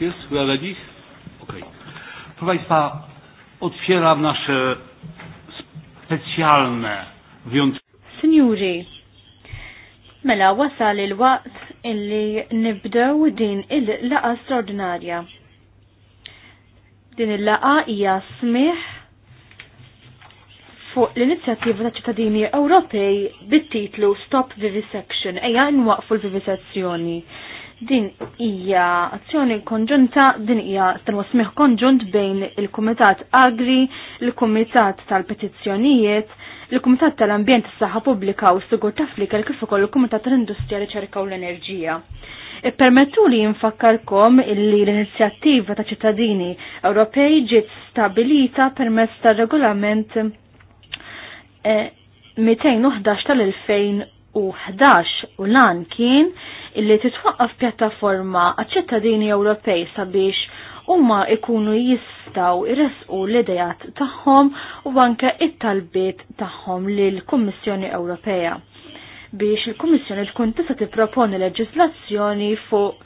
Jest? We are ready? Okej. Okay. Proszę Państwa, otwieram nasze specjalne wyjątki. Signori, mela wasal il-waqt illi nibdew din il-laqa straordinarja. Din il-laqa hija smih fuq l-inizjattiva ta' ċittadini Ewropej bit-titlu Stop Vivisection, eja nwaqfu l-vivisezzjoni. Din hija azzjoni konġunta, din hija stanwa smih konġunt bejn il-Kumitat Agri, il-Kumitat tal-Petizzjonijiet, il-Kumitat tal-Ambjent s saħħa Pubblika u s ta' Flikel kif ukoll il-Kumitat tal-Industrija, Riċerka u l-Enerġija. Permettu li jinfakkarkom li l-inizjattiva ta' ċittadini Ewropej ġiet stabilita permezz ta' regolament 211 tal-2011 u lan kien illi titwaqqaf pjattaforma għaċ-ċittadini Ewropej sabiex huma ikunu jistaw jresqu l-idejat tagħhom u anke it-talbiet tagħhom lill-Kummissjoni Ewropea biex il-Kummissjoni tkun tista' tipproponi leġislazzjoni fuq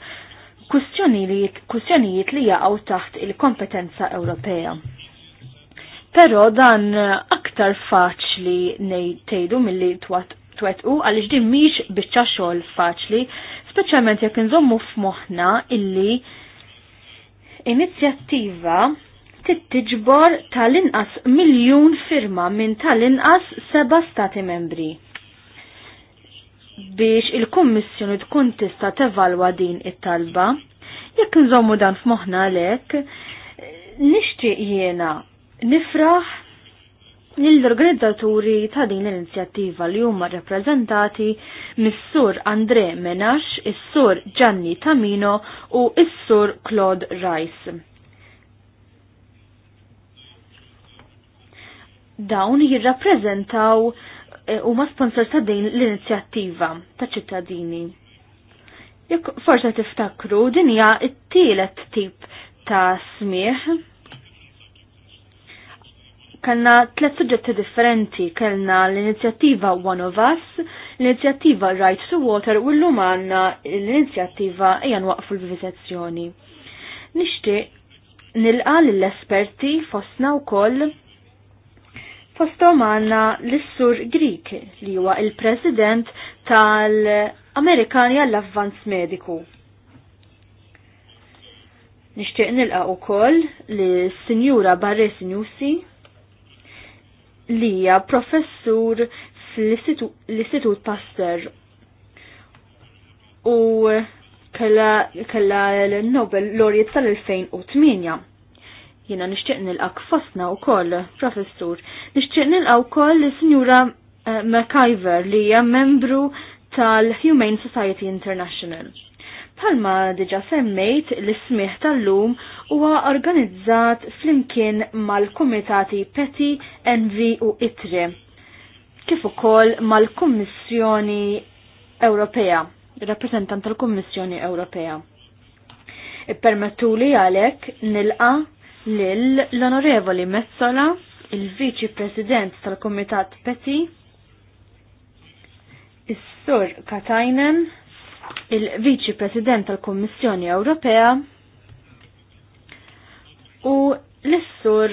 kwistjonijiet li jaqgħu taħt il-kompetenza Ewropea. Pero dan aktar faċli nejtejdu tgħidu milli twet u din mhix biċċa xogħol faċli speċjalment jekk nżommu f'moħħna illi inizjattiva tittiġbor tal-inqas miljun firma minn tal-inqas seba stati membri. Biex il-Kummissjoni tkun tista' tevalwa din it-talba, jekk nżommu dan f'moħħna lek, nixtieq jiena nifraħ l-organizzaturi ta' din l-inizjattiva li huma rappresentati mis-sur Andre Menax, is-sur Gianni Tamino u is-sur Claude Rice. Dawn jirrappreżentaw eh, huma sponsor ta' din l-inizjattiva ta' ċittadini. Jekk forsa tiftakru din hija t-tielet tip ta' smieħ kellna tliet suġġetti differenti, kellna l-inizjattiva One of Us, l-inizjattiva Right to Water u llum għandna l-inizjattiva Ejja nwaqfu l-vivisezzjoni. Nixtieq nilqa l-esperti fostna wkoll fostom għandna l-Sur Greek li huwa il-President tal-Amerikani għall-Avvanz Mediku. Nishtiq nilqa u koll li Sinjura Barres Newsi lija professur fl-Istitut Pasteur u kella l-Nobel Laureate tal-2008. Jena nixtieq nilqak fostna u koll, professur. Nixtieq nilqaw koll l-Sinjura eh, McIver li hija membru tal-Humane Society International. Palma diġa semmejt l-ismiħ tal-lum huwa organizzat flimkien mal-Kumitati Peti, Envi u Itri, kif ukoll mal-Kummissjoni Ewropea, rappresentant tal-Kummissjoni Ewropea. li għalek nilqa lil l-Onorevoli Mezzola, il-Viċi President tal-Kumitat Peti, is-Sur Katajnen, il-Viċi President tal-Kummissjoni Ewropea, u l-issur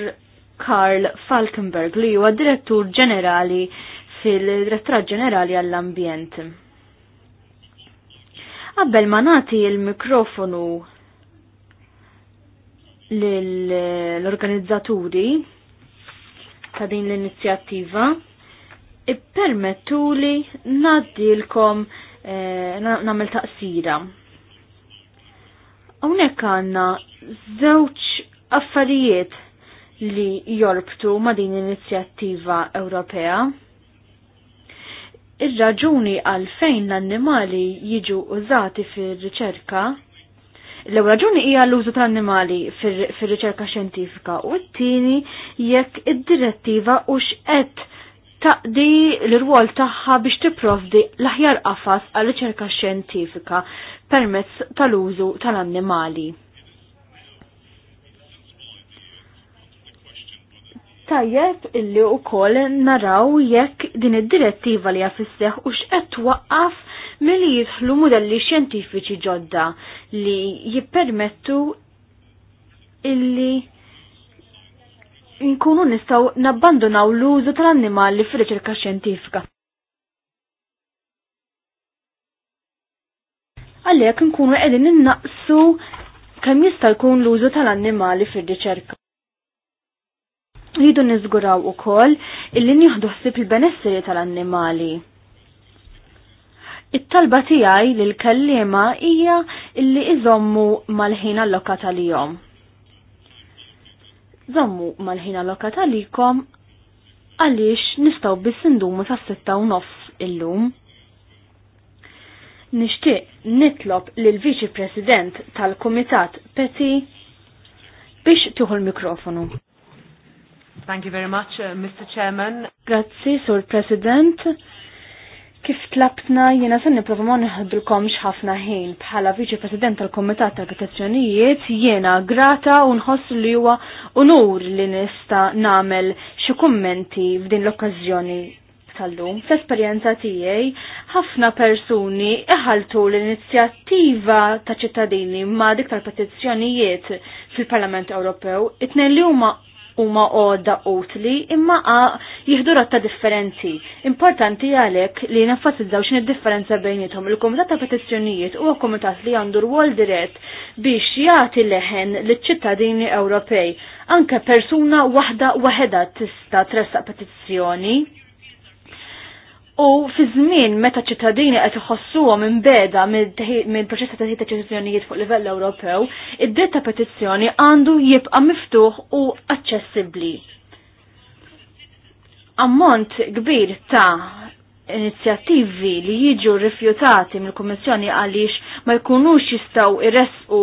Karl Falkenberg li huwa direttur ġenerali fil-Direttorat Ġenerali għall-Ambjent. Qabel ma nagħti l-mikrofonu l-organizzaturi ta' din l-inizjattiva, ippermettuli naddilkom eh, namel taqsira. Hawnhekk għandna żewġ affarijiet li jorbtu ma din inizjattiva Ewropea. Ir-raġuni għal fejn l-annimali jiġu użati fir-riċerka l raġuni hija l-użu tal-annimali fir-riċerka xjentifika u t-tieni jekk id-direttiva u x'qed taqdi l-rwol tagħha biex tipprovdi l-aħjar qafas għal riċerka xjentifika permezz tal-użu tal-annimali. tajjeb illi u koll naraw jekk din id-direttiva li għafisseħ u xqed twaqqaf mill jidħlu modelli xjentifiċi ġodda li jippermettu illi nkunu nistaw nabbandonaw l-użu tal-annimali fil-riċerka xjentifika. Għalhekk nkunu qegħdin innaqsu kemm jista' jkun l-użu tal-annimali fir-riċerka nizguraw niżguraw ukoll illi nieħdu ħsib il-benesseri tal-annimali. It-talba tiegħi l kellima hija illi iżommu mal-ħin allokat għalihom. Żommu mal-ħin allokat għalikom għaliex nistgħu biss sindumu ta' sitta u nofs illum nishtiq nitlob lil viċi President tal-Kumitat Peti biex tuħu l-mikrofonu. Thank you very much, uh, Mr. Chairman. Grazzi, Sur President. Kif tlabtna jiena sen niprofa ma nħadrkom ħafna ħin bħala Viċi President tal-Komitat tal-Petizzjonijiet jena grata u nħoss li huwa unur li nista namel xi kummenti f'din l-okkażjoni tal-lum. Fl-esperjenza tiegħi ħafna persuni iħaltu l-inizjattiva ta' ċittadini ma' dik tal-petizzjonijiet fil-Parlament Ewropew, it-tnejn li huma huma għodda utli imma jihdu ratta differenzi. Importanti għalek li nenfasizzaw xin id-differenza bejnietom. Il-Komitat ta' Petizzjonijiet huwa komitat li għandu rwol dirett biex jagħti leħen liċ-ċittadini Ewropej. Anke persuna waħda waħeda tista' tressaq petizzjoni U fi żmien meta ċittadini qed iħossuhom beda mill-proċess ta' ta' deċiżjonijiet fuq livell Ewropew, id-dritt ta' petizzjoni għandu jibqa' miftuħ u aċċessibbli. Ammont kbir ta' inizjattivi li jiġu rifjutati mill-Kummissjoni għaliex ma jkunux jistgħu irresqu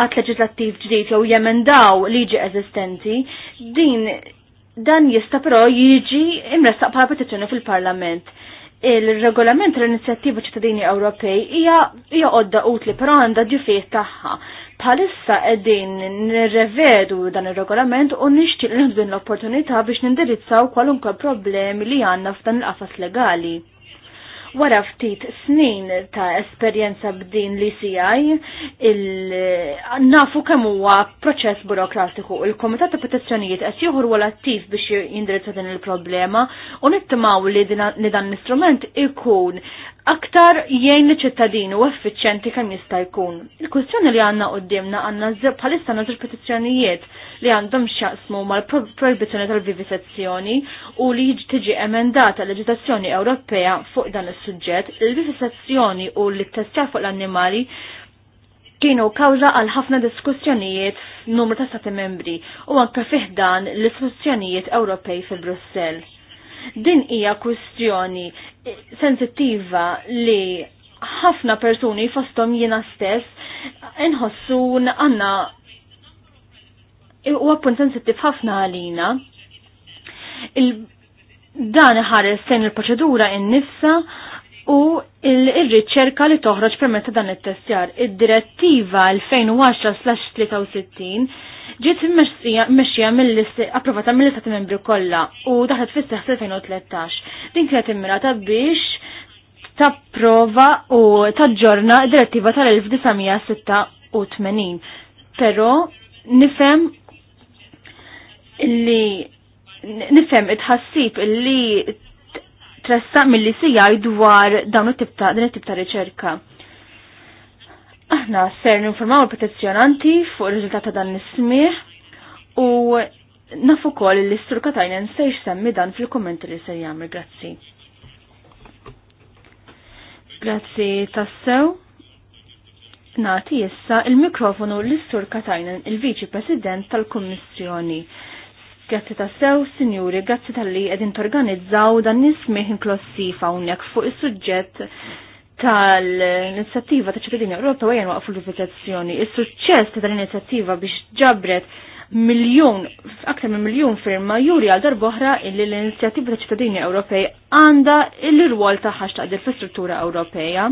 għat leġislattiv ġdid jew jemendaw liġi eżistenti, din dan jista però jiġi imressaq bħala petizzjoni fil-Parlament il-regolament l-inizjattiva ċittadini Ewropej hija għodda utli però għandha ġifiet tagħha. Bħalissa qegħdin nirrevedu dan ir-regolament u nixtieq nieħdu l-opportunità biex nindirizzaw kwalunkwe problemi li għandna f'dan il-qafas legali. Wara ftit snin ta' esperjenza b'din li CI, nafu kemm huwa proċess burokratiku. Il-Komitat ta' Petizzjonijiet qed jieħu rwol attiv biex jindirizza din il-problema u nittimaw li dan l-istrument ikun aktar jgħin li ċittadini u effiċjenti kemm jista' jkun. Il-kwistjoni li għandna qudiemna għandna bħalissa nagħtu petizzjonijiet li għandhom x'jaqsmu mal-proibizzjoni tal-vivisezzjoni u li tiġi emendata l-leġislazzjoni Ewropea fuq dan is-suġġett, il-vivisezzjoni u l-testjar fuq l-annimali kienu kawża għal ħafna diskussjonijiet f'numru ta' stati membri u anke fih dan l-istituzzjonijiet Ewropej fil-Brussell Din hija kwestjoni sensittiva li ħafna persuni fostom jiena stess inħossu għanna u għappun sensittiv ħafna għalina. Dan ħares sen il-proċedura in-nifsa u il-riċerka li toħroġ permetta dan it-testjar. Id-direttiva 2010-63 ġiet mmexxija mill-listi approvata mill-istati membri kollha u daħlet fis-seħħ 2013. Din kienet immirata biex tapprova u taġġorna d-direttiva tal-1986. Però nifhem li nifhem it-ħassib li tressaq mill-li sijaj dwar dawn it-tip ta' ricerka. riċerka Aħna ser ninformaw il-protezzjonanti fuq ir-riżultat ta' dan is u nafu kol li s-sur nsejx se dan fil-kommenti li se jagħmel grazzi. Grazzi tassew. Nati issa il-mikrofonu l-Istur sur Katajnen, il-Viċi President tal-Kommissjoni. Grazzi tassew, sinjuri, grazzi tal-li edin torganizzaw dan nismiħ inklossifa unnek fuq is-suġġett tal-inizjattiva ta' ċittadini Ewropa għajan waqfu l-vizzazzjoni. Il-suċċess ta' tal-inizjattiva biex ġabret miljon, aktar minn miljon firma juri għal oħra illi l-inizjattiva ta' ċittadini Ewropej għanda il-rwol ħax ta' fl-struttura Ewropeja.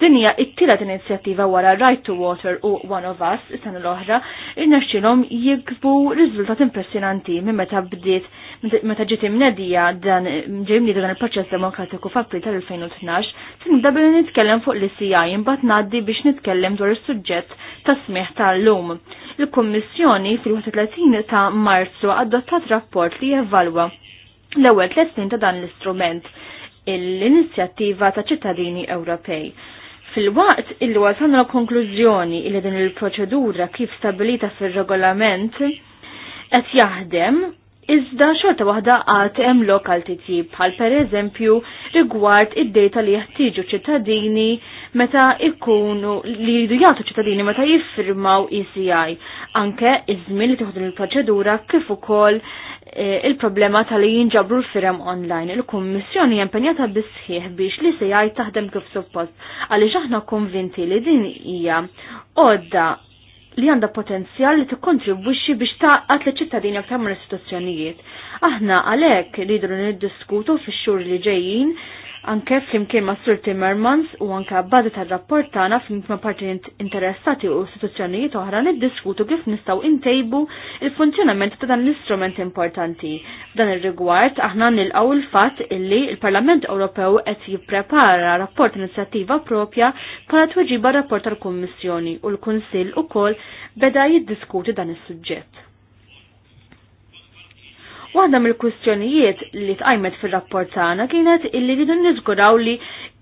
Dinja it t-tielet inizjattiva wara Right to Water u One of Us is-sena l-oħra irnexxilhom jiksbu riżultat impressjonanti minn meta bdiet meta ġiet imnedija dan ġejmni dan il-proċess demokratiku f'April tal-2012 tinibda billi nitkellem fuq l cia imbagħad ngħaddi biex nitkellem dwar is-suġġett ta' smieħ tal-lum. Il-Kummissjoni fil-31 ta' Marzu adottat rapport li jevalwa l-ewwel tliet snin ta' dan l-istrument l-inizjattiva ta' ċittadini Ewropej Fil-waqt illi wasalna konklużjoni illi din il-proċedura kif stabilita fil-regolament qed jaħdem Iżda xorta waħda għat hemm lokal titjib bħal pereżempju rigward id-data li jeħtieġu ċittadini meta ikunu li jridu jagħtu ċittadini meta jiffirmaw ECI. Anke iż-żmien li tieħdu il-proċedura kif ukoll e, il-problema tal-li jinġabru l-firem online. Il-Kummissjoni jempenjata bisħiħ biex li e CI taħdem kif suppost għaliex aħna konvinti li din hija għodda li għanda potenzjal li tikkontribwixxi biex taqqat li ċittadini u l istituzzjonijiet. Aħna għalhekk rridu niddiskutu fix-xhur li ġejjin anke flimkien ma' Sur Timmermans u anke bażi tar-rapport tagħna flimkien ma' partijiet interessati u istituzzjonijiet oħra niddiskutu kif nistgħu intejbu il-funzjonament ta' dan l-istrument importanti. Dan ir-rigward aħna nilqgħu il-fatt illi il-Parlament Ewropew qed jipprepara rapport inizjattiva propja bħala tweġiba rapport tal-Kummissjoni u l-Kunsill ukoll beda jiddiskuti dan is-suġġett. Waħda mill-kwistjonijiet li tqajmet fir-rapport tagħna kienet illi rridu niżguraw li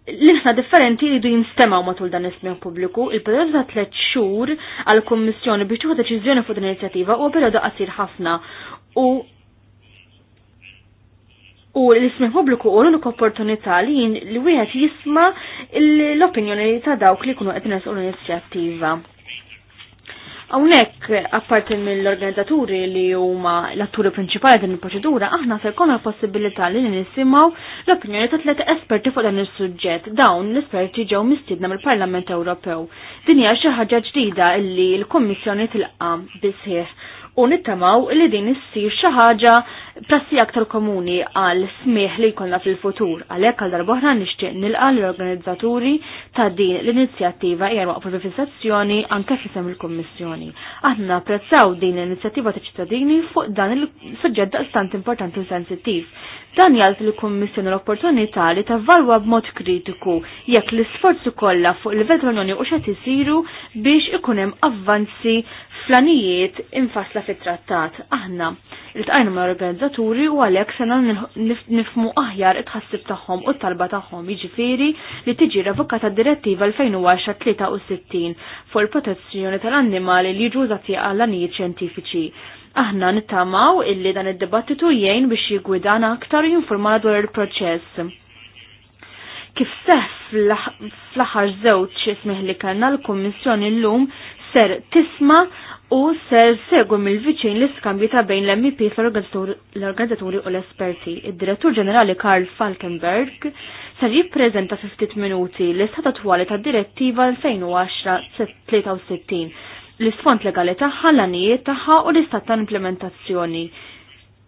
l ħna differenti jridu jinstemaw matul dan ismiħ pubbliku, il-periodu ta' tliet xhur għall kummissjoni biex tieħu deċiżjoni fuq din inizjattiva huwa perjodu qasir ħafna u u l-ismiħ pubbliku u l-unika opportunità li li wieħed jisma' l-opinjoni ta' dawk li jkunu qed u l-inizjattiva. Hawnhekk apparti mill-organizzaturi li huma l-atturi prinċipali din il-proċedura, aħna se jkollna l-possibilità li nisimaw l-opinjoni ta' tliet esperti fuq dan is-suġġett. Dawn l-esperti ġew mistiedna mill-Parlament Ewropew. Din hija xi ħaġa ġdida illi l-Kummissjoni tilqa' bisħieħ u nittamaw li din issir xi ħaġa prassi aktar komuni għal smieħ li jkollna fil-futur. Għalhekk għal darbohra nixtieq nilqa l-organizzaturi ta' din l-inizjattiva hija waqfu l anke fisem il-Kummissjoni. Aħna apprezzaw din l-inizjattiva ta' ċittadini fuq dan il-suġġett daqstant importanti u sensittiv. Dan jgħalt l-Kummissjoni l-opportunità li tavvalwa b'mod kritiku jekk l-isforzi kollha fuq il vetronjoni u xed isiru biex ikun hemm avvanzi flanijiet infasla fit-trattat. Aħna il-tqajna ma' organizzaturi u għalek sena nifmu aħjar it-ħassib taħħom u t-talba taħħom iġifiri li tiġi revokata direttiva l 63 fuq il-protezzjoni tal-annimali li ġużati għall-anijiet ċentifiċi. Aħna nittamaw illi dan id-dibattitu jgħin biex jigwidana aktar jinformana dwar il-proċess kif seħ fl-aħħar żewġ li kellna l-Kummissjoni llum ser tisma u ser segu mill-viċin l-iskambju ta' bejn l-MP l-organizzaturi u l-esperti. Id-direttur ġenerali Karl Falkenberg ser jippreżenta 50 minuti l-istat attwali ta' direttiva 2010-63 l-isfond legali tagħha l-anijiet tagħha u l-istat ta' implementazzjoni.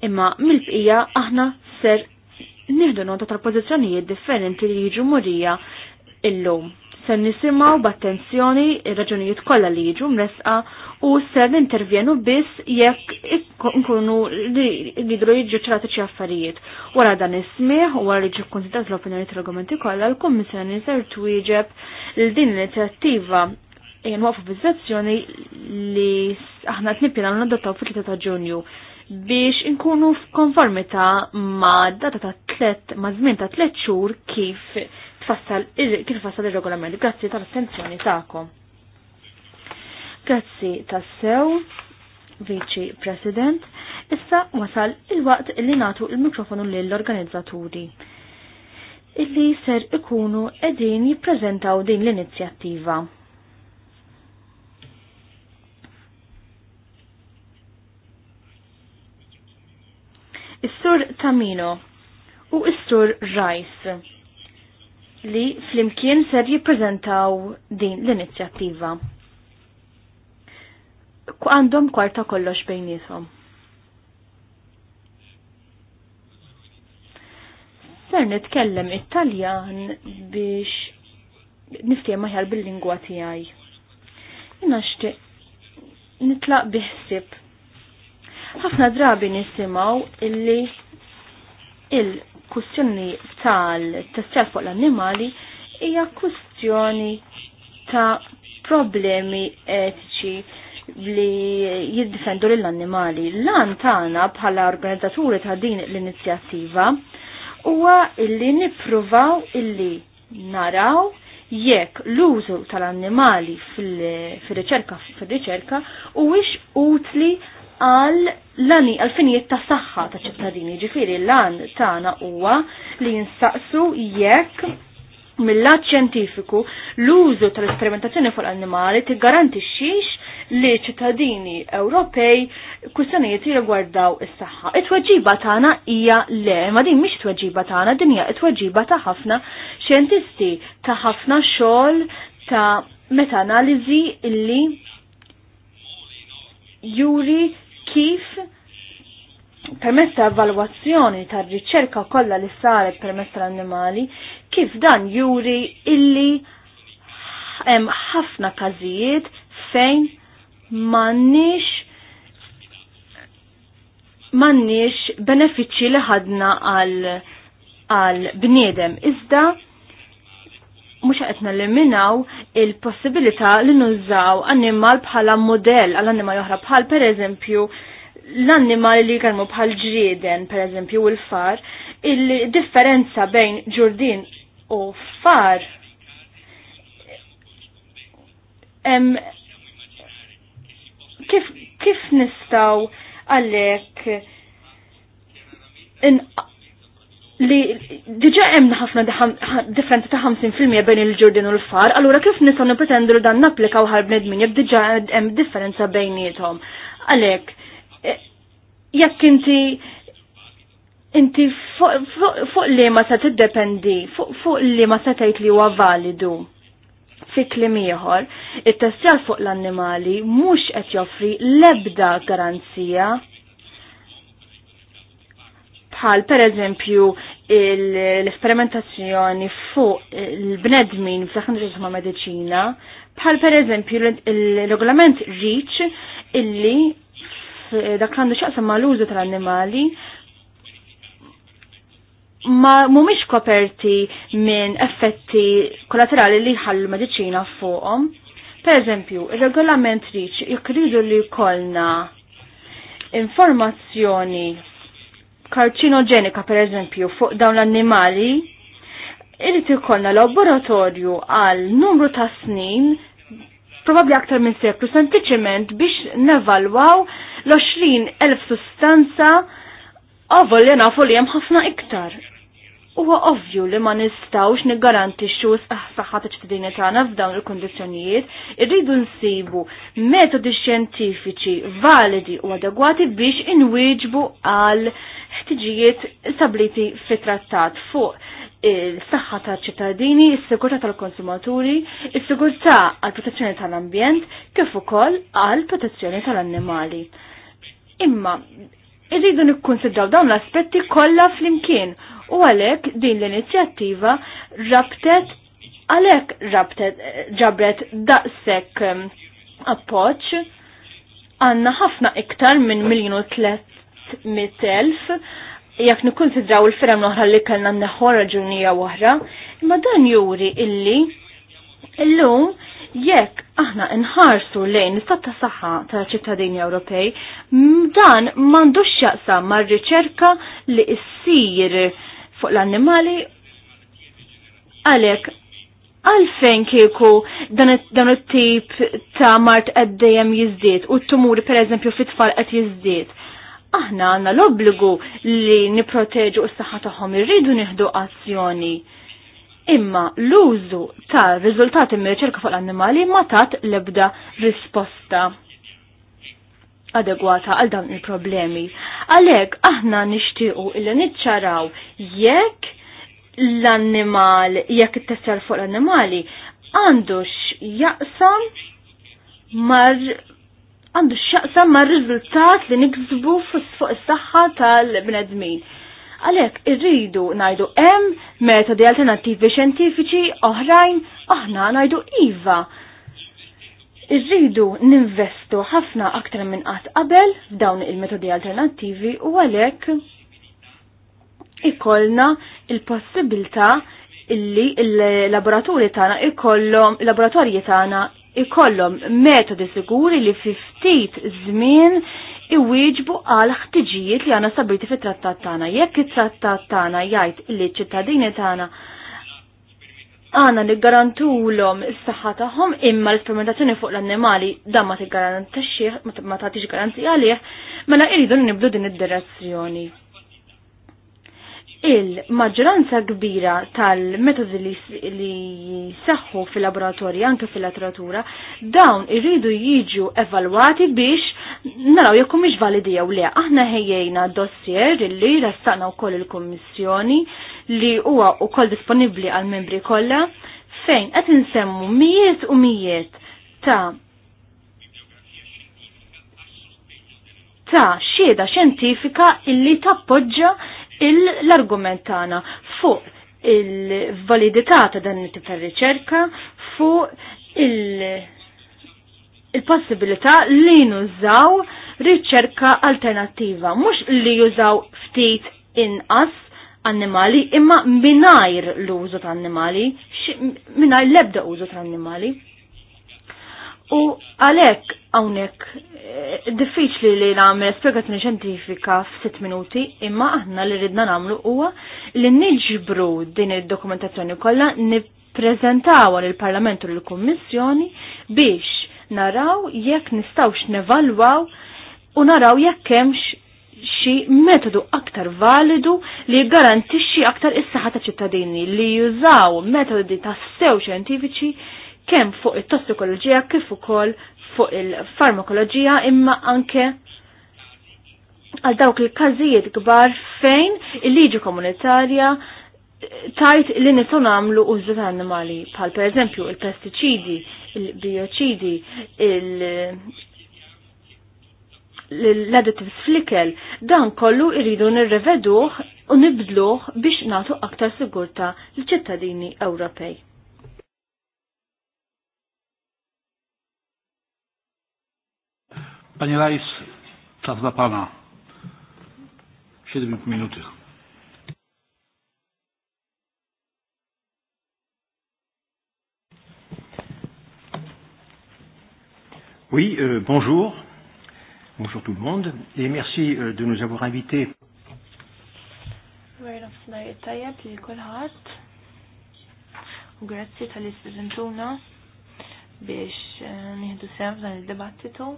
Imma mill-bqija aħna ser nieħdu nota tal-pożizzjonijiet differenti li jiġu murija illum se nisimaw b'attenzjoni ir-raġunijiet kollha li jiġu mresqa u se nintervjenu biss jekk nkunu jidru jiġu ċrati xi affarijiet. Wara dan ismih u wara li ġi kkunsidat l-opinjoni tal-argumenti kollha l-Kummissjoni ser twieġeb l din l-inizjattiva jien waqfu bizzazzjoni li aħna t-nipjena nadottaw fit-3 ta' ġunju biex inkunu f'konformità ma' data ta' tlet, ma' zmin ta' tlet xhur kif fassal, kif fassal il regolament Grazzi tal-attenzjoni tagħkom. Grazzi tas-sew, Viċi President. Issa wasal il-waqt li natu il-mikrofonu lill-organizzaturi illi ser ikunu edin jippreżentaw din l-inizjattiva. Is-sur Tamino u is-sur Rice li flimkien ser jippreżentaw din l-inizjattiva. Għandhom kwarta kollox bejnietom. Ser nitkellem Italjan biex niftiema maħjar bil-lingwa tiegħi. Jina xtieq nitlaq biħsib. Ħafna drabi nisimaw illi il kustjoni tal-testjal fuq l-annimali hija kustjoni ta' problemi etiċi li jiddifendu l-annimali. Lan tagħna bħala organizzaturi ta' din l-inizjattiva huwa illi nippruvaw illi naraw jekk l-użu tal-annimali fil-riċerka fil-riċerka u wix utli għal lani għal-finijiet ta' saħħa ta' ċittadini, ġifiri l-għan tana huwa li jinsaqsu jekk mill-lat ċentifiku l-użu tal-esperimentazzjoni fuq l-annimali tiggarantixxix li ċittadini Ewropej kustanijiet jirgwardaw is-saħħa. It-tweġiba tagħna hija le, ma din mhix tweġiba tagħna, din hija it-tweġiba ta' ħafna xjentisti, ta' ħafna xogħol ta' meta analiżi illi juri kif permezz ta' evalwazzjoni ta' riċerka kollha li saret permezz tal-annimali, kif dan juri illi hemm ħafna każijiet fejn m'għandniex m'għandniex benefiċċji li ħadna għal għal bniedem. Iżda mux qed neliminaw il-possibilità li nużaw annimal bħala model għal animal oħra bħal per eżempju l animal li jkarmu bħal ġrieden per eżempju u l-far il-differenza bejn ġurdin u far em, kif, kif nistaw għalek li diġa hemm ħafna differenti ta' 50% bejn il-ġurdin u l-far, allura kif nistgħu nipretendu li dan napplikaw ħal bnedmin jekk diġa hemm differenza bejniethom. Għalhekk eh, jekk inti inti fuq li ma se tiddependi, fuq li ma se tgħid li huwa validu fi li ieħor, it-testjar fuq l-annimali mhux qed joffri l-ebda garanzija bħal per eżempju l-esperimentazzjoni fuq l-bnedmin f'saħħa ma' medicina, bħal per eżempju l-regolament REACH illi dak għandu xaqsa ma' l-użu tal-annimali ma mumiex koperti minn effetti kollaterali li ħallu medicina fuqhom. Per eżempju, il-regolament riċ jekk li kolna informazzjoni karċinogenika per eżempju fuq dawn l-annimali, irrid ikollna laboratorju għal numru ta' snin, probabbli aktar minn seklu, sempliċement biex nevalwaw l 20000 elf sustanza għavol li nafu li hemm ħafna iktar. Huwa ovvju li ma nistawx niggarantixxu saħħa ta' ċittadini tagħna f'dawn il-kundizzjonijiet, irridu nsibu metodi xjentifiċi validi u adegwati biex inwieġbu għal ħtiġijiet stabliti fit-trattat fuq il-saħħa ta' ċittadini, is-sigurtà tal-konsumaturi, is-sigurtà għal protezzjoni tal-ambjent, kif ukoll għal protezzjoni tal-annimali. Imma Irridu nikkonsidraw dawn l-aspetti kollha flimkien u għalhekk din l-inizjattiva rabtet għalhekk rabtet ġabret daqshekk ehm, appoġġ għandna ħafna iktar minn miljun u elf jekk nikkonsidraw il-ferem l-oħra li kellna neħħor raġunija oħra, imma dan juri illi illum jekk aħna nħarsu lejn l-istat saħħa ta' ċittadini Ewropej, dan m'għandux x'jaqsam mar-riċerka li issir fuq l-annimali għalhekk għalfejn kieku dan it-tip ta' mart qed dejjem jiżdied u t-tumuri pereżempju fit-tfal qed jiżdied aħna għanna l-obbligu li niproteġu s-saħħa tagħhom irridu nieħdu azzjoni imma l-użu ta' riżultati mir ċerka fuq l-annimali ma tat lebda risposta adegwata għal dan il-problemi. Għalek, aħna nishtiqu illa nitċaraw jekk l-annimal, jekk it-tessar fuq l-annimali, għandux jaqsam mar għandu xaqsa mar riżultat li nikzbu fuq is-saħħa tal-bnedmin. Għalek, irridu najdu em metodi alternativi xjentifiċi oħrajn aħna najdu iva. Irridu ninvestu ħafna aktar minn qatt qabel f'dawn il-metodi alternativi u għalek ikollna il possibilità illi il-laboratorji tagħna ikollhom il-laboratorji tagħna ikollhom metodi siguri li fi ftit żmien iwieġbu għal ħtiġijiet li għana sabriti fi trattat tagħna. Jekk it-trattat tagħna jgħid li ċittadini tagħna għana li garantulhom is-saħħa tagħhom imma l-esperimentazzjoni fuq l-annimali dan ma tiggarantixxih ma tagħtix garanzija għalih mela jridu nibdu din id-direzzjoni il-maġranza kbira tal-metodi li saħħu fil-laboratorju anke fil-letteratura dawn irridu jiġu evalwati biex naraw jekk mhix validi jew le. Aħna ħejjejna dossier li rastaqna wkoll il-Kummissjoni li huwa wkoll disponibbli għal membri kollha fejn qed insemmu mijiet u mijiet ta' ta' xieda xjentifika illi tappoġġa l-argument tagħna fuq il-validità ta' dan it-tip ta' riċerka fuq il-possibilità il li nużaw riċerka alternativa, mhux li jużaw ftit inqas annimali imma minajr l-użu ta' annimali, minajr lebda użu ta' annimali. U għalek hawnhekk eh, diffiċli li nagħmel spjegazzjoni xjentifika f'sitt minuti, imma aħna li ridna nagħmlu huwa li niġbru din id-dokumentazzjoni kollha nippreżentawha lill-Parlament u lill-Kummissjoni biex naraw jekk nistgħux nevalwaw u naraw jekk hemmx xi metodu aktar validu li garantixxi aktar is-saħħa ta' ċittadini li jużaw metodi ta' sew xjentifiċi kemm fuq it-tossikoloġija kif ukoll fuq il-farmakoloġija imma anke għal dawk il-każijiet kbar fejn il-liġi komunitarja tajt li nitu namlu użu ta' animali bħal per eżempju il-pestiċidi, il-bioċidi, l-additives flikel, dan kollu irridu nirreveduh u nibdluh biex natu aktar sigurta l-ċittadini Ewropej. Panie Rajs, czas dla Pana. Siedem minuty. Oui, euh, bonjour. Bonjour tout le monde et merci euh, de nous avoir invités. Grazie tal-istudentuna biex eh, nieħdu sem f'dan il-dibattitu.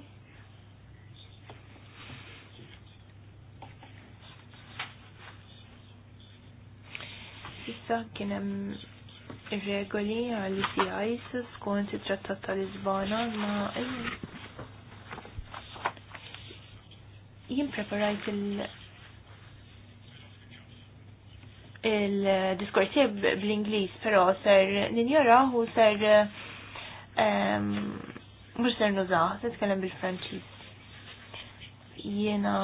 issa kien hemm regoli għall ICIs e skont it-Trattat ta' Lisbona ma jien preparajt il- il-diskorsi bl-Inglis, però ser ninjara u ser mux ehm, ser nużaħ, se tkellem bil-Franċis. Jena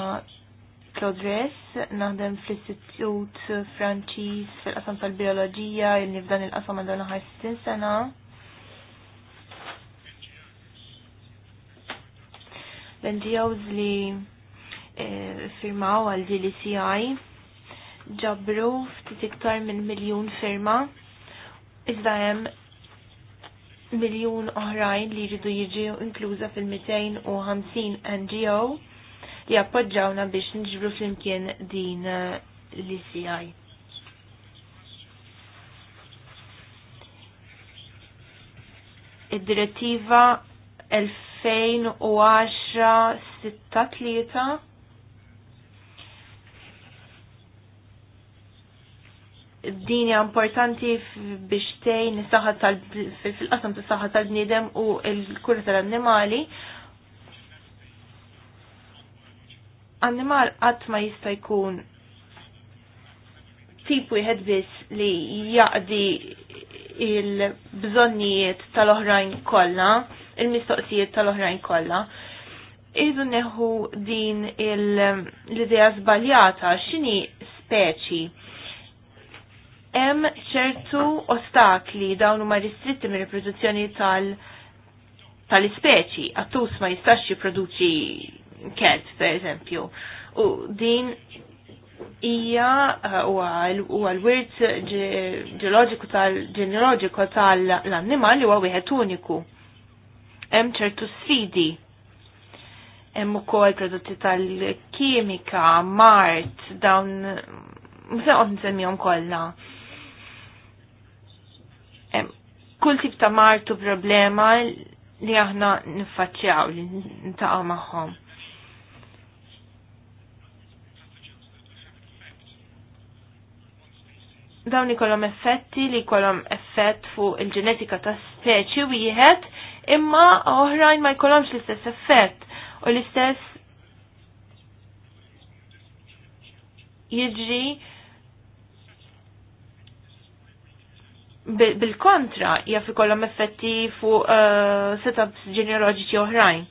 Claude Ress, naħdem fl-Istitut Franċiż fil-qasam tal-Bioloġija, illi nifdan il-qasam għandu naħar 60 sena. L-NGOs li eh, firmaw għal DLCI ġabru ftit iktar minn miljun firma, iżda hemm miljun oħrajn li jridu jiġu inkluża fil-250 NGO li appoġġawna biex nġbru flimkien din eh, l-ICI. Id-direttiva 2010-63 dini importanti biex tejn fil-qasam tas saħħa tal-bniedem u l-kura tal-annimali Annimal qatt ma jista' jkun tip wieħed biss li jaqdi il-bżonnijiet tal-oħrajn kollha, il-mistoqsijiet tal-oħrajn kollha. Idu neħu din l-idea żbaljata xini speċi. Hemm ċertu ostakli dawn huma ristritti mir riproduzzjoni tal- tal-ispeċi, għattus ma jistax jipproduċi ket, per eżempju. U din hija eh, u l-wirt ġeoloġiku tal ġeneologiku tal-annimal li huwa wieħed uniku. Hemm ċertu sfidi hemm ukoll prodotti tal-kimika, mart, dawn mhux qed nsemmihom kollha. Kull tip ta' martu problema li aħna nifacċjaw li ntaqgħu magħhom. dawn ikollhom effetti li jkollhom effett fuq il-ġenetika ta' speċi wieħed imma oħrajn ma jkollhomx l-istess effett u l-istess jiġri bil-kontra jaf ikollhom effetti fuq uh, setups ġenealoġiċi oħrajn.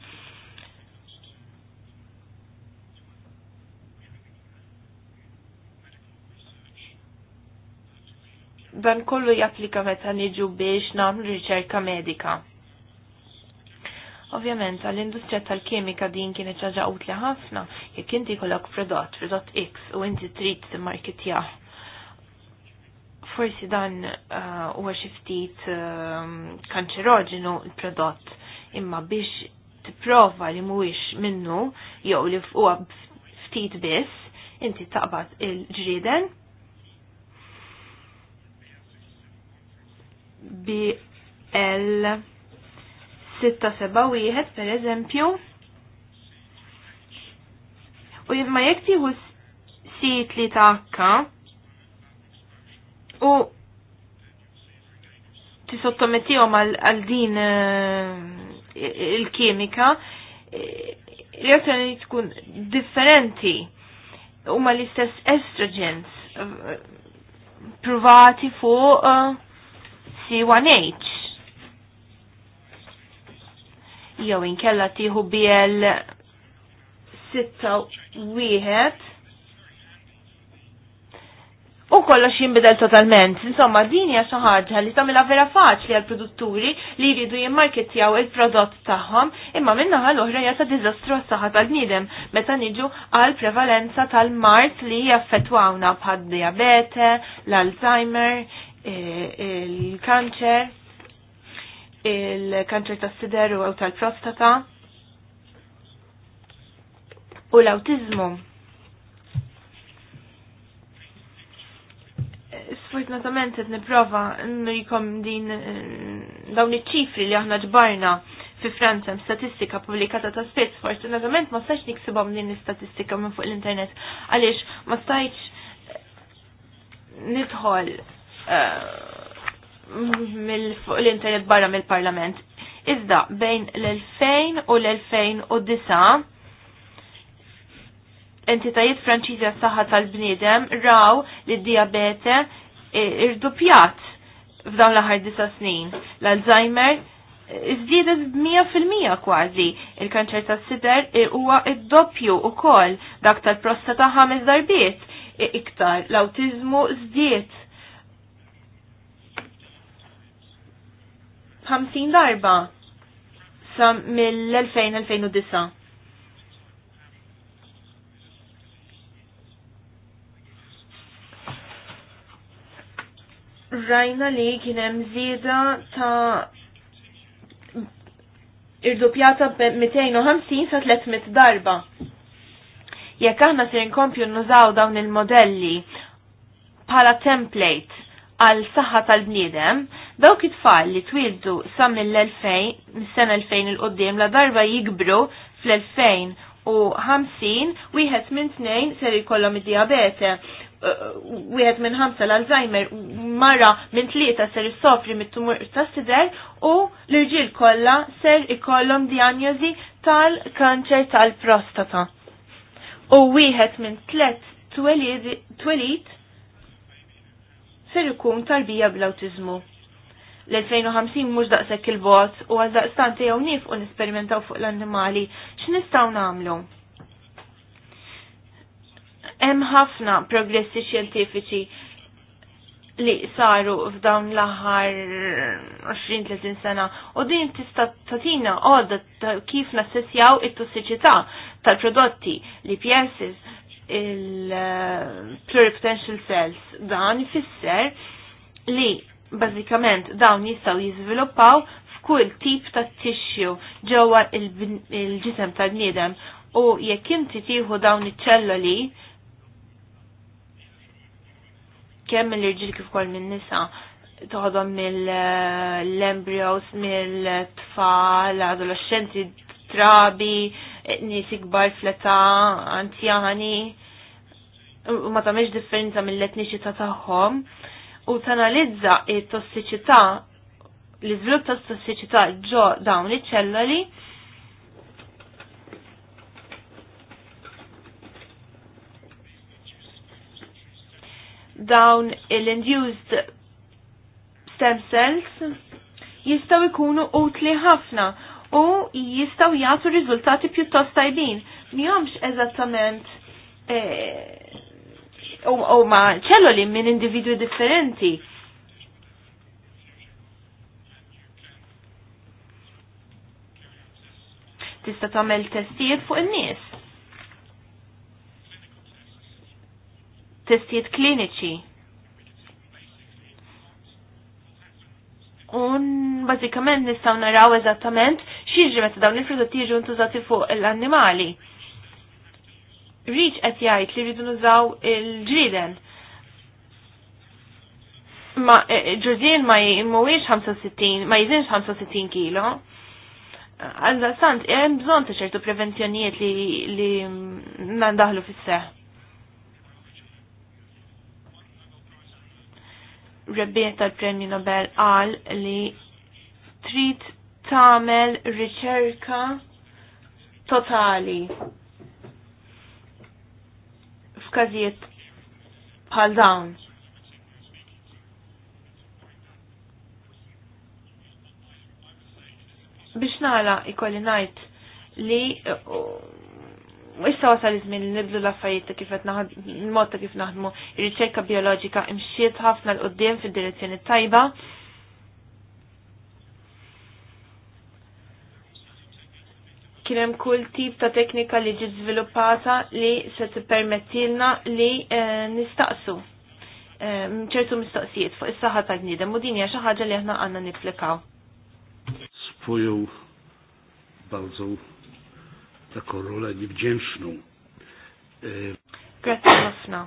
dan kollu japplika meta niġu biex nagħmlu riċerka medika. Ovvjament, għall-industrija tal-kimika din kienet ċaġa utli ħafna, jekk inti kollok prodott, prodott X, u inti trid marketjah. Forsi dan uh, huwa għaxiftit xi ftit um, l-prodott, imma biex tipprova li mhuwiex minnu jew li huwa ftit biss, inti taqbad il ġriden BL 671 per eżempju u ma jekk tieħu sit li takka u tisottomettihom għal din eh, il-kimika eh, reazzjoni tkun differenti huma l-istess estrogens eh, provati fuq uh, C1H. Jew inkella tieħu BL 6 U kollox jinbidel totalment. Insomma, din hija xi ħaġa li tagħmilha vera faċli għall produtturi li jridu jimmarketjaw il-prodott tagħhom, imma minna l-oħra jasa dizastru diżastru għas-saħħa tal-bniedem meta niġu għal prevalenza tal-mart li jaffettwawna bħad diabete, l-Alzheimer, Eh, il-kanċer, il-kanċer tas sider u tal-prostata u l-autizmu. Sfortunatament qed nipprova nrikom din eh, dawn iċ-ċifri li aħna ġbarna fi Franza hemm statistika pubblikata ta' spiss, fortunatament ma stajx niksibhom din l-istatistika minn fuq l-internet għaliex ma stajx nidħol Eh, fuq l-internet barra mill-Parlament. Iżda bejn l-2000 u l-2009 entitajiet Franċiżi s-saħħa tal-bniedem raw li d-diabete irdupjat f'dawn l-aħħar disa snin. L-Alzheimer eh, iżdiedet b-100% kważi. Il-kanċer tas-sider huwa id-doppju ukoll dak tal-prostata ħames darbiet iktar. L-awtiżmu żdied 50 darba sa mill-2000-2009. Rajna li kienem zida ta' irdupjata 250 sa 300 darba. Jekk aħna se nkompju nużaw dawn il-modelli bħala template għal saħħa tal-bniedem, Dawk it-tfal li twildu sam mill-2000, mis-sena 2000 il-qoddim la darba jikbru fl-2000 u 50 wieħed minn tnejn ser jkollhom id-diabete, uh, uh, wieħed minn ħamsa l-Alzheimer, mara minn tlieta ser issofri mit-tumur tas sider u l-irġiel kollha ser ikollhom diagnosi tal-kanċer tal-prostata. U wieħed minn tliet twelid ser ikun tarbija bl-awtiżmu l-2050 mhux daqshekk il-bot u għal daqstanti jew u nisperimentaw fuq l-annimali, x'nistgħu nagħmlu? Hemm ħafna progressi xjentifiċi li saru f'dawn l-aħħar 20-30 sena u din tista' tagħtina għodda kif nassessjaw it-tossiċità tal-prodotti li pjesis il-pluripotential eh, cells dan ifisser li Bażikament dawn jistgħu jizviluppaw f'kull tip ta' tixju ġewwa il-ġisem tal-bniedem u jekk inti tieħu dawn iċ-ċelloli kemm il irġiel kif ukoll min-nisa toħodhom mill-embryos, mill-tfal, adolescenti, trabi, nies ikbar età antjani, u ma tamiex differenza mill-etniċità tagħhom. Ta u tanalizza il tossiċità l-iżvilupp ta' tossiċità ġo dawn iċ ċellali dawn il-induced stem cells jistaw ikunu utli ħafna u jistaw jgħatu riżultati pjuttost tajbin. Mjomx eżattament eh, u ma li minn individwi differenti. Tista' tagħmel testijiet fuq in-nies. Testijiet kliniċi. Un bażikament nistgħu naraw eżattament x'jiġri meta dawn il-prodotti jiġu ntużati fuq l-annimali. Reach qed jgħid li rridu nużaw il-ġrieden. Ma ġurdien eh, ma mhuwiex 65, ma jiżinx 65 kilo. Għalla sant, hemm bżonn ta' ċertu prevenzjonijiet li li nandaħlu fis-seħ. Rebbiet tal-Premju Nobel qal li trid tagħmel riċerka totali f'każijiet bħal dawn. Biex nara ikolli ngħid li uh, uh, issa wasal iż-żmien li nibdu l-affarijiet ta' kif qed il-mod ta' kif naħdmu ir-riċerka bioloġika imxiet ħafna l qudiem fid-direzzjoni tajba kien hemm kull tip ta' teknika li ġiet żviluppata li se tippermettilna li eh, nistaqsu eh, ċertu mistoqsijiet fuq is-saħħa ta' bniedem u din hija xi ħaġa li aħna għandna niflikaw. balzu ta' korrola rolę bġemxnu. Eh, Grazie ħafna.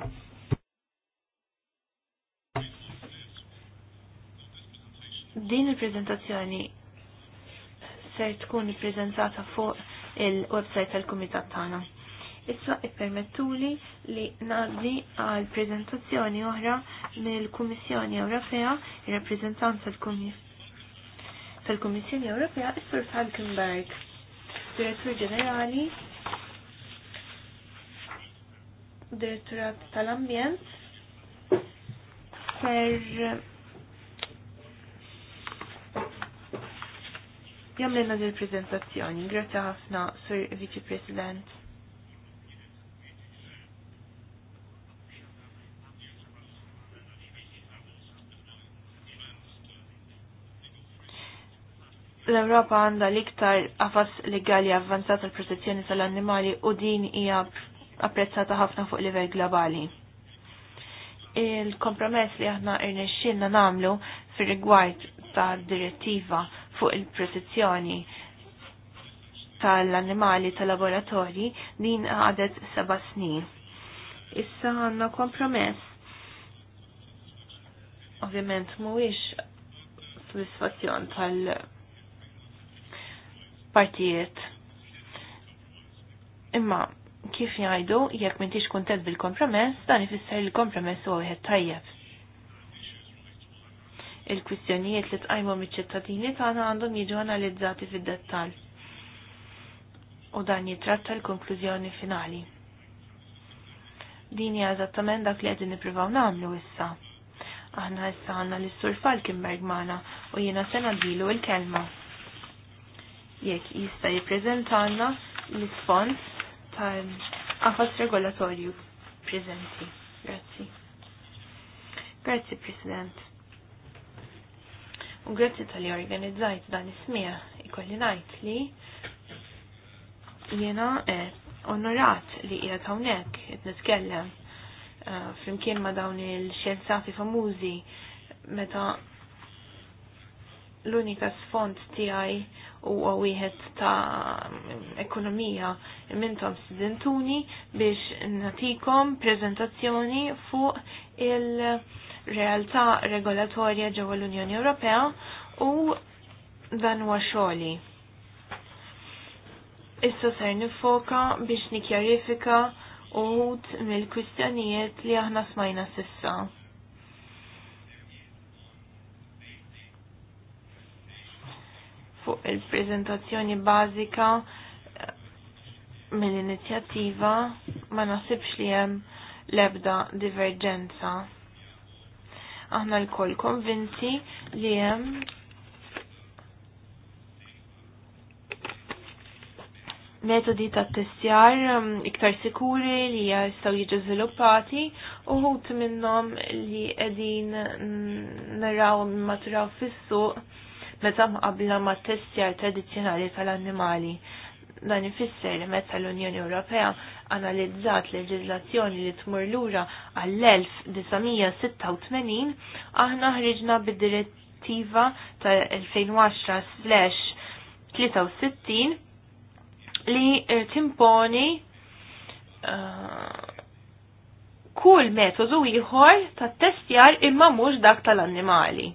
Din il-prezentazzjoni ser tkun ippreżentata fuq il-website tal-Kumitat tagħna. Issa ippermettuli li ngħaddi għal preżentazzjoni oħra mill-Kummissjoni Ewropea, ir-rappreżentant tal-Kummissjoni Ewropea, is-Sur Falkenberg, Direttur Ġenerali Diretturat tal-Ambjent, ser jamlena din il-prezentazzjoni. Grazie ħafna, Sir Vice President. l-Europa għanda l-iktar għafas legali avvanzata l-protezzjoni tal-annimali u din hija apprezzata ħafna fuq livell globali. Il-kompromess li aħna irnexxinna namlu fir rigward ta' direttiva fuq il-protezzjoni tal-annimali tal-laboratorji din għadet seba snin. Issa għanna kompromess. Ovvjament mhuwiex soddisfazzjon tal-partijiet. Imma kif jgħidu jekk m'intix kuntent bil-kompromess, dan ifisser il-kompromess huwa wieħed tajjeb il-kwistjonijiet li tqajmu miċ-ċittadini tagħna għandhom jiġu analizzati fid-dettall. U dan jitratta l-konklużjoni finali. Din hija eżattament dak li qegħdin nippruvaw nagħmlu issa. Aħna issa għandna l-Sur Falkenberg magħna u jiena se nagħdilu l-kelma. Jekk jista' jippreżentanna l-isfond tal-qafas regolatorju preżenti. Grazzi. Grazzi, President. U grazzi tal-li organizzajt dan ismija ikolli najt li jena onorat li jgħad hawnek id-netkellem eh, flimkien ma dawn il-xjenzati famużi meta l-unika sfond tiegħi huwa wieħed ta' ekonomija mintom studentuni biex natikom prezentazzjoni fuq il- realtà regolatorja ġewwa l-Unjoni Ewropea u dan huwa xogħli. Issa ser nifoka biex nikjarifika uħud mill-kwistjonijiet li aħna smajna sissa. Fuq il-prezentazzjoni bażika eh, mill-inizjattiva ma nasibx li hemm l-ebda diverġenza. Aħna l-koll konvinti li hemm metodi ta' testjar um, iktar sikuri li jistaw jiġu żviluppati u ħut minnhom li qegħdin naraw maturaw fis-suq meta mqabbla ma' testjar tradizzjonali tal-annimali. Dan ifisser li meta l-Unjoni Ewropea analizzat leġiżlazzjoni li tmur lura għall-1986, aħna ħriġna bid-direttiva ta' 2010/63 li timponi uh, kull metodu ieħor ta' testjar imma mhux dak tal-annimali.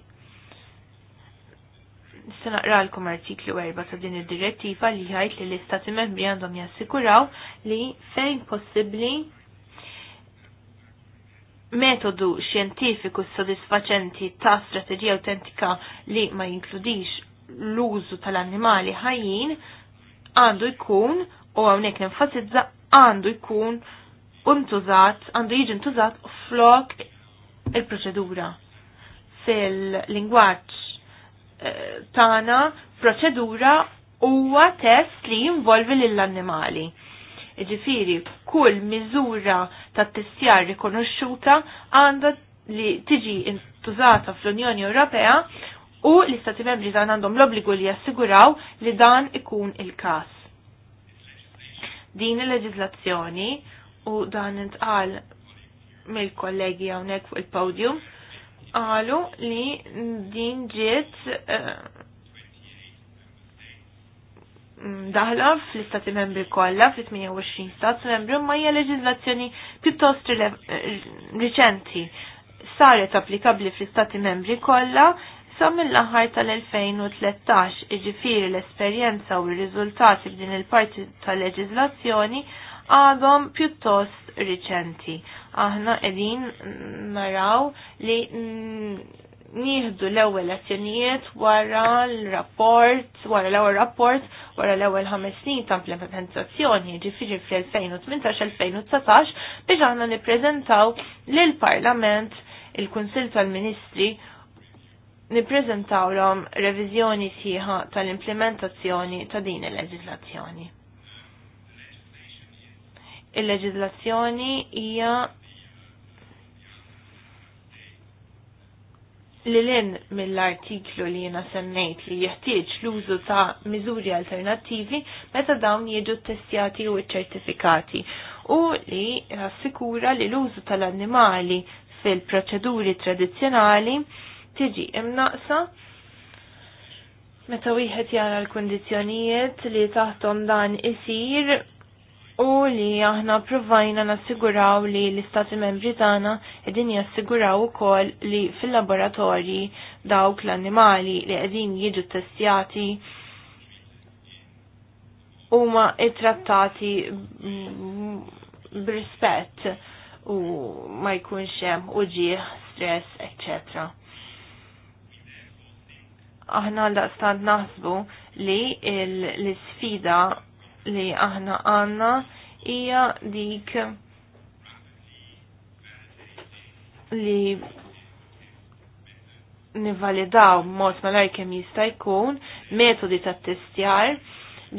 Nista' naqralkom artiklu 4 ta' din id-direttiva li jgħid li l-Istati Membri għandhom jassikuraw li fejn possibbli metodu xjentifiku sodisfaċenti ta' strateġija autentika li ma jinkludix l-użu tal-annimali ħajjin għandu jkun u għawnek nenfasizza għandu jkun untużat, għandu jiġi untużat flok il-proċedura fil-lingwaċ tana proċedura huwa test li jinvolvi lill-annimali. Iġifiri, kull miżura ta' testjar rikonoxxuta għandha li tiġi intużata fl-Unjoni Ewropea u l-Istati Membri dan għandhom l-obbligu li jassiguraw li dan ikun il-kas. Din il-leġizlazzjoni u dan intqal mill-kollegi hawnhekk fuq il-podium qalu li din ġiet eh, mm, daħla fl-istati membri kollha fl-28 stat membri ma hija leġiżlazzjoni piuttost eh, riċenti saret applikabbli fl-istati membri kollha sa mill-aħħar tal-2013 iġifieri l-esperjenza u r-riżultati f'din il-parti tal-leġiżlazzjoni għadhom pjuttost riċenti. Aħna qegħdin naraw li nieħdu l-ewwel azzjonijiet wara l-rapport, wara l-ewwel rapport, wara l-ewwel ħames snin ta' implementazzjoni, ġifieri fl-2018-2019 biex aħna nippreżentaw lil Parlament il-Kunsill tal-Ministri nippreżentawhom reviżjoni sħiħa tal-implementazzjoni ta' din il-leġiżlazzjoni il-leġizlazzjoni hija li l-in mill-artiklu li jena semmejt li jeħtieġ l-użu ta' miżuri alternativi meta dawn jiġu testjati u ċertifikati u li assikura li l-użu tal-annimali fil-proċeduri tradizjonali tiġi imnaqsa meta wieħed jara l-kundizzjonijiet li taħtom dan isir u li aħna provajna nassiguraw li l-Istati Membri tagħna qegħdin jassiguraw ukoll li fil-laboratorji dawk l-annimali li qegħdin jiġu testjati huma ittrattati b'rispett u ma jkunx hemm uġieħ, stress, etc. Aħna l-daqstant naħsbu li l-sfida li aħna għanna hija dik li nivvalidaw mod malaj kemm jista' jkun metodi ta' testjar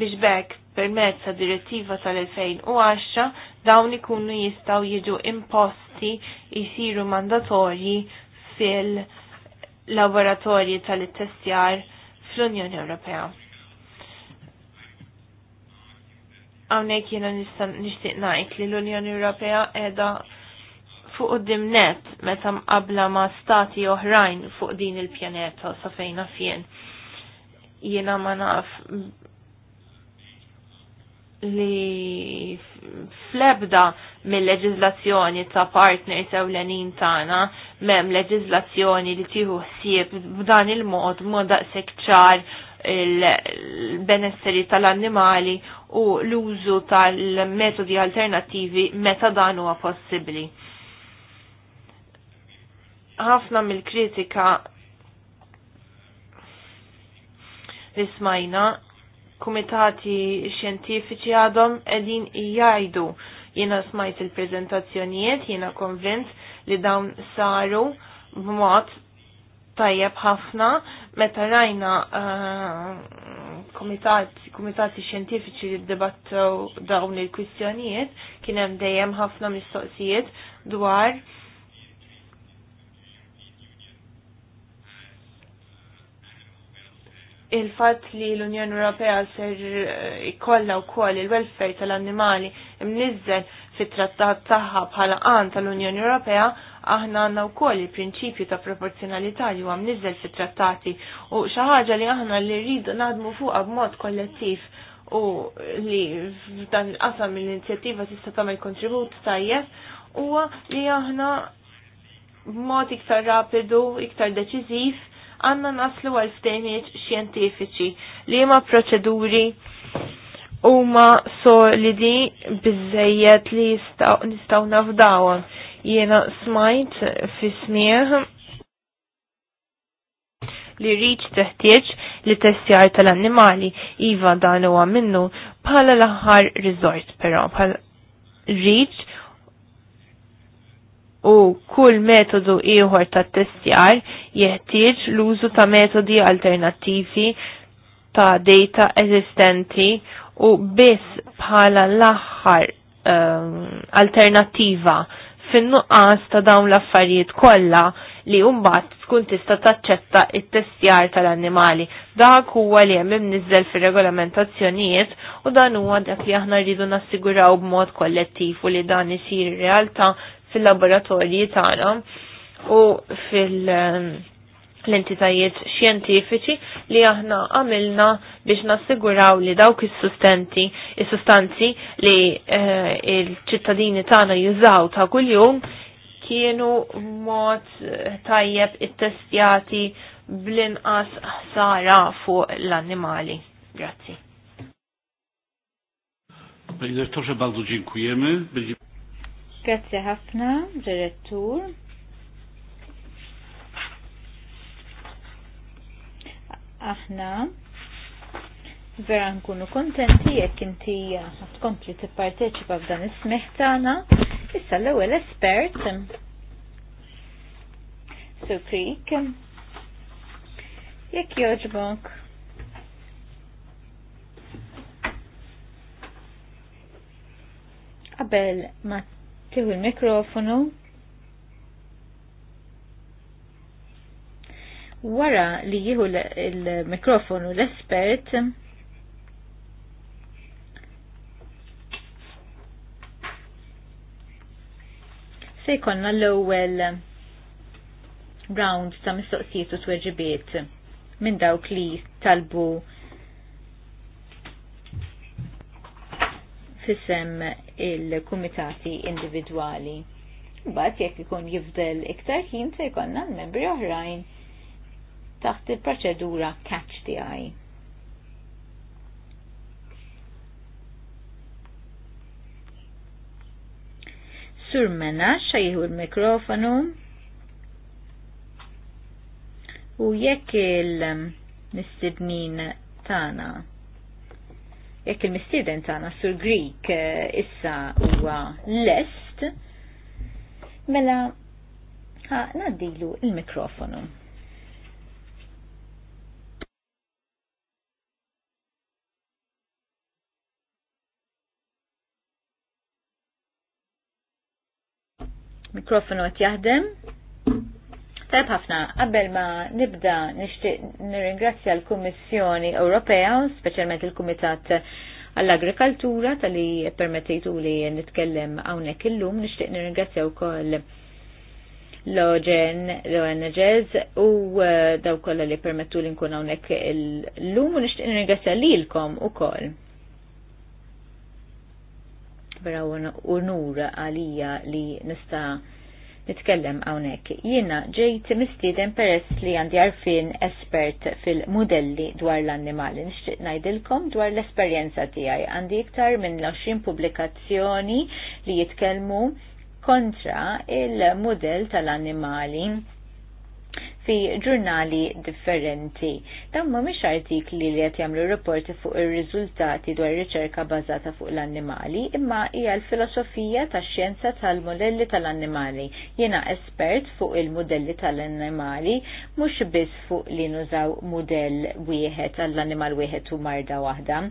biex bekk permezz ta' direttiva tal-2010 dawn ikunu jistaw jiġu imposti jisiru mandatorji fil-laboratorji tal-testjar fl-Unjoni Ewropea. Hawnhekk jiena nixtieq ngħid li l-Unjoni Ewropea qiegħda fuq qudiem net meta qabla ma' stati oħrajn fuq din il-pjaneta sa fejna fien. Jiena ma naf li flebda mill-leġizlazzjoni ta' partners ewlenin tagħna mem leġizlazzjoni li tieħu ħsieb b'dan il-mod mod daqshekk ċar il-benesseri tal-annimali u l-użu tal-metodi alternativi meta dan huwa possibbli. Ħafna mill-kritika li smajna kumitati xjentifiċi għadhom edin jgħidu jiena smajt il-prezentazzjonijiet, jiena konvint li dawn saru b'mod tajjeb ħafna meta rajna eh, komitati, xjentifiċi li ddibattew dawn il-kwistjonijiet kien hemm dejjem ħafna mistoqsijiet dwar il-fatt li l-Unjoni Ewropea ser eh, ikolla wkoll il-welfare tal-annimali imnizzel fit-trattat tagħha bħala qan tal-Unjoni Ewropea aħna għandna wkoll il-prinċipju ta' proporzjonalità li għam mniżel fit-trattati u xi ħaġa li aħna li rridu naħdmu fuqha b'mod kollettiv u li f'dan il-qasam l-inizjattiva tista' tagħmel kontribut tajjeb huwa li aħna b'mod iktar rapidu, iktar deċiżiv għanna naslu għal ftehmiet xjentifiċi li ma proċeduri huma solidi bizzejiet li nistaw nafdawhom. Jena smajt fi smieħ li rriċ teħtieġ li testjar tal-annimali iva dan huwa minnu bħala l-aħħar riżort però bħala rriċ u kull metodu ieħor ta' testjar jeħtieġ l-użu ta' metodi alternattivi ta' data eżistenti u biss bħala l-aħħar um, ehm, alternattiva fin-nuqqas ta' dawn l-affarijiet kollha li mbagħad tkun tista' taċċetta t testjar tal-annimali. Dak huwa li hemm imniżżel fir-regolamentazzjonijiet u dan huwa dak li aħna rridu nassiguraw b'mod kollettiv u li dan isir realtà fil-laboratorji tagħna u fil- l-entitajiet xjentifiċi li aħna għamilna biex nassiguraw li dawk is-sustenti, il sustanzi li eh, il-ċittadini tagħna jużaw ta' kuljum kienu mod tajjeb it-testjati bl-inqas ħsara fuq l-annimali. Grazzi. Panie bardzo dziękujemy. Grazie ħafna, dyrektur. aħna vera nkunu kontenti jekk inti tkompli tipparteċipa f'dan is-smeħ tagħna. Issa l-ewwel espert Sukrik. Jekk jogħġbok. Qabel ma tieħu l-mikrofonu, wara li jieħu il-mikrofonu l-espert se jkollna l-ewwel round ta' mistoqsijiet u tweġibiet minn dawk li talbu fisem il-kumitati individwali. Bat jekk ikun jifdel iktar ħin se jkollna membri oħrajn taħt il-proċedura catch the eye. Sur mena xajħu l-mikrofonu u jekk il mistidnin tana jekk il-mistiden tana sur Greek eh, issa huwa lest mela ħa nadilu il-mikrofonu. Mikrofonu għat jahdem. Tajb ħafna, qabel ma nibda nixtieq nirringrazzja l-Kummissjoni Ewropea, speċjalment il-Kumitat għall agrikaltura tal-li permettejtu li nitkellem hawnhekk illum, nixtieq nirringrazzja wkoll l-OGN, l-ONGs u uh, daw kollha li permettu li nkun hawnhekk illum u nixtieq nirringrazzja lilkom ukoll vera unur għalija li nista nitkellem hawnhekk. Jiena ġejt mistieden peress li għandi għarfin espert fil-modelli dwar l-annimali. Nixtieq ngħidilkom dwar l-esperjenza tiegħi. Għandi iktar minn 20 pubblikazzjoni li jitkellmu kontra il-modell tal-annimali fi ġurnali differenti. Dan mhumiex artikli li qed jagħmlu reporti fuq ir-riżultati dwar riċerka bażata fuq l-annimali, imma hija l-filosofija tax-xjenza tal-modelli tal-annimali. Jiena espert fuq il-modelli tal-annimali, mhux biss fuq li nużaw modell wieħed għall-annimal wieħed u marda waħda.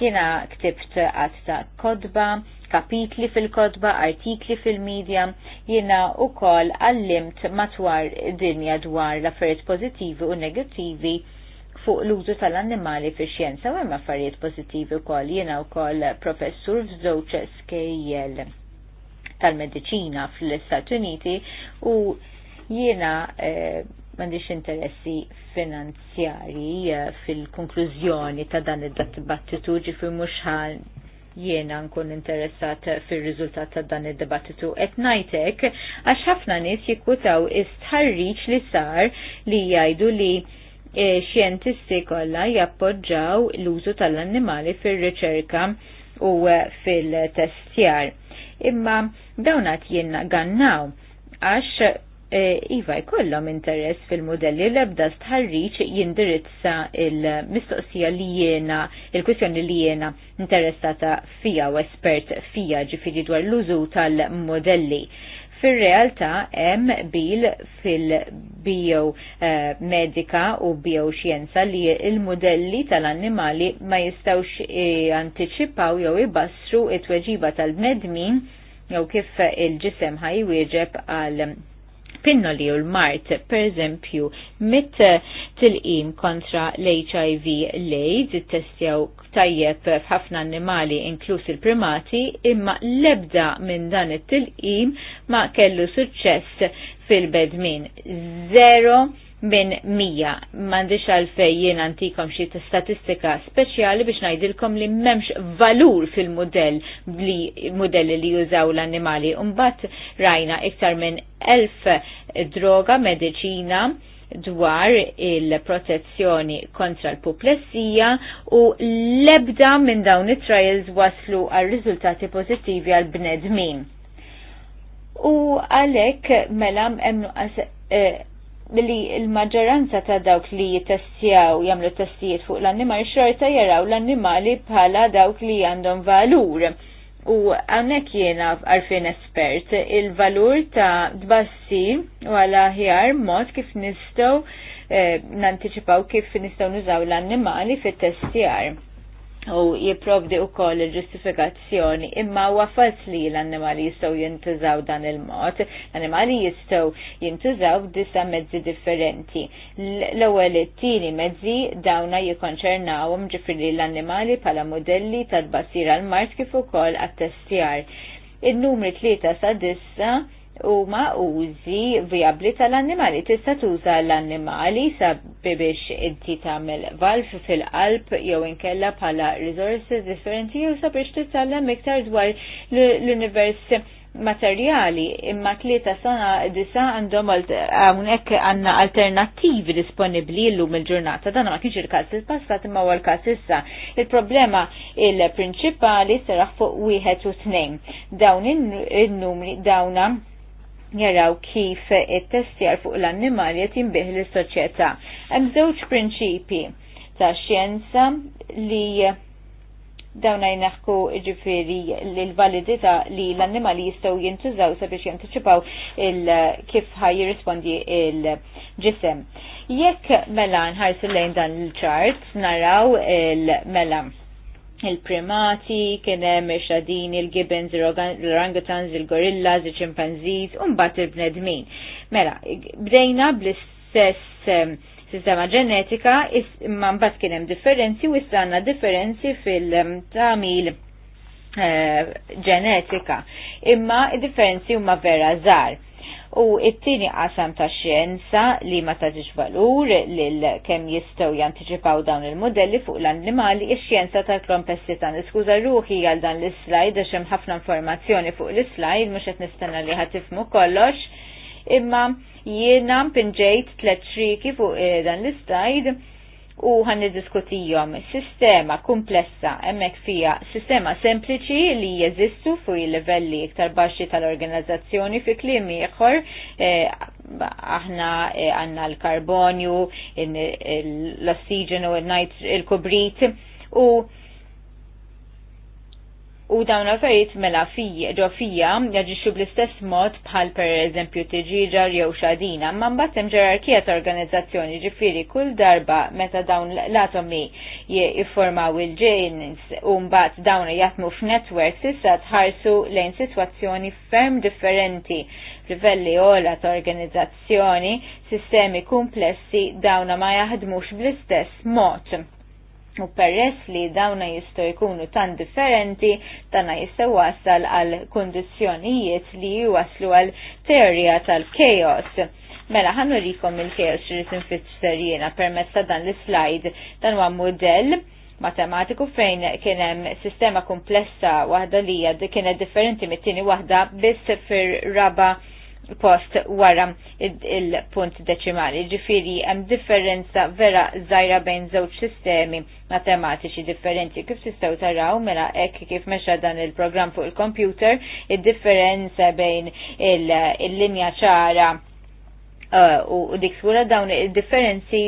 Jiena ktibt qatt ta' kodba kapitli fil-kodba, artikli fil-medja, jena u kol għallimt matwar dinja dwar l-affarijiet pozitivi u negativi fuq l-użu tal-annimali fi xjenza u hemm affarijiet kol wkoll jiena wkoll professur f'żewġ skejjel tal-mediċina fl-Istati Uniti u jiena eh, m'għandix interessi finanzjari eh, fil-konklużjoni ta' dan id-dibattitu ġifu mhux jiena nkun interessat fil-riżultat ta' dan id-dibattitu qed ngħidlek għax ħafna nies jikkutaw istħarriġ li sar li jgħidu li e, xjentisti kollha jappoġġaw l-użu tal-annimali fir-riċerka u e, fil-testjar. Imma dawnat jien gannaw għax Eh, iva jkollhom interess fil-modelli l-ebda stħarriċ jindirizza il-mistoqsija li jiena, il-kwistjoni li jiena interessata fija u espert fija ġifiri dwar l-użu tal-modelli. Fil-realtà hemm bil fil-bio eh, medika u xienza li il-modelli tal-annimali ma jistawx eh, anticipaw jew ibassru it-tweġiba tal-medmin jew kif il-ġisem ħajwieġeb għal li u l-mart, per eżempju, mit eh, tilqim kontra l-HIV l-AIDS, testjaw tajjeb f'ħafna annimali inklus il-primati, imma lebda minn dan it-tilqim ma kellu suċċess fil-bedmin. Zero minn mija. M'għandix għalfej jien antikom xi statistika speċjali biex ngħidilkom li m'hemmx valur fil-mudell li modelli li jużaw l-annimali. Mbagħad rajna iktar minn elf droga medicina dwar il-protezzjoni kontra l-puplessija u lebda minn dawn it-trials waslu għal riżultati pożittivi għal bnedmin. U għalek mela emnu li il-maġġoranza ta' dawk li jitestjaw jagħmlu testijiet fuq l-annimali xorta jaraw l-annimali bħala dawk li għandhom valur. U għannek jena għarfin espert il-valur ta' dbassi u għala ħjar mod kif nistaw eh, kif nistaw nużaw l-annimali fit-testjar u jiprovdi u koll il-ġustifikazzjoni imma huwa fals li l-annimali jistaw jintużaw dan il-mod l-annimali jistaw jintużaw disa mezzi differenti l-ewwel it-tieni mezzi dawna jikkonċernawhom ġifri l-annimali pala modelli tal-basira l-mart kif ukoll għat il-numri tlieta sa' dissa huma użi viabli tal-annimali. Tista' tuża l-annimali sabiex inti tagħmel valf fil-qalb jew inkella bħala resources differenti jew sabiex titgħallem iktar dwar l-univers materjali imma tlieta sana disa għandhom hawnhekk għandna alternattivi disponibbli llum il-ġurnata dan ma kienx il-każ il-passat imma huwa l-każ issa. Il-problema il-prinċipali seraħ fuq wieħed u tnejn. Dawn in-numri dawna jaraw kif it-testjar fuq l-annimali qed jinbih lis-soċjetà. Hemm żewġ prinċipi ta' xjenza li dawn jnaħku ġifiri l-validita li l-annimali jistaw jintużaw sabiex janticipaw kif ħaj jirrispondi il-ġisem. Jekk mela nħarsu lejn dan il-ċart, naraw il-mela il-primati, kienem xadini il-gibbons, l-orangutans, il-gorillas, il-ċimpanziz, un-bat il-bnedmin. Mela, bdejna bl-istess ehm, sistema ġenetika, imma mbagħad kien hemm differenzi u issa għandna differenzi fil-tamil eh, ġenetika. Imma differenzi huma vera żgħar u it-tieni qasam ta' xjenza li ma taġiġ valur lil kemm jistgħu jantiċipaw dawn il-modelli fuq l-annimali ix-xjenza tal-klompessità. Niskuża ruħi għal dan l-slide għaxem hemm ħafna informazzjoni fuq l-slide mhux qed nistenna li ħad kollox imma jiena pinġejt tliet xriki fuq eh, dan l-slide u għan diskutijom sistema komplessa emmek fija sistema sempliċi li jeżistu fuq il-livelli iktar baxxi tal-organizzazzjoni fi klimi ieħor eh, aħna eh, għanna l-karbonju, l-ossigenu, il-kubrit u U dawn l-affarijiet mela fija, ġo fija, bl-istess mod bħal per eżempju tiġiġar jew xadina, ma mbagħad hemm ġerarkija ta' organizzazzjoni ġifieri kull darba meta dawn l-atomi jiffurmaw il-ġejns u mbagħad dawn jaħdmu f'networks issa tħarsu lejn sitwazzjoni ferm differenti livelli ola ta' organizzazzjoni, sistemi komplessi dawna ma jaħdmux bl-istess mod U peress li dawna jistgħu jkunu tan differenti, dana jista' wasal għal kundizzjonijiet li jwaslu għal teorija tal-chaos. Mela ħannu rikom il-chaos li tinfisser serjena permezz ta' dan l-slide dan huwa model matematiku fejn kien hemm sistema komplessa waħda li kienet differenti mit-tieni waħda biss fir-raba' post wara il-punt deċimali. Ġifiri, hemm differenza vera zaħira bejn żewġ sistemi matematiċi differenti. Kif tistgħu taraw mela hekk kif mexa dan il-programm fuq il-computer, id-differenza bejn il-linja ċara uh, u dik dawn id differenzi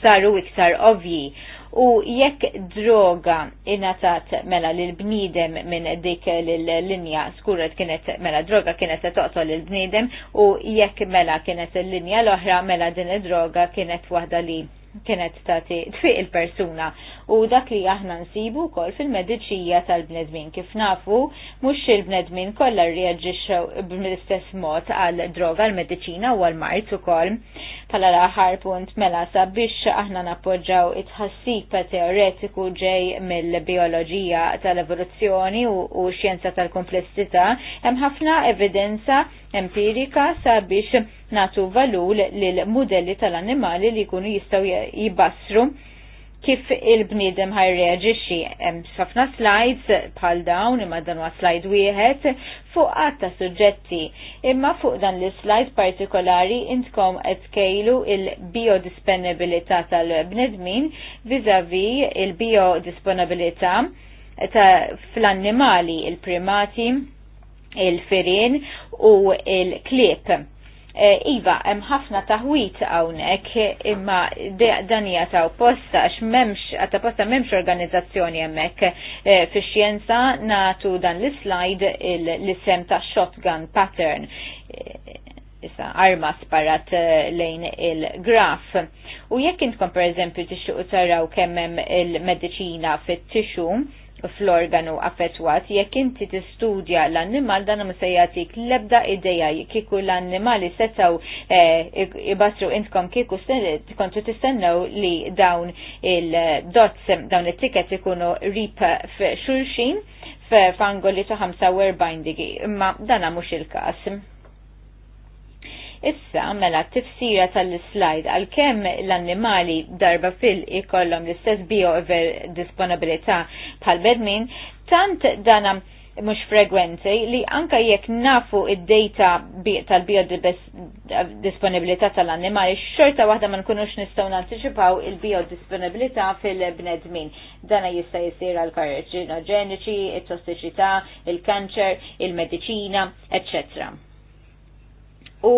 saru iktar ovji u jekk droga inatat mela l bnidem minn dik l-linja skurret kienet mela droga kienet se l il bnidem u jekk mela kienet il-linja l-oħra mela din id-droga kienet waħda li kienet tati tfiq il-persuna u dak li aħna nsibu kol fil-mediċija tal-bnedmin kif nafu mux il-bnedmin kollha reagġiċa bl-istess mod għal droga l-mediċina u għal mart u kol pala laħar punt mela sabiex aħna nappoġġaw it-ħassib teoretiku ġej mill-bioloġija tal-evoluzzjoni u xjenza tal-komplessità hemm ħafna evidenza empirika sabiex natu valur lil modelli tal-annimali li jkunu jistaw jibassru kif il-bniedem ħajreġixxi hemm ħafna slides bħal dawn imma dan wa slide wieħed fuq għatta suġġetti. Imma fuq dan l-slide partikolari intkom qed tkejlu il-biodisponibilità tal-bnedmin vizavi il-biodisponibilità ta' fl-annimali, il-primati, il firin u il-klip. Eh, iva, hemm ħafna taħwit hawnhekk imma dan hija ta' opposta għax m'hemmx ta' posta m'hemmx organizzazzjoni hemmhekk eh, fix-xjenza natu dan l-slide l-isem ta' shotgun pattern eh, issa arma sparat lejn il-graf. U jekk intkom per eżempju taraw kemm hemm il-mediċina fit-tixu, fl-organu affettwat jekk inti tistudja l-annimal dan ma se jagħtik l-ebda idea kieku l-annimali setgħu eh, ibassru intkom kieku kontu tistennew li dawn il-dots dawn it-tiket ikunu rip f'xulxin f'angoli ta' 45 digi imma dana mhux il-każ. Issa, mela t-tifsira tal slide għal kem l-annimali darba fil ikollom l-istess bioever disponibilita pal bedmin tant dana mux frekwenti li anka jekk nafu id-data tal-biodisponibilità tal-annimali, xorta waħda ma nkunux nistgħu nanticipaw il-biodisponibilità fil-bnedmin. Dana jista' jsir għal karġinogeniċi it-tossiċità, il-kanċer, il-mediċina, eccetera. U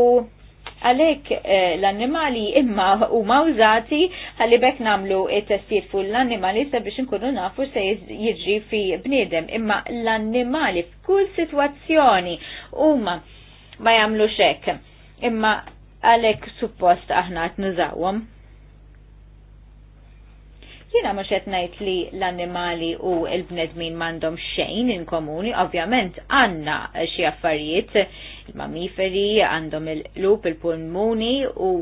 Għalek eh, l-annimali imma u mawżati għalli bekk namlu il-testir fuq l-annimali sabiex nkunu nafu se jiġri fi bnidem. Imma l-annimali f'kull situazzjoni huma ma jamlu xek. Imma għalek suppost aħna għat nużawom. Jina mux etnajt li l-animali u l-bnedmin mandom xejn in komuni, ovvjament għanna xie affarijiet, il-mammiferi, għandhom il-lup, il-pulmuni u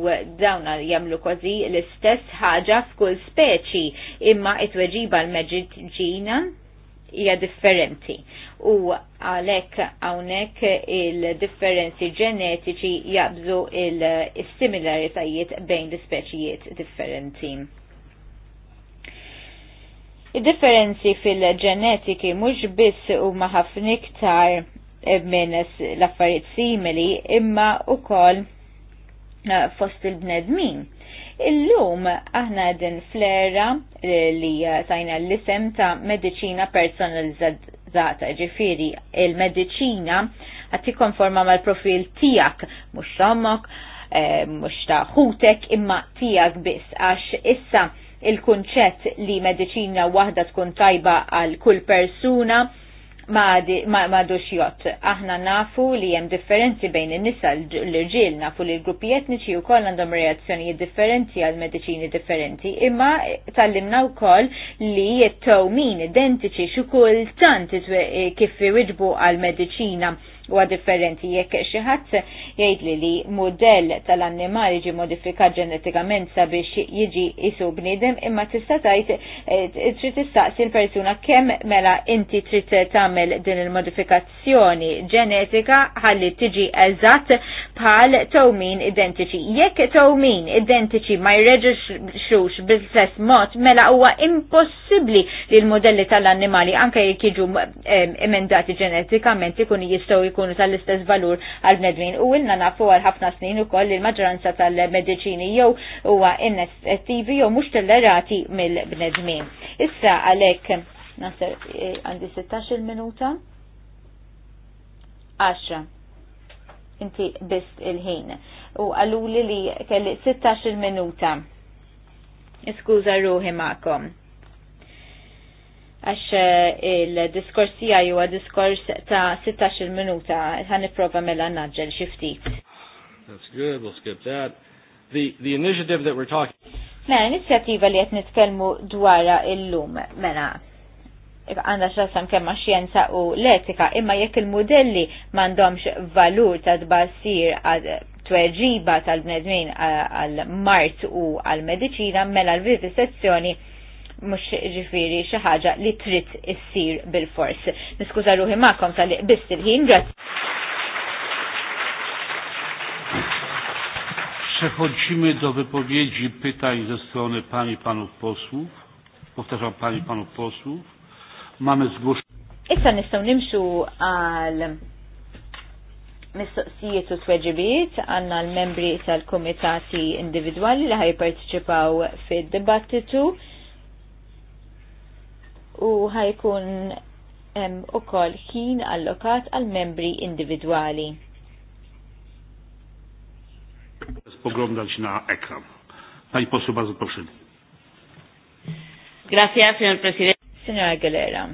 dawna jamlu kważi l-istess ħaġa f'kull speċi, imma it-weġiba l-meġġina hija differenti. U għalek għawnek il-differenzi ġenetiċi jabżu il-similaritajiet bejn l-speċijiet differenti. Id-differenzi fil-ġenetiki mhux biss huma ħafna iktar minn l-affarijiet simili imma kol eh, fost il-bnedmin. Illum aħna din flera li tajna l-isem ta' medicina personalizzata, ġifiri il-medicina għatti konforma mal profil tijak, mux xammok, eh, mux ta' imma tijak bis, għax issa il-kunċett li medicina waħda tkun tajba għal kull persuna ma dux Aħna nafu li jem differenzi bejn il-nisa l-ġil, nafu li l-gruppi etniċi u koll għandhom reazzjoni differenti għal medicini differenti, imma tallimna u koll li jettawmin identiċi xukultant kif iwiġbu għal medicina huwa differenti jekk xi ħadd jgħidli li li mudell tal-annimali ġi modifikat ġenetikament sabiex jiġi isu bniedem imma tista' tgħid eh, trid tistaqsi l-persuna kemm mela inti trid tagħmel din il-modifikazzjoni ġenetika ħalli tiġi eżatt bħal tawmin identiċi. Jekk tawmin identiċi ma jreġixxux bil-stess mod mela huwa impossibbli li l-modelli tal-annimali anke jekk jiġu eh, emendati ġenetikament ikun jistgħu ikunu tal-istess valur għal bnedmin u ilna nafu għal ħafna snin u koll il-maġranza tal-medicini jew huwa ineffettivi jew mhux tollerati mill-bnedmin. Issa għalhekk nasser eh, għandi 16 minuta. 10 inti bist il-ħin. U għalluli li kelli 16 minuta. Iskuza ruħi ma'kom għax eh, il-diskors tiegħi huwa diskors ta' 16 minuta ħan nipprova mela naġġel xi ftit. That's good, we'll skip that. The, the initiative that we're talking Mela, inizjativa li qed nitkellmu il illum, mela, għanda x'asam kemm xjenza u l-etika, imma jekk il-modelli m'għandhomx valur ta' għad tweġiba tal-bnedmin għal-mart u għal-medicina, mela l-vivisezzjoni mux ġifiri xaħġa li trid issir bil-fors. Niskuza ruħi maqom tal bist il-ħin, grazzi. Przechodzimy do wypowiedzi pytań ze strony pani i panów posłów. Powtarzam pani i panów posłów. Mamy zgłoszenie. Issa nistaw nimxu għal mistoqsijiet u tweġibiet għanna l-membri tal-komitati individuali li ħaj parteċipaw fid-dibattitu u ħajkun hemm ukoll ħin allokat għal membri individwali. Grazie, signor Presidente. Signora Galera.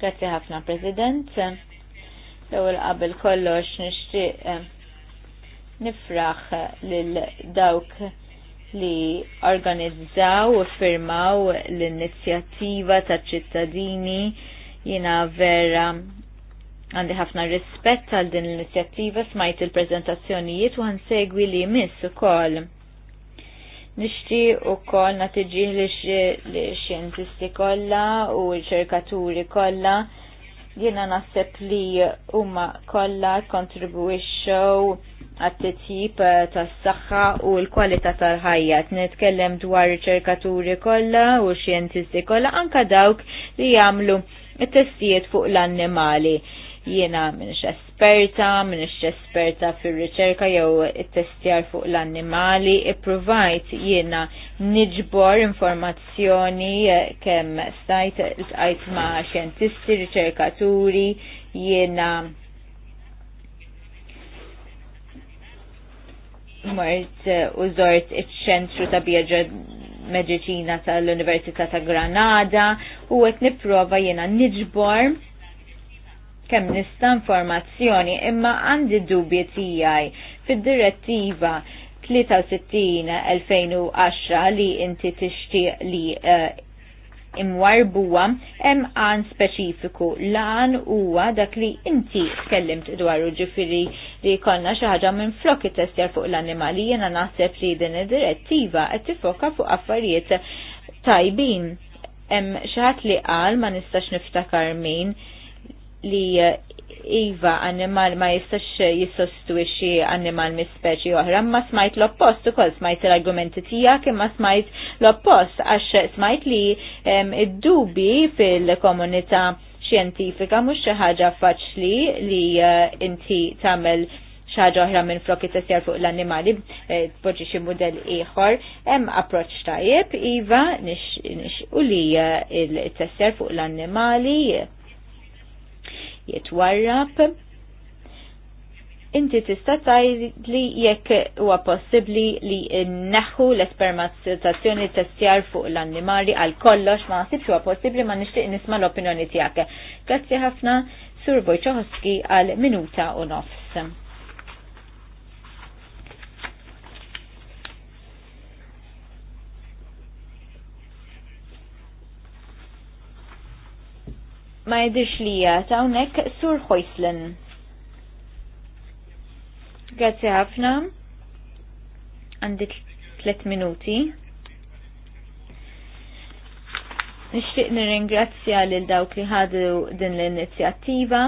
Grazie ħafna, President. L-ewwel kollox nixtieq nifraħ lil dawk li organizzaw u firmaw l-inizjattiva ta' ċittadini jina vera għandi ħafna rispett għal din l-inizjattiva smajt il-prezentazzjonijiet u segwi li jmiss u koll. Nishti u koll natiġiħ li xientisti kolla u ċerkaturi kolla Jiena naħseb li huma kollha kontribwixxew għat-titjib eh, tas-saħħa u l-kwalità tal-ħajja. Nitkellem dwar riċerkaturi kollha u xjentisti kollha anka dawk li jagħmlu it-testijiet fuq l-annimali jiena minix esperta, minix esperta fil-riċerka jew it-testjar fuq l-annimali, i-provajt jiena nġbor informazzjoni eh, kem stajt l tajt ma' xjentisti, riċerkaturi, jiena mart eh, u zort iċ-ċentru ta' bieġa Meġiċina tal-Università ta' Granada u għet niprofa jena nġbor kemm nista' informazzjoni imma għandi dubji tiegħi fid-direttiva 63-2010 li inti tixtieq li uh, eh, imwarbuwa hemm għan speċifiku lan huwa dak li inti tkellimt dwaru ġifiri li konna xi ħaġa minn flokki testjar fuq l-annimali jiena naħseb li din id-direttiva qed tifoka fuq affarijiet tajbin. Hemm xi ħadd li qal ma nistax niftakar min li eh, iva animal ma jistax jissostwixi animal mispeċi oħra, ma smajt l-oppost ukoll smajt l-argumenti tijak, imma smajt l-oppost, għax smajt li id-dubi fil-komunità xjentifika mhux xi ħaġa faċli li eh, inti tagħmel ħaġa oħra minn flokki tessjar fuq l-annimali, eh, tpoġġi xi mudell ieħor, hemm approċċ tajjeb, iva nix u li il-tessjar fuq l-annimali jitwarrab. Inti tista' tgħidli jekk huwa possibbli li nneħħu l-espermatizzazzjoni testjar fuq l-annimali għal kollox ma nsibx huwa possibbli ma nixtieq nisma' l-opinjoni tiegħek. Grazzi ħafna Sur Wojciechowski għal minuta u nofs. ma jidirx li ta unnek sur Hoislen. Grazie ħafna. Għandi tlet minuti. Nixtieq nirringrazzja lil dawk li ħadu din l-inizjattiva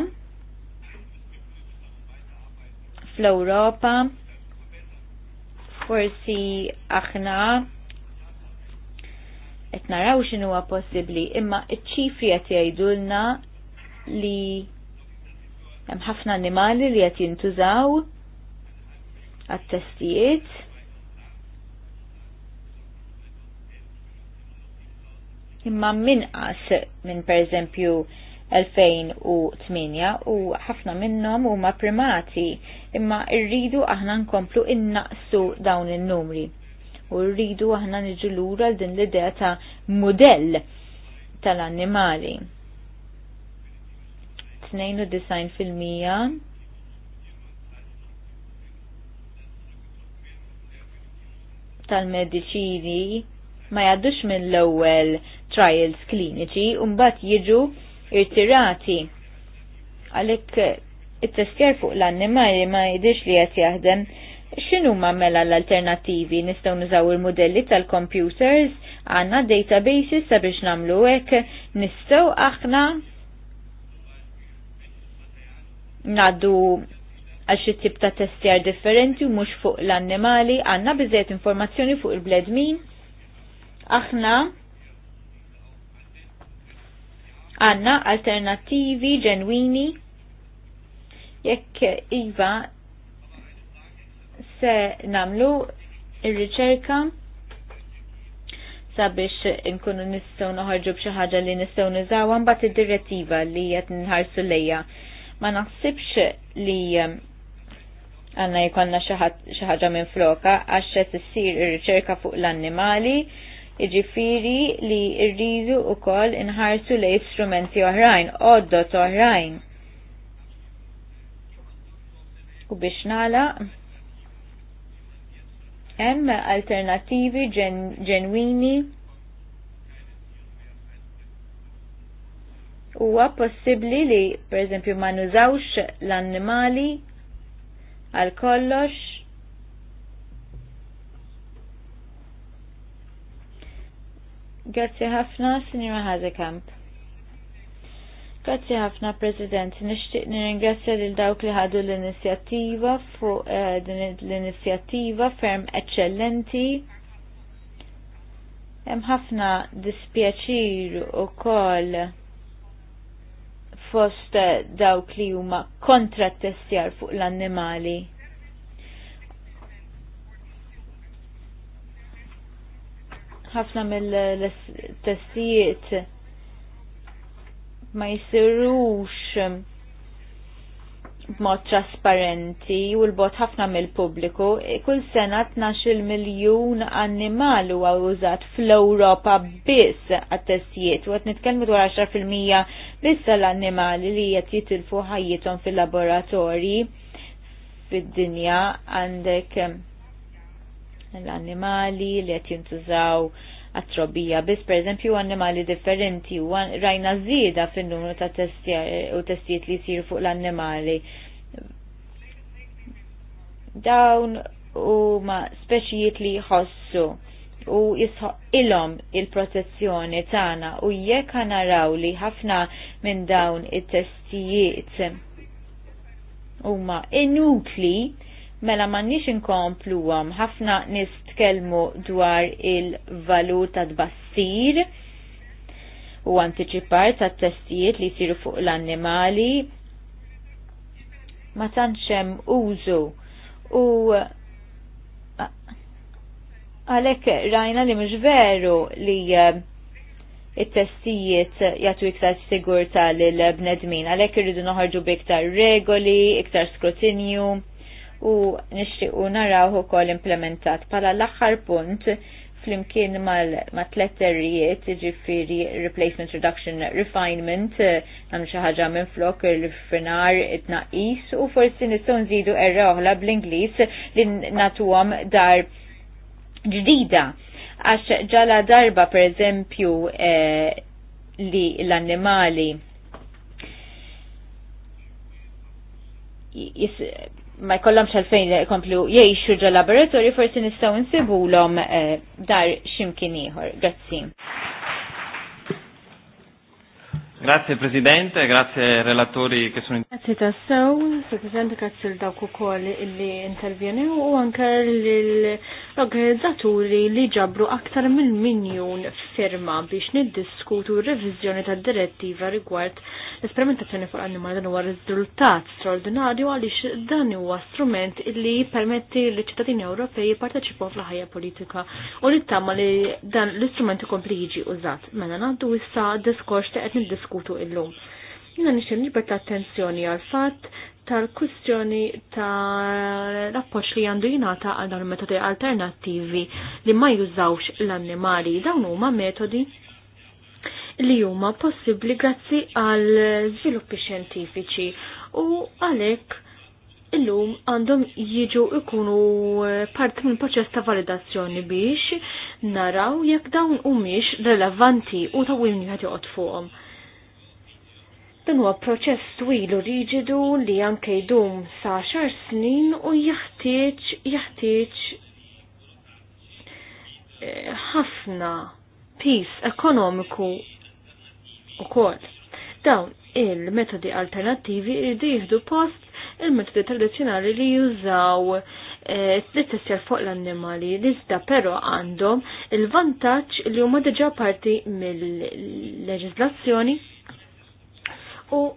fl europa Forsi aħna qed naraw għa possibli, possibbli, imma iċ-ċifri qed jgħidulna li hemm ħafna annimali li qed jintużaw għat-testijiet. Imma minqas minn pereżempju 2008 u ħafna minnhom huma primati imma rridu aħna nkomplu innaqsu dawn in-numri u rridu aħna niġu lura din l-idea ta' modell tal-annimali. 92% tal-medicini ma jaddux mill ewwel trials kliniċi un-bat jiġu irtirati. Għalek it-testjar fuq l-annimali ma jidix li jgħat jaħdem xinu ma mela l-alternativi nistaw nużaw il-modelli tal-computers għanna databases sabiex namlu ek nistaw aħna naddu għaxi tip ta' testjar differenti u mux fuq l-annimali għanna bizzet informazzjoni fuq il-bledmin aħna għanna alternativi ġenwini jekk iva se namlu il riċerka sabiex inkunu nistgħu noħarġu b'xi ħaġa li nistgħu niżawha mbagħad id-direttiva li qed nħarsu lejja. Ma naħsibx li um, għanna jkollna xi ħaġa minn floka għax qed issir ir-riċerka fuq l-annimali iġifiri li rridu u koll inħarsu li istrumenti oħrajn, oddot oħrajn. U biex nala, hemm alternattivi ġenwini huwa possibbli li pereżempju ma nużawx l-annimali għal kollox Grazie ħafna, Signora Hazekamp. Grazzi ħafna President, nixtieq nirringrazzja lil dawk li ħadu l-inizjattiva fuq eh, din l-inizjattiva ferm eċċellenti. Hemm ħafna dispjaċir ukoll fost dawk li huma kontra t-testjar fuq l-annimali. ħafna mill-testijiet ma jisirux b'mod trasparenti u l-bot ħafna mill-pubbliku, kull sena 12 miljun annimal huwa użat fl-Ewropa biss għat-testijiet u qed nitkellmu dwar 10% biss l-annimali li qed jitilfu ħajjithom fil-laboratorji fid-dinja għandek l-annimali li qed jintużaw għat-trobija. Biss per eżempju annimali differenti u rajna zida fin-numru ta' u testijiet li jisiru fuq l-annimali. Dawn u ma' speċijiet li jħossu u jisħoq ilhom il-protezzjoni tagħna u jekk naraw li ħafna minn dawn it-testijiet huma inutli mela mannix inkomplu għam um, ħafna nistkelmu dwar il-valur ta' bassir u anticipar ta' testijiet li siru fuq l-annimali ma tanċem użu u uh, għalek rajna li mhux veru li uh, il testijiet jagħtu iktar tal l bnedmin għalhekk irridu noħarġu biktar regoli, iktar skrutinju u nixtiequ naraw ukoll implementat pala l-aħħar punt flimkien ma' tletterijiet ġifiri replacement reduction refinement eh, għam xaħġa minn flok il-finar it-naqis u forsi nistgħu nżidu erra oħla bl-Inglis li natuwam dar ġdida għax ġala darba per eżempju eh, li l-annimali ma jkollhomx għalfejn jkomplu jgħixu ġo laboratorju forsi nistgħu nsibulhom eh, dar x'imkien ieħor. Grazzi. Grazie Presidente, grazie relatori che sono intervenuti. Grazie tassew, Presidente, grazie l-dawk ukoll illi intervjenew u anke l-organizzaturi li ġabru aktar minn minjun firma biex niddiskutu r-reviżjoni tad-direttiva rigward l-esperimentazzjoni fuq l-annimali dan huwa riżultat straordinarju għaliex dan huwa strument li permetti li ċittadini Ewropej jipparteċipaw fl-ħajja politika u li tama li dan l-istrument ikompli jiġi użat. Mela ngħaddu issa diskors li qed niddiskutu illum jina nixem nibet attenzjoni għal fatt tal kustjoni tal-appoċ li għandu jinata għal dawn metodi alternattivi li ma jużawx l-annimali. Dawn huma metodi li huma possibbli grazzi għal żviluppi xjentifiċi u għalhekk illum għandhom jiġu ikunu part minn proċess ta' validazzjoni biex naraw jekk dawn humiex relevanti u ta' wim joqgħod fuqhom. Dan huwa proċess twil u riġidu li anke jdum sa xar snin u jaħtieġ jaħtieġ eh, ħafna pis ekonomiku ukoll. Dawn il-metodi alternattivi irdi jieħdu post il-metodi tradizzjonali li jużaw eh, li tessjar fuq l-annimali li iżda però għandhom il-vantaġġ li huma diġà parti mill-leġiżlazzjoni u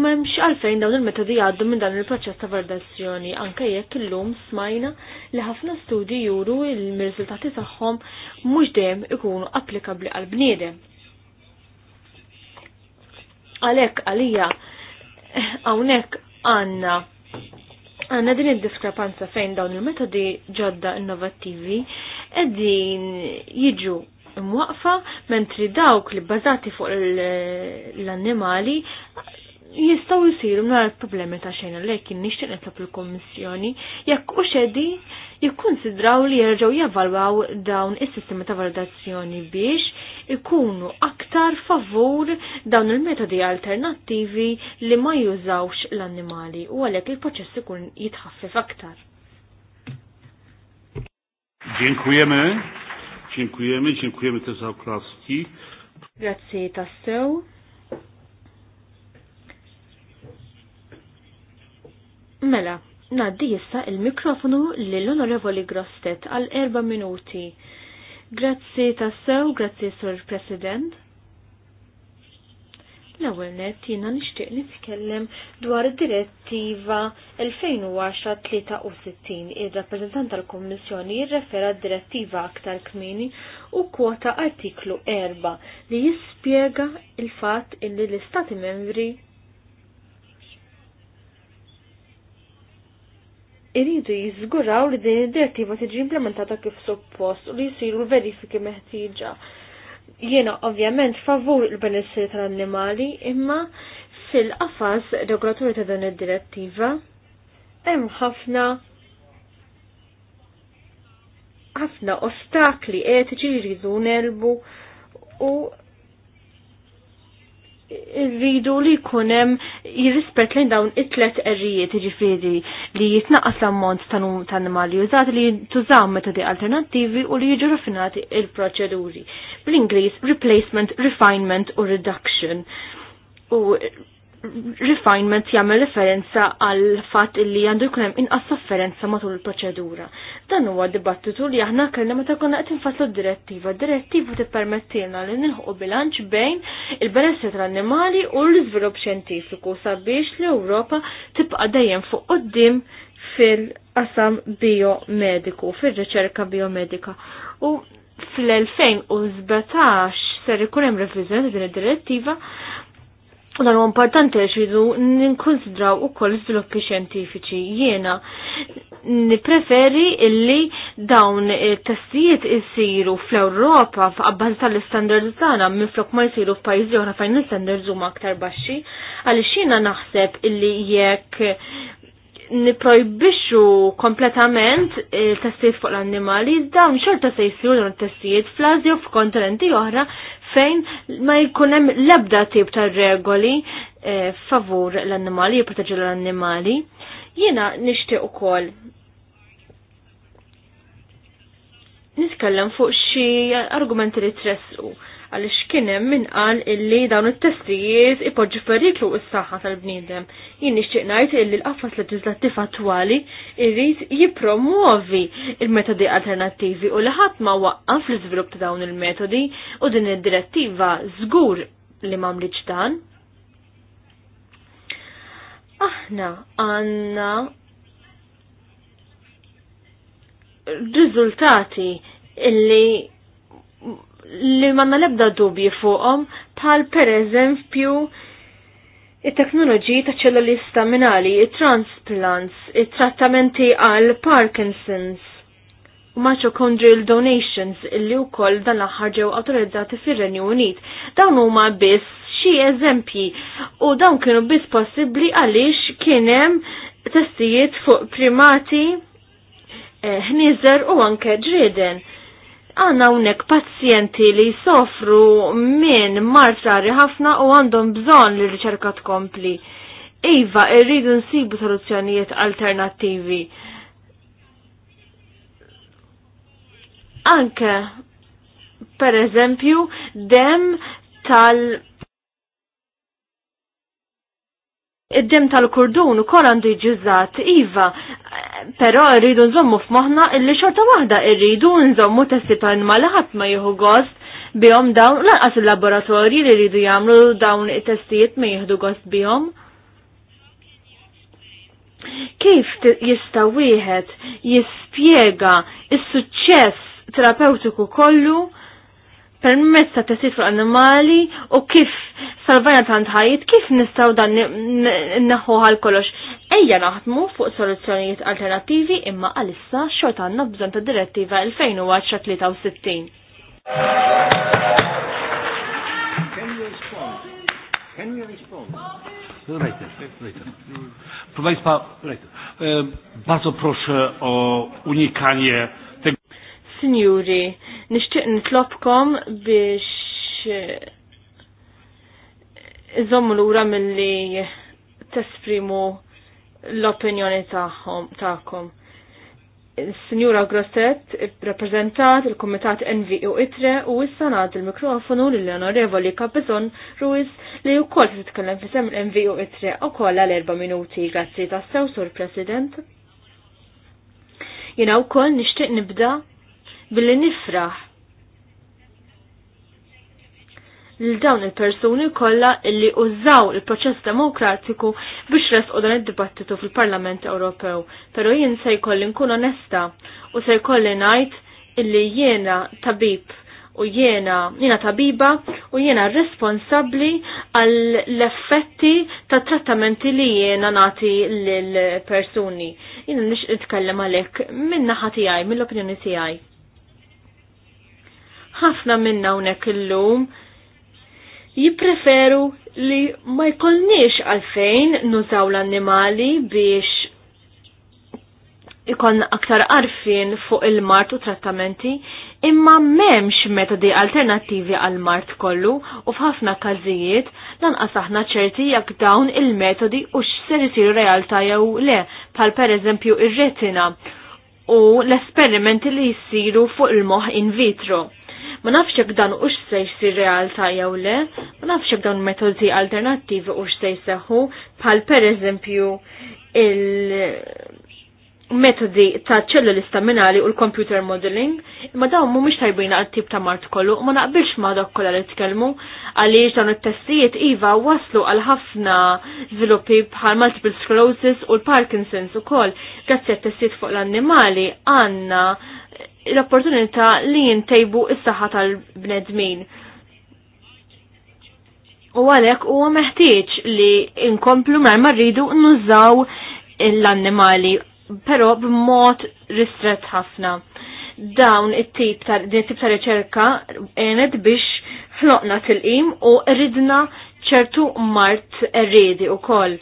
memx għalfejn dawn il-metodi għaddu minn dan il-proċess ta' validazzjoni anke jekk illum smajna li ħafna studji juru il mirriżultati tagħhom mhux dejjem ikunu applikabbli għal bniedem. Għalhekk għalija hawnhekk għandna għandna din id-diskrepanza fejn dawn il-metodi ġodda innovattivi qegħdin jiġu imwaqfa, mentri dawk li bazati fuq l-annimali jistaw jisiru nar problemi ta' xejn għalhekk nixtieq ta' il kommissjoni jekk u xedi jikkunsidraw li jerġgħu javalwaw dawn is-sistemi ta' validazzjoni biex ikunu aktar favur dawn il-metodi alternattivi li ma jużawx l-annimali u għalhekk il-proċess ikun jitħaffif aktar. Dziękujemy. Dziękujemy, dziękujemy też za oklaski. Grazie tassew. Mela, naddi jissa il-mikrofonu lill-Onorevoli Grostet għal erba' minuti. Grazzi tassew, grazzi Sur President. L-ewwel nett jiena nixtieq nitkellem dwar id-direttiva 2010-63 ir-rappreżentant tal-Kummissjoni jirrefera d-direttiva aktar kmini u kwota artiklu 4 li jispjega il-fatt illi l-Istati membri Iridu jiżguraw li din id-direttiva tiġi implementata kif suppost u li jsiru l-verifiki meħtieġa Jiena ovvjament favur il benessir tal-annimali imma fil-qafas regolaturi ta' dan id-direttiva hemm ħafna ħafna ostakli etiċi li jridu nelbu u rridu li kunem jirrispet lejn dawn it-tlet errijiet ġifiri li jitnaqqas l-ammont ta' animali użat li jintużaw metodi alternattivi u li jiġu rafinati il-proċeduri. Bl-Inglis, replacement, refinement u reduction. U refinement jagħmel referenza għal fatt illi għandu jkun hemm inqas sofferenza matul il-proċedura. Dan huwa dibattitu li aħna kellna meta konna qed infasslu d-direttiva. D-direttiva tippermettilna li nilħu bilanċ bejn il-benessri tal-annimali u l-iżvilupp xjentifiku sabiex l-Ewropa tibqa' dejjem fuq quddiem fil-qasam biomediku, fil-riċerka biomedika. U fil-2017 ser ikun hemm reviżjoni din id-direttiva U dan importanti għax jidu ninkonsidraw u koll sviluppi xjentifiċi. Jiena nipreferi illi dawn testijiet isiru fl-Europa f'abbaż tal-standards tagħna minflok ma jsiru f'pajjiżi oħra fejn l-standards huma aktar baxxi, għaliex jiena naħseb illi jekk niprojbixxu kompletament testijiet fuq l-annimali, dawn xorta se jsiru dawn testijiet fl-Azja u f'kontinenti oħra fejn ma jkun hemm l-ebda tip ta' regoli eh, favur l-annimali, jiprotegġu l-annimali. Jiena nixtieq ukoll nitkellem fuq xi argumenti li tressqu għaliex kien hemm min qal illi dawn it-testijiet ipoġġu periklu s-saħħa tal-bniedem. Jien nixtieq ngħid illi l-qafas leġislattiv attwali jrid jippromuovi il-metodi alternattivi u li ħadd ma waqqaf l-iżvilupp ta' dawn il-metodi u din id-direttiva żgur li m'għamlitx dan. Aħna għandna riżultati illi li manna lebda dubji fuqhom bħal pereżempju it-teknoloġiji ta' ċelluli staminali, it-transplants, it-trattamenti għal Parkinson's, u mitochondrial donations u wkoll dan l-aħħar ġew awtorizzati fir-Renju Unit. Dawn huma biss xi eżempji u dawn kienu biss possibbli għaliex kien hemm testijiet fuq primati ħnieżer eh, u anke ġrieden għanna unnek pazjenti li soffru minn marċari ħafna u għandhom bżon li riċerka tkompli. Iva, irridu nsibu soluzzjonijiet alternativi. Anke, per eżempju, dem tal- id-dem tal-kurdun u kol għandu iġizzat, iva, Pero rridu nżommu f'moħna illi xorta waħda rridu nżommu testi ta' animali ħadd ma jieħu gost bihom dawn lanqas il-laboratorji li rridu jagħmlu dawn it-testijiet ma jieħdu gost bihom. Kif jista' wieħed jispjega is-suċċess terapeutiku kollu permezz ta' testijiet fuq annimali, u kif salvajna tant ħajjit kif nistgħu dan neħħu l kollox Ejja naħdmu fuq soluzzjonijiet alternattivi imma għalissa xort għandna bżonn ta' direttiva 2010-63. Can you respond? Can you respond? Later, o Signori, nixtieq nitlobkom biex eh, iżommu lura milli tesprimu l-opinjoni tagħhom tagħkom. Signora Grosset, rappresentat il-Komitat Envi u Itre u s sanat il-mikrofonu l-Onorevoli Capizon Ruiz li u kol titkellem fisem l-Envi u Itre u kol għal erba minuti għazzi ta' sew sur President. Jina u kol nishtiq nibda billi nifraħ l-dawn il-persuni kollha illi użaw il-proċess demokratiku biex resqu dan id-dibattitu fil-Parlament Ewropew. Però jien se jkolli nkun onesta u se jkolli ngħid illi jiena tabib u jiena jiena tabiba u jiena responsabbli għall effetti ta' trattamenti li jiena nagħti l persuni. Jiena nix itkellem għalhekk minn naħa tiegħi, mill-opinjoni tiegħi ħafna minna unek illum jippreferu li ma jkollniex għalfejn nużaw l-annimali biex ikon aktar arfin fuq il-mart u trattamenti, imma memx metodi alternativi għal-mart kollu u f'ħafna każijiet lanqas aħna ċerti jekk dawn il-metodi u x'ser isiru realtà jew le, per pereżempju ir-retina u l-esperimenti li jsiru fuq il-moħħ in vitro. Ma nafx jekk dan ux se jsir realtà jew le, ma nafx jekk dawn metodi alternattivi ux se jseħħu bħal pereżempju il metodi ta' ċelluli staminali u l-computer modeling, imma dawn mhumiex tajbina għal tip ta' mart kollu, ma naqbilx ma' dak kolla li tkellmu għaliex dawn it-testijiet iva waslu għal ħafna zviluppi bħal multiple sclerosis u l-Parkinsons ukoll. Grazzi t testijiet fuq l-annimali għandna l-opportunità li jintejbu s saħħa tal-bnedmin. U għalhekk huwa meħtieġ li inkomplu mar marridu nużaw l-annimali però b'mod ristret ħafna. Dawn it-tip ta' din tip ta' riċerka għenet biex ħloqna til-qim u ridna ċertu mart rredi u koll.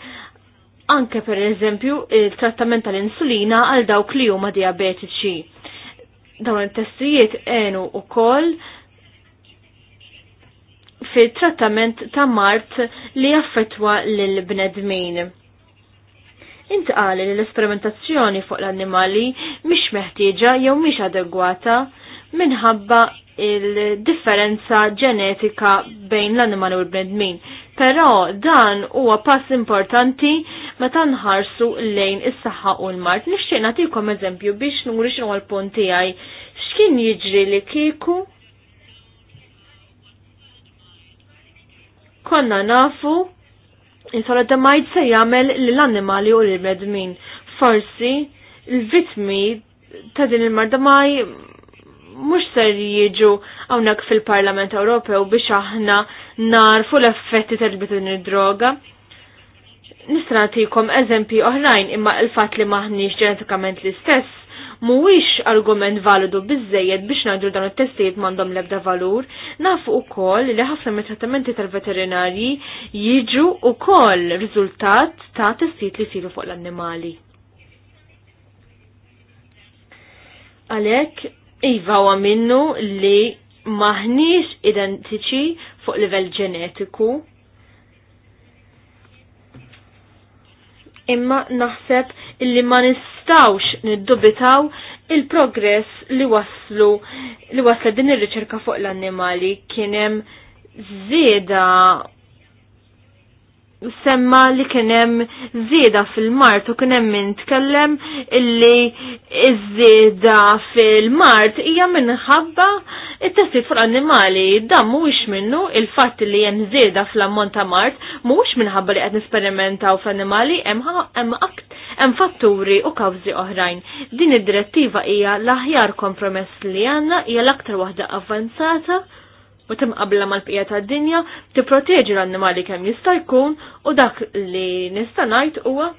Anke per eżempju il-trattament tal-insulina għal dawk li huma diabetiċi. Dawn it-testijiet għenu u koll fil-trattament ta' mart li jaffetwa l-bnedmin intqali li l-esperimentazzjoni fuq l-annimali mhix meħtieġa jew mhix adegwata minħabba il-differenza ġenetika bejn l-annimali u l-bnedmin. Però dan huwa pass importanti meta nħarsu lejn is-saħħa u l-mart. Nixtieq nagħtikom eżempju biex nuri x'inhu l-punt tiegħi. X'kien jiġri li kieku konna nafu il-solidamajt se jagħmel lill-annimali u lill-medmin. Forsi l vitmi ta' din il-marda maj mux ser jiġu hawnhekk fil-Parlament Ewropew biex aħna narfu l-effetti tal-bitin id-droga. nagħtikom eżempi oħrajn imma il-fat li m'aħniex ġenetikament l-istess mhuwiex argument validu bizzejed biex ngħidu dan it-testijiet m'għandhom l-ebda valur, nafu wkoll li ħafna mit-trattamenti tal-veterinarji jiġu wkoll riżultat ta' testijiet li siru fuq l-annimali. Għalhekk iva u għaminnu li maħniex identiċi fuq livell ġenetiku imma naħseb illi ma nis nistawx niddubitaw il-progress li waslu li wasla din ir-riċerka fuq l-annimali kienem zieda semma li kienem zida fil-mart u kienem min tkellem illi zida żieda fil-mart hija minħabba it-tessit fuq animali dan mhuwiex minnu il fat li hemm żieda fl-ammont ta' mart mhuwiex minħabba li qed nisperimentaw f'animali, hemm jem fatturi u kawżi oħrajn. Din id-direttiva hija l-aħjar kompromess li għandna hija l-aktar waħda avvanzata u timqabla mal-bqija tad-dinja, tipproteġi l-annimali kemm jista' jkun u dak li nista' ngħid huwa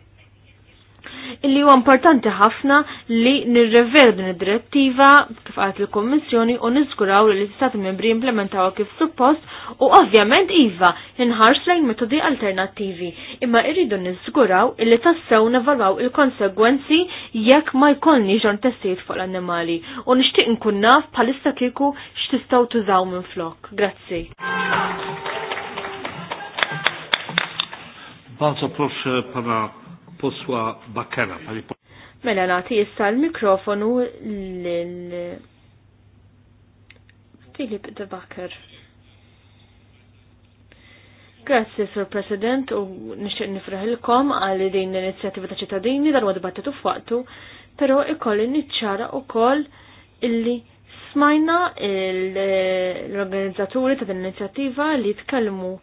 illi huwa importanti ħafna li nirrever din id-direttiva kif qalet il-Kommissjoni u niżguraw li l-Istati membri implementaw kif suppost u ovvjament iva inħarx lejn metodi alternattivi imma irridu niżguraw illi tassew nevalwaw il-konsegwenzi jekk ma jkollni ġon testijiet fuq l-annimali u nixtieq nkun naf bħalissa kieku x'tistgħu tużaw minn flok. Grazzi. Bardzo proszę pana poswa Bakera. Mela nagħti issa l-mikrofonu lil Filip de Bakker. Grazzi, Sir President, u nixtieq nifraħilkom għal din l-inizjattiva ta' ċittadini darwa dibattitu f'waqtu, però ikolli niċċara ukoll illi smajna l-organizzaturi ta' din l-inizjattiva li tkellmu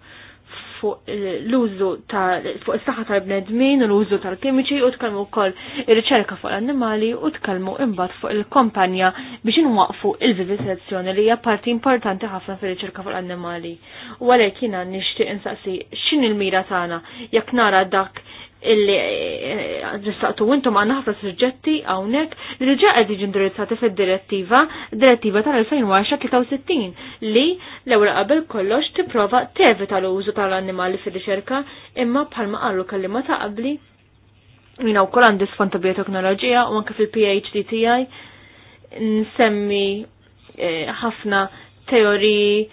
fuq eh, l-użu ta' fuq is-saħħa tal-bnedmin u l-użu tal-kimiċi u tkellmu wkoll ir-riċerka fuq l-annimali u tkellmu imbagħad fuq il-kompanja biex inwaqfu il-vivisezzjoni li hija parti importanti ħafna fir-riċerka fuq l-annimali. U għalhekk jiena nixtieq insaqsi x'in il-mira tagħna jekk nara dak illi ġistaqtu eh, intom għanna ħafna suġġetti għawnek li ġa għed iġi indirizzati fil-direttiva, direttiva tal-2010-63 li l-ewra qabel kollox tipprova tevita l-użu tal-annimali fil-riċerka imma bħalma qallu kellima ta' qabli. Jina u koll għandi sfanta bioteknoloġija u anke fil-PhD tiegħi nsemmi eh, ħafna teoriji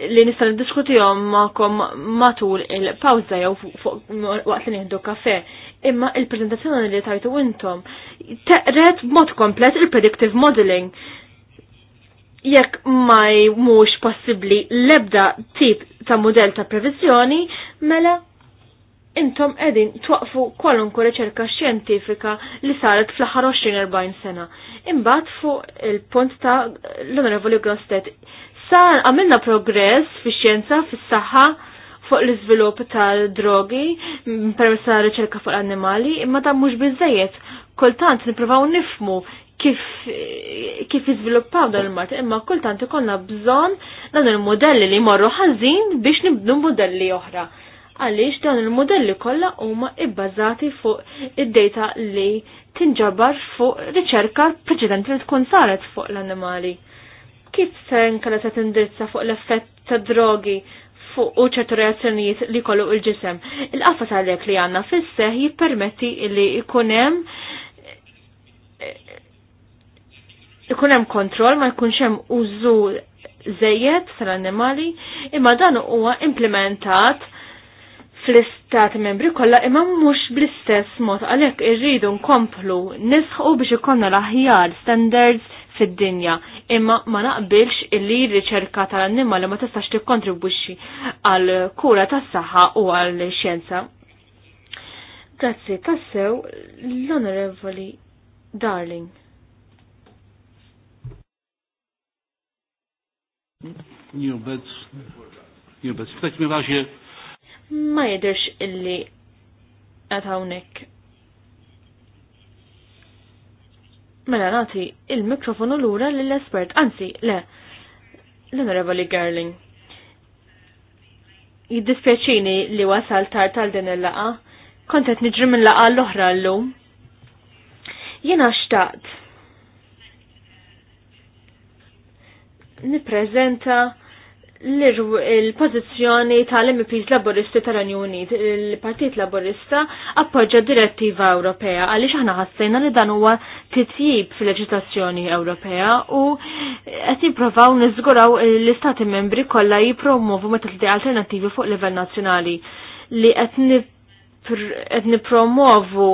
li nista' niddiskutihom kom matul il pawza jew waqt li nieħdu kafè. Imma il-preżentazzjoni li tajtu intom teqret b'mod komplet il-predictive modeling. Jekk ma mhux possibbli l-ebda tip ta' modell ta' previżjoni, mela intom edin twaqfu kwalunku riċerka xjentifika li saret fl-aħħar 20 sena. Imbagħad fuq il-punt ta' l-Onorevoli Grostet Sa għamilna progress fi xjenza, fis saħħa fuq l-iżvilupp tal-drogi permessa ta' riċerka fuq l-annimali, imma dan mhux biżejjed. Kultant nippruvaw nifmu kif kif iżviluppaw dan il-mart, imma kultant ikonna bżonn dan il-modelli li jmorru ħażin biex nibdu modelli oħra. Għaliex dan il-modelli kollha huma ibbażati fuq id-data li tinġabar fuq riċerka preċedenti li tkun saret fuq l-annimali kif se nkella se tindirizza fuq l-effett ta' drogi fuq u ċertu reazzjonijiet li kollu il-ġisem. Il-qafas għalek li għanna fisseħ jippermetti li ikunem ikunem kontrol ma jkunx hemm użu zejjed tal-annimali imma dan huwa implementat fl-istat membri kollha imma mhux bl-istess mod għalhekk irridu nkomplu nisħu biex ikollna l-aħjar standards fid-dinja imma ma naqbilx illi r-riċerka tal-annimali ma tistax tikkontribwixxi għal kura tas-saħħa u għal xjenza. Grazzi, tassew l-Onorevoli Darling. Ma jidirx illi għatawnek Mela nati il-mikrofonu lura lill-espert, anzi, le, l-Onorevoli Garling. Jiddispjaċini li wasal tar tal din il-laqa, kontet nġrim il laqa l-oħra l-lum. Jena xtaqt. Niprezenta l-pozizjoni tal-MPs Laboristi tal-Unjoni, il-Partit Laborista appoġġa direttiva Ewropea għaliex aħna ħassejna li dan huwa titjib fil-leġitazzjoni Ewropea u qed jippruvaw niżguraw l-Istati membri kollha jippromovu metodi alternattivi fuq livell nazzjonali li qed nippromovu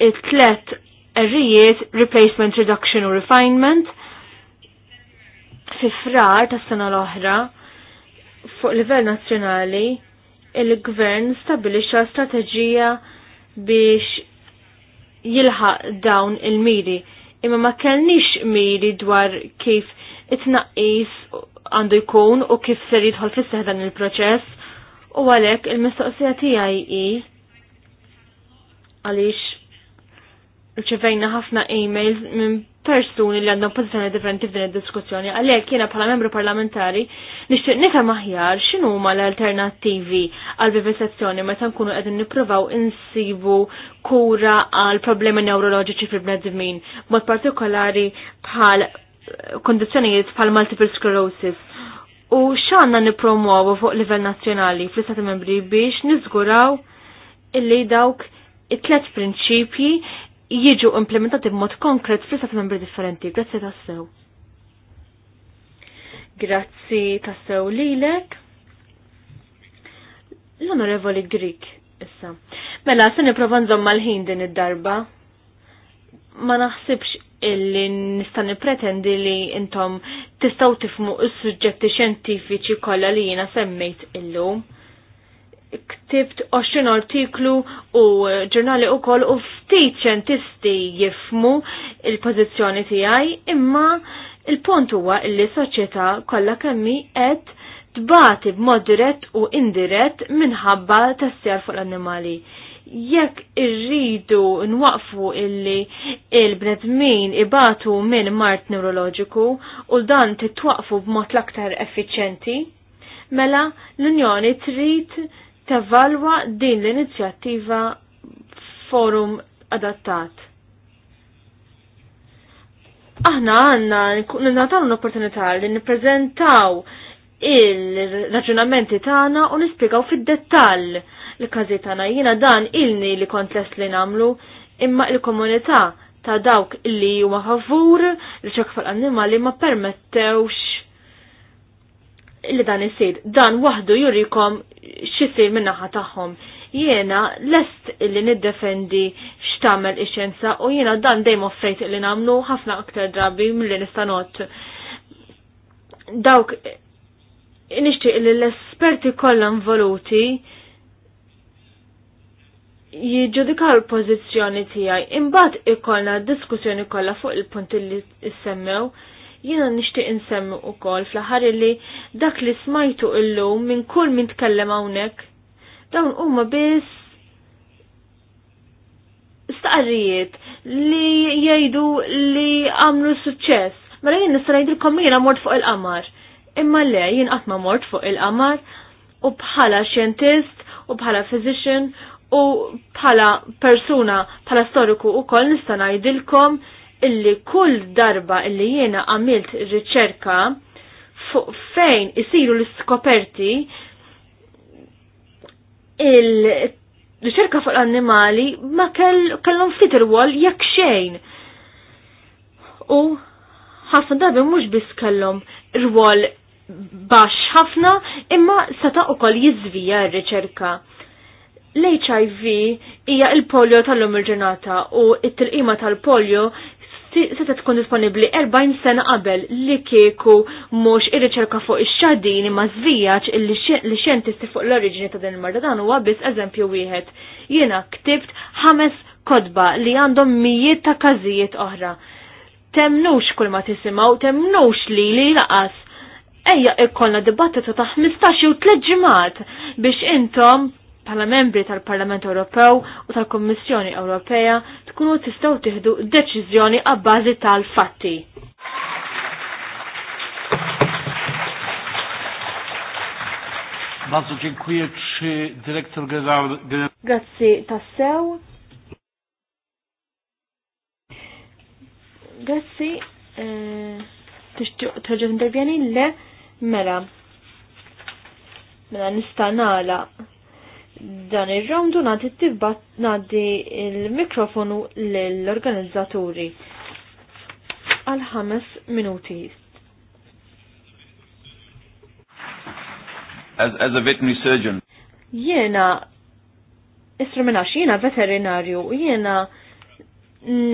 it-tlet erijiet replacement, reduction u refinement fi frar tas sena l-oħra fuq livell nazzjonali il-gvern stabilixa strateġija biex jilħaq dawn il-miri. Imma ma kellniex miri dwar kif it-naqis għandu jkun u kif ser jidħol fis dan il-proċess u għalek il-mistoqsija tiegħi hi għaliex rċevejna ħafna emails minn persuni li għandhom pożizzjoni differenti f'din id-diskussjoni, għalhekk jiena bħala membru parlamentari nixtieq nifhem aħjar x'inhu huma l-alternattivi għal vivisezzjoni meta nkunu qegħdin nippruvaw insibu kura għal problemi neuroloġiċi fil-bnedmin, mod partikolari bħal kondizzjonijiet bħal multiple sclerosis. U x'għandna nippromuwu fuq livell nazzjonali fl-Istati Membri biex niżguraw illi dawk it-tlet prinċipji jiġu implementati b'mod konkret fl-istati membri differenti. Grazzi tassew. Grazzi tassew lilek. L-onorevoli Grik, issa. Mela, se niprofa nżomm mal-ħin din id-darba. Ma naħsibx illi nista' pretendi li intom tistgħu tifmu s-suġġetti xjentifiċi kollha li jiena semmejt illum ktibt 20 artiklu u eh, ġurnali u koll u ftit ċentisti jifmu il-pozizjoni tijaj imma il-punt huwa li soċjetà kollha kemmi qed tbati b'mod dirett u indirett minħabba tassjar fuq l-annimali. Jekk irridu nwaqfu illi il-bnedmin ibatu minn mart neuroloġiku u dan titwaqfu b'mod l-aktar effiċenti, mela l-Unjoni trid tevalwa din l-inizjattiva forum adattat. Aħna għanna nataw l-opportunità li nipprezentaw il-raġunamenti tagħna u nispjegaw fid-dettall l-każi tagħna. Jiena dan ilni li kont li namlu imma il-komunità ta' dawk illi huma favur li ċek fil-annimali ma permettewx li dan isir. Dan waħdu jurikom xisir minnaħa tagħhom. Jiena lest illi niddefendi x'tamel ix-xjenza u jiena dan dejjem offrejt li nagħmlu ħafna aktar drabi milli nista' not. Dawk nixtieq li l-esperti kollha involuti jiġudikaw il-pożizzjoni tiegħi imbagħad ikollna diskussjoni kollha fuq il-punti li s semmew Jiena nixtieq insemmi wkoll fl-aħħar li dak li smajtu illum minn kull min tkellem hawnhekk dawn huma biss staqarrijiet li jgħidu li għamlu suċċess. Mela jien nista' ngħidilkom jiena mort fuq il-qamar. Imma le jien qatt ma mort fuq il-qamar u bħala xjentist u bħala physician u bħala persuna bħala storiku u koll nista' ngħidilkom illi kull darba illi jiena għamilt riċerka fuq fejn isiru l-iskoperti il-riċerka fuq l-annimali ma kellhom ftit irwol jekk xejn. U ħafna darbi mhux biss kellhom rwol baxx ħafna imma seta' ukoll jiżvija r-riċerka. L-HIV hija il-polio tal-lum il-ġurnata u it-tilqima tal-polio seta tkun disponibli 40 sena qabel li kieku mhux ir-riċerka fuq ix xadini ma żvijaġ li xjentisti fuq l-oriġini ta' din il-marda dan huwa biss eżempju wieħed. Jiena ktibt ħames kodba li għandhom mijiet ta' każijiet oħra. Temnux kull ma tisimgħu, temnux li li laqas. Ejja ikkolna dibattitu ta' 15 u tliet ġimgħat biex intom bħala membri tal-Parlament Ewropew u tal-Kommissjoni Ewropea tkunu tistgħu tieħdu deċiżjoni għabbażi tal-fatti. Bardzo dziękuję. Czy dyrektor generalny... Grazie tassew. Grazie. Tħoġu intervjeni le mela. Mela nistanala dan ir-round nadi nagħti tibbat ngħaddi il-mikrofonu lill-organizzaturi għal ħames minuti. As, as a veterinary surgeon. Jena, istruminax, jena veterinarju, jena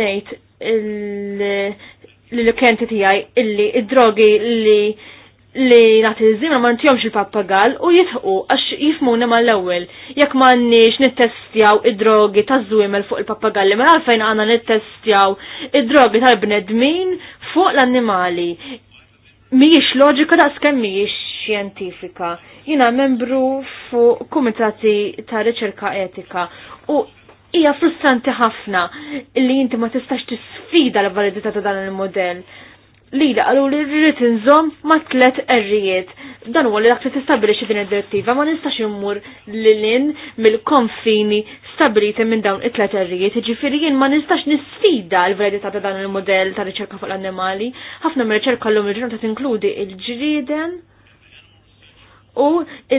nejt l-klienti tijaj illi id-drogi li li nagħti iż-żimra ma ntihomx il-pappagall u jitħu għax jifmuna mal-ewwel. Jekk m'għandniex nittestjaw id-drogi ta' żwiemel fuq il-pappagalli, ma mela għalfejn għandna nittestjaw id-drogi tal-bnedmin fuq l-annimali. Mhijiex loġika skem mijiex xjentifika. Jiena membru fuq kumitati ta' riċerka etika u hija frustranti ħafna li inti ma tistax tisfida l-validità ta' dan il-modell li għalu li rrit nżom ma tlet errijiet. Dan huwa li dak li tistabilixi din id-direttiva ma nistax immur lilin mil konfini stabiliti minn dawn it-tlet errijiet. Ġifiri jien ma nistax nisfida l verdita ta' dan il-modell ta' riċerka fuq l-annimali. Ħafna mir-riċerka llum il ta' tinkludi il ġriden u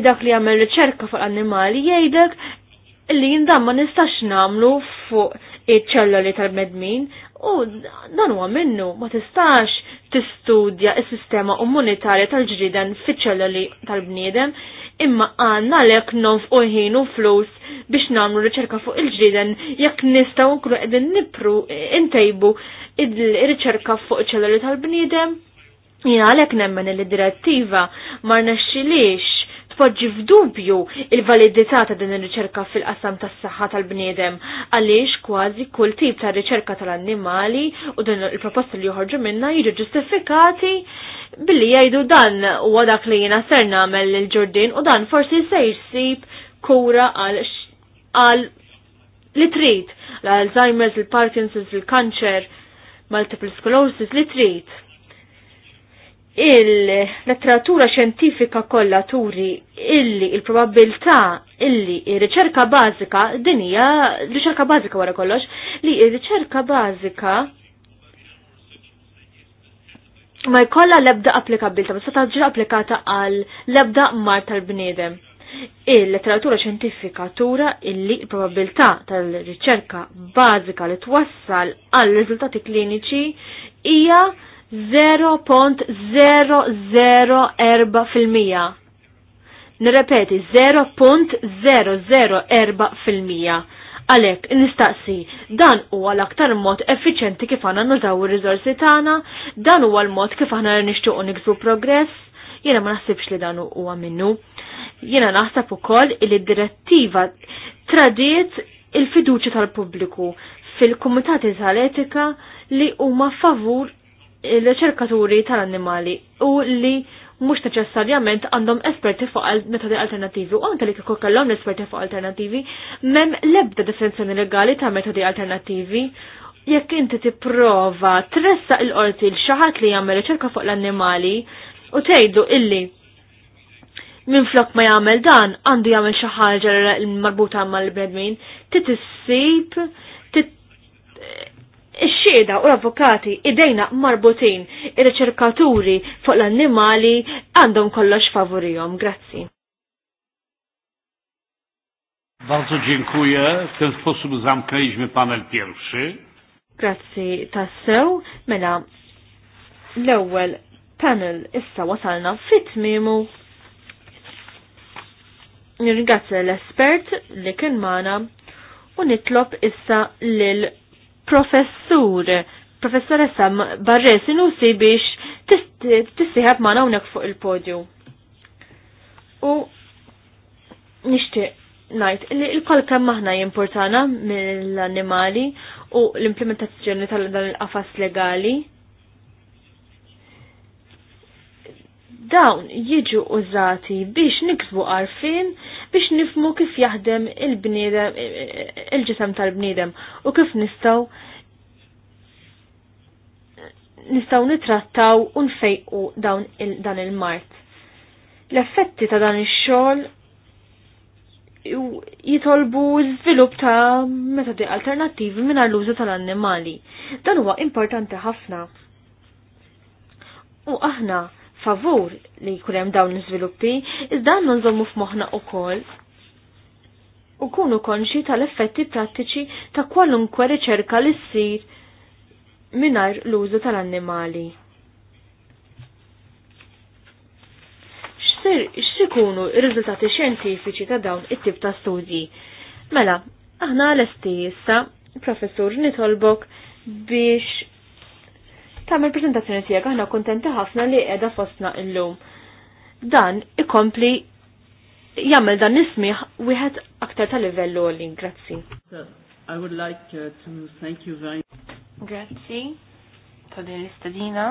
dak li għamel riċerka fuq l-annimali jgħidek li jindam ma nistax namlu fuq iċ-ċelloli tal-medmin u dan huwa minnu ma tistax tistudja is-sistema immunitarja tal-ġriden fiċ-ċelloli tal-bniedem imma għanna lek non f'uħin u flus biex namlu riċerka fuq il-ġriden jekk nistaw nkru qegħdin nipru intejbu il-riċerka fuq ċelloli tal-bniedem. Jina għalek nemmen il-direttiva marna nexxilix tpoġġi f'dubju il-validità ta' din ir-riċerka fil-qasam tas-saħħa tal-bniedem għaliex kważi kull tip ta' riċerka tal-annimali u din il-proposti li joħorġu minnha jiġu ġustifikati billi jgħidu dan huwa dak li jiena ser nagħmel il-ġurdin u dan forsi se jsib kura għal li trid l-Alzheimer's, il-Parkinson's, il-kanċer, multiple sclerosis li trid il-letteratura xjentifika kollha turi illi il-probabilità illi ir-riċerka bażika din hija riċerka bażika wara kollox li ir-riċerka bażika ma jkollha l-ebda applikabilità, ma tista' tiġi applikata għal l-ebda mar tal-bniedem. Il-letteratura xjentifika tura illi il-probabilità tal-riċerka bażika li twassal għal riżultati kliniċi hija 0.004%. Nirrepeti, 0.004%. Għalek, nistaqsi, dan huwa l-aktar mod effiċenti kif għana nużaw ir rizorsi tagħna, dan huwa l-mod kif aħna nixtiequ niksbu progress, jiena ma naħsibx li dan huwa minnu. Jiena naħseb ukoll li d-direttiva tradiet il-fiduċi tal-pubbliku fil-kumitati tal-etika li huma favur il ċerkaturi tal-annimali u li mux neċessarjament għandhom esperti fuq metodi alternativi u anke li kieku kellhom esperti fuq alternativi mem lebda defenzjoni legali ta' metodi alternativi jekk inti tipprova tressa il-qorti l xaħat li jagħmel riċerka fuq l-annimali u tgħidu illi minn flok ma jagħmel dan għandu jagħmel xi ħaġa marbuta mal-bnedmin titissib Ix-xieda u l-avukati idejna marbutin, ir-riċerkaturi fuq l-annimali għandhom kollox favorijom. Grazzi. Bardzo dziękuję. W ten sposób zamknęliśmy panel pierwszy. Grazzi tassew, mela l-ewwel panel issa wasalna fit mimu. Nirringrazzja l-espert li kien mana u nitlob issa lil professur, professoressa Barres, inusi biex tissiħab ma' hawnhekk fuq il-podju. U nixtieq ngħid li l-kol kemm aħna jimportana mill-annimali u l-implementazzjoni tal-dan qafas legali dawn jiġu użati biex niksbu għarfin biex nifmu kif jaħdem il-bniedem, il-ġisem tal-bniedem u kif nistaw nistaw nitrattaw u nfejqu dawn il dan il-mart. L-effetti ta' dan ix-xogħol jitolbu żvilupp ta' metodi alternattivi minna l-użu tal-annimali. Dan huwa importanti ħafna. U aħna favur li jkun hemm dawn l-iżviluppi, iżda n nżommu f'moħħna wkoll u kunu konxi tal-effetti prattiċi ta' kwalunkwe riċerka li ssir mingħajr l-użu tal-annimali. X'ikunu r-riżultati xjentifiċi ta' dawn it-tip ta' studji? Mela, aħna l estijissa issa, professur, nitolbok biex tagħmel preżentazzjoni tiegħek aħna kuntenti ħafna li qiegħda fostna llum. Dan ikompli jagħmel dan nismiħ wieħed aktar ta' livellu li grazzi. I would like uh, to thank you very much. Grazzi ta' din l-istadina.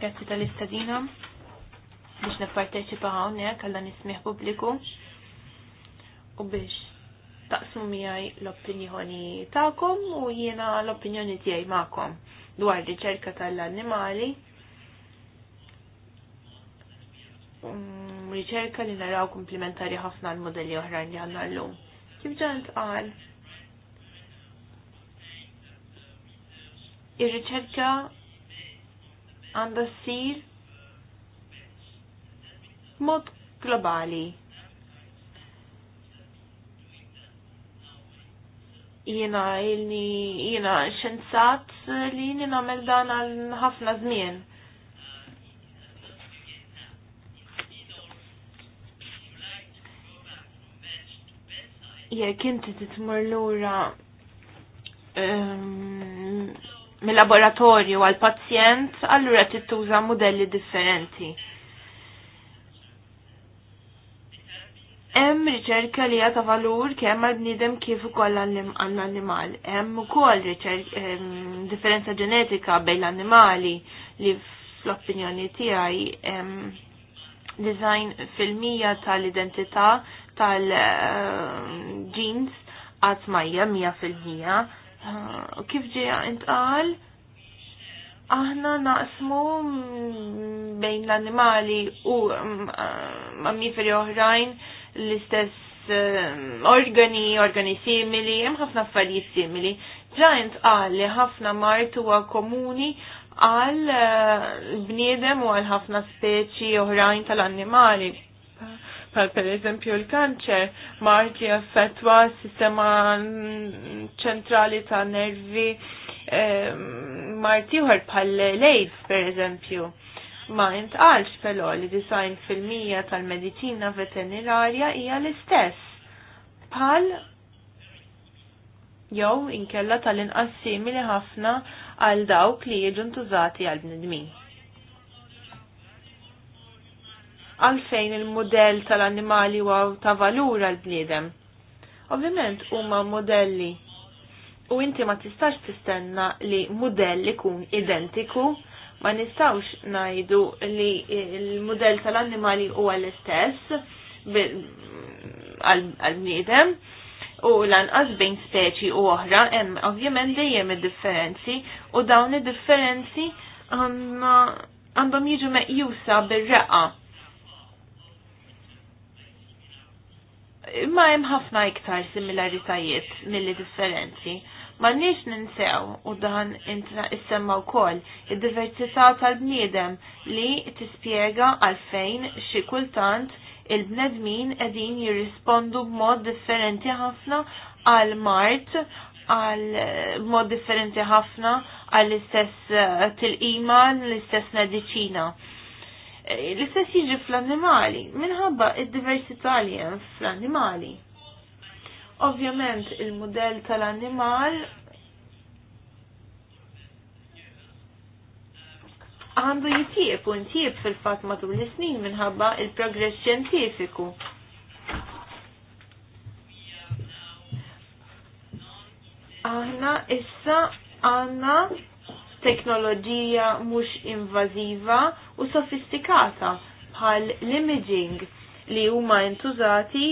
Grazzi tal-istadina biex nipparteċipa hawnhekk għal dan ismih pubbliku u biex taqsmu miħaj l-opinjoni ta'kom u jiena l-opinjoni tijaj ma'kom dwar riċerka tal-annimali. Mm, riċerka li naraw komplementari ħafna l-modelli oħrajn li għanna l-lum. Kif ġant għal? Ir-riċerka għanda s-sir mod globali Jiena ilni jiena xinsat li jini namel dan għal ħafna żmien. Jekk inti titmur lura ehm, mill-laboratorju għal pazjent, allura tittuża modelli differenti. Hemm riċerka li ta' valur kemm ma bniedem kif ukoll għall-annimal. Hemm ukoll ehm, differenza ġenetika bejn l-annimali li fl-opinjoni tiegħi ehm, design fil-mija tal-identità tal ġins ehm, għat majja mija fil-mija. Ah, kif ġeja intqal? aħna naqsmu bejn l-animali u mammiferi oħrajn l-istess ehm, organi, organi simili, hemm ħafna affarijiet simili. Giant għal li ħafna martu huwa komuni għal ehm, bniedem u għal ħafna speċi oħrajn tal-annimali. Pal per eżempju l-kanċer, marti li affettwa s-sistema ċentrali ta' nervi, uħar ehm, pal lejt per eżempju ma intqalx però li design fil-mija tal-medicina veterinarja hija l-istess. Pal jew inkella tal-inqas simili ħafna għal dawk li jiġu ntużati għal bnedmin. Għalfejn il-modell tal-annimali huwa ta' valur għal bniedem. Ovvjament huma modelli u inti ma tistax tistenna li modell ikun identiku Ma nistawx najdu li il-modell tal-annimali huwa l-istess għal-bniedem u lanqas bejn speċi u oħra hemm ovvjament dejjem id-differenzi u dawn id-differenzi għandhom jiġu meqjusa bir-reqa. Ma hemm ħafna iktar similaritajiet milli differenzi. Ma nix ninsew u dan intra issemma u kol id-diversità tal-bniedem li tispiega għalfejn xi kultant il-bnedmin edin jirrispondu b'mod differenti ħafna għal mart għal mod differenti ħafna għall istess eh, til-ima, l-istess medicina. Eh, l-istess jiġi fl-annimali, minħabba id-diversità li hemm fl-annimali. Ovvjament il-modell tal-animal għandu jitjieb u ntjieb fil-fat matul l-snin minħabba il-progress xjentifiku. Aħna issa għanna teknoloġija mhux invaziva u sofistikata bħal l-imaging li huma intużati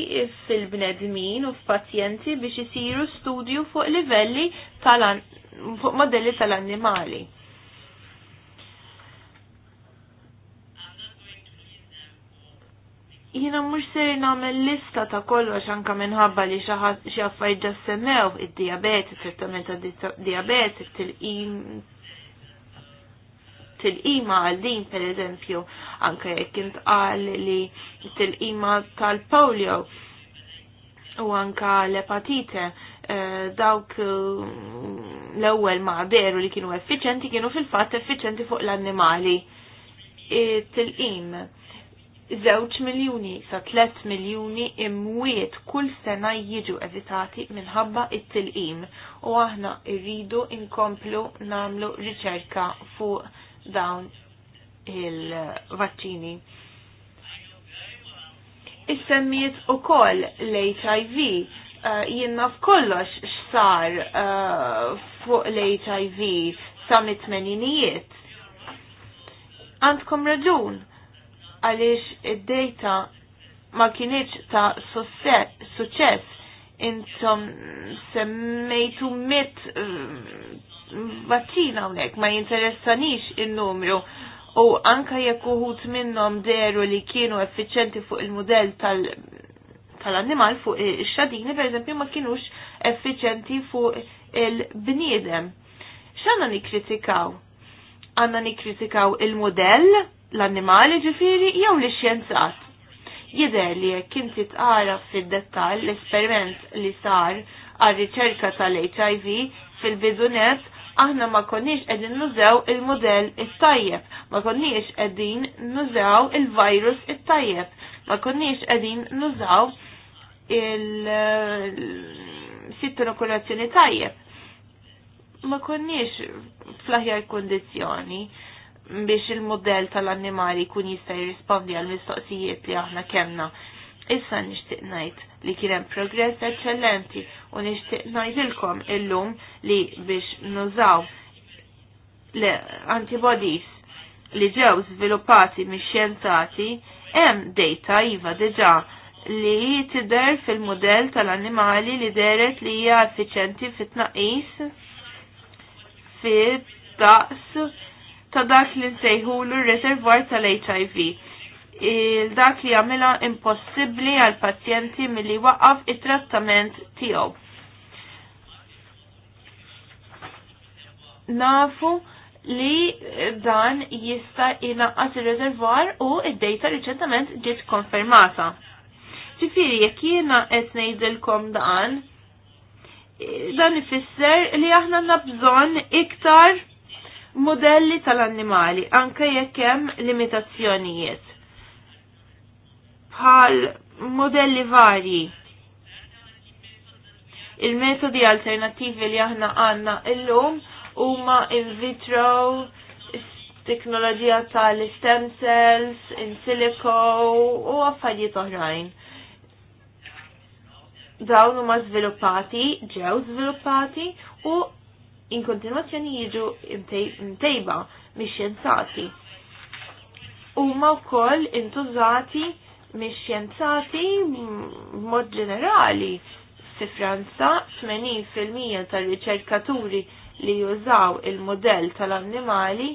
fil-bnedmin u f'pazjenti biex isiru studju fuq livelli tal fuq modelli tal-annimali. Jina mux ser namel lista ta' kollox anka minħabba li xi affarijiet ġassemew id diabeti trattament ta' diabeti, tilqima għal din per eżempju, anke kint għal li tilqima tal-polio u anka l-epatite eh, dawk eh, l-ewwel maqderu li kienu effiċenti kienu fil-fatt effiċenti fuq l-annimali. Tilqim żewġ miljuni sa tlet miljuni imwiet kull sena jiġu evitati minħabba it-tilqim u aħna irridu inkomplu namlu riċerka fuq dawn il-vaċċini. Is-semmiet u koll l-HIV uh, kollox x'sar uh, fuq l-HIV sa mit-tmeninijiet. Għandkom raġun għaliex id-data ma kienieċ ta' suċess intom semmejtu mit uh, vaċċina hawnhekk ma jinteressanix in-numru u anka jekk uħut minnhom deru li kienu effiċenti fuq il-mudell tal tal-annimal fuq ix-xadini pereżempju ma kienux effiċenti fuq il-bniedem. X'għandna nikkritikaw? ni nikkritikaw il-mudell l-annimali ġifiri jew li xjenzat. Jider li jekk kinti tqara fid-dettall l-esperiment li sar għal riċerka tal-HIV fil-bidunet aħna ma konniex qegħdin nużew il-modell it-tajjeb, ma konniex qegħdin nużaw il-virus it-tajjeb, ma konniex qegħdin nużaw il-sitronokulazzjoni tajjeb. Ma konniex fl-aħjar kondizzjoni biex il-modell tal-annimali kun jista' jirrispondi għal mistoqsijiet li aħna kemna. Issa nixtieq ngħid li kienem progress eccellenti u nishtiq najdilkom illum li biex nużaw l-antibodies li ġew sviluppati mi xjenzati hemm data iva diġà li tidher fil-modell tal-annimali li deret li hija effiċenti fit-tnaqqis fit-daqs ta' dak li nsejħulu r-reservwar tal-HIV il-dak li għamela impossibli għal pazjenti mill-li waqaf il-trattament tiegħu. Nafu li dan jista inaqqas il reservoir u id-data riċentament ġiet konfermata. Ġifiri, jekk jiena qed ngħidilkom dan, dan ifisser li aħna nabżon iktar modelli tal-annimali, anke jekk hemm limitazzjonijiet bħal modelli varji. Il-metodi alternativi li aħna għanna illum huma in vitro, teknoloġija tal-stem cells, in silico u affarijiet oħrajn. Dawn huma żviluppati, ġew żviluppati u in kontinuazzjoni jiġu imtejba mix xjenzati. Huma wkoll intużati mix-xjenzati mod ġenerali fi Franza 80% tal-riċerkaturi li jużaw il-modell tal-annimali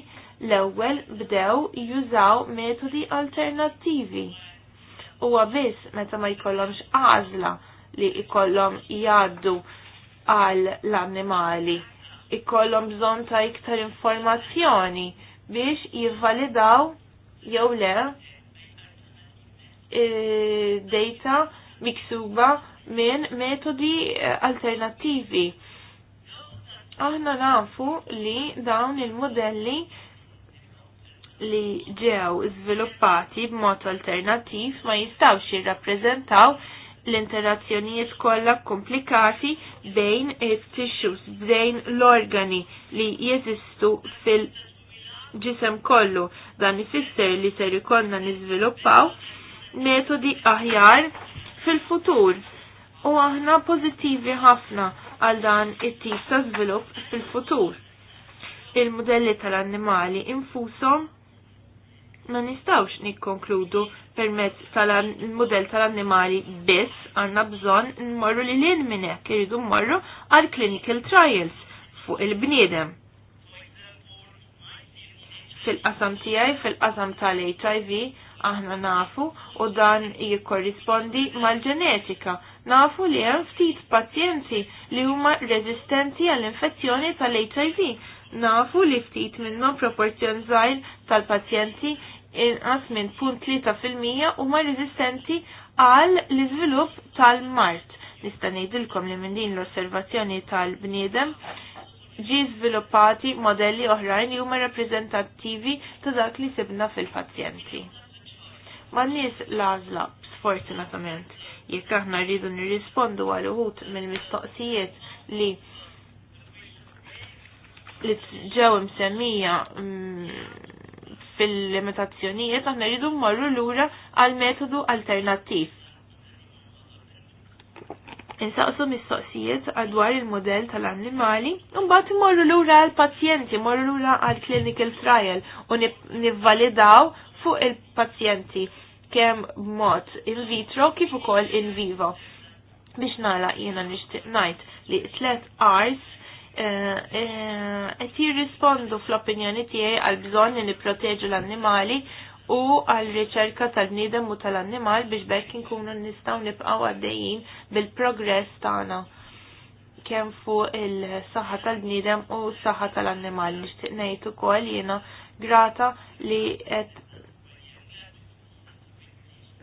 l-ewwel bdew jużaw metodi alternattivi. Huwa biss meta ma jkollhomx għażla li jkollhom jgħaddu għal l-annimali. Ikollhom bżonn ta' iktar informazzjoni biex jivvalidaw jew le E, data miksuba minn metodi e, alternativi. Aħna nafu li dawn il-modelli li ġew sviluppati b'mod alternattiv ma jistawx jirrappreżentaw l-interazzjonijiet kollha komplikati bejn it-tissues, bejn l-organi li jeżistu fil-ġisem kollu. Dan ifisser li ser ikollna niżviluppaw metodi aħjar fil-futur. U aħna pozittivi ħafna għal dan it-tip ta' żvilupp fil-futur. Il-modelli tal-annimali infushom ma nistawx nikkonkludu permezz tal-modell tal-annimali biss għanna bżon nmorru li l-in minnek irridu nmorru għal clinical trials fuq il-bniedem. Fil-qasam tijaj, fil-qasam tal-HIV, aħna nafu u dan jikkorrispondi mal-ġenetika. Nafu li hemm ftit pazjenti li huma rezistenti għall-infezzjoni tal-HIV. Nafu li ftit minnhom proporzjon żgħir tal-pazjenti inqas minn punt fil-mija huma rezistenti għal l-iżvilupp tal-mart. Nista' ngħidilkom li minn din l-osservazzjoni tal-bniedem ġi sviluppati modelli oħrajn li huma rappreżentattivi ta' dak li sibna fil-pazjenti ma' nies lażla sfortunatament jekk aħna rridu nirrispondu għal uħut mill-mistoqsijiet li li ġew msemmija mm, fil-limitazzjonijiet aħna rridu mmorru lura għal metodu alternattiv. Insaqsu mistoqsijiet dwar il-modell tal-annimali, mbagħad imorru lura għal pazjenti, morru lura għal clinical trial u nivvalidaw fuq il-pazjenti kemm mod in vitro kif ukoll in vivo. Biex nara jiena nixtieq ngħid li tlet arts eh, eh, qed jirrispondu fl-opinjoni tiegħi għal bżonn li nipproteġu l-annimali u għal riċerka tal-bniedem u tal-annimal biex bekk inkunu nistgħu nibqgħu għaddejjin bil-progress tagħna kemm fuq il-saħħa tal-bniedem u s-saħħa tal-annimal. Nixtieq ngħid ukoll jiena grata li qed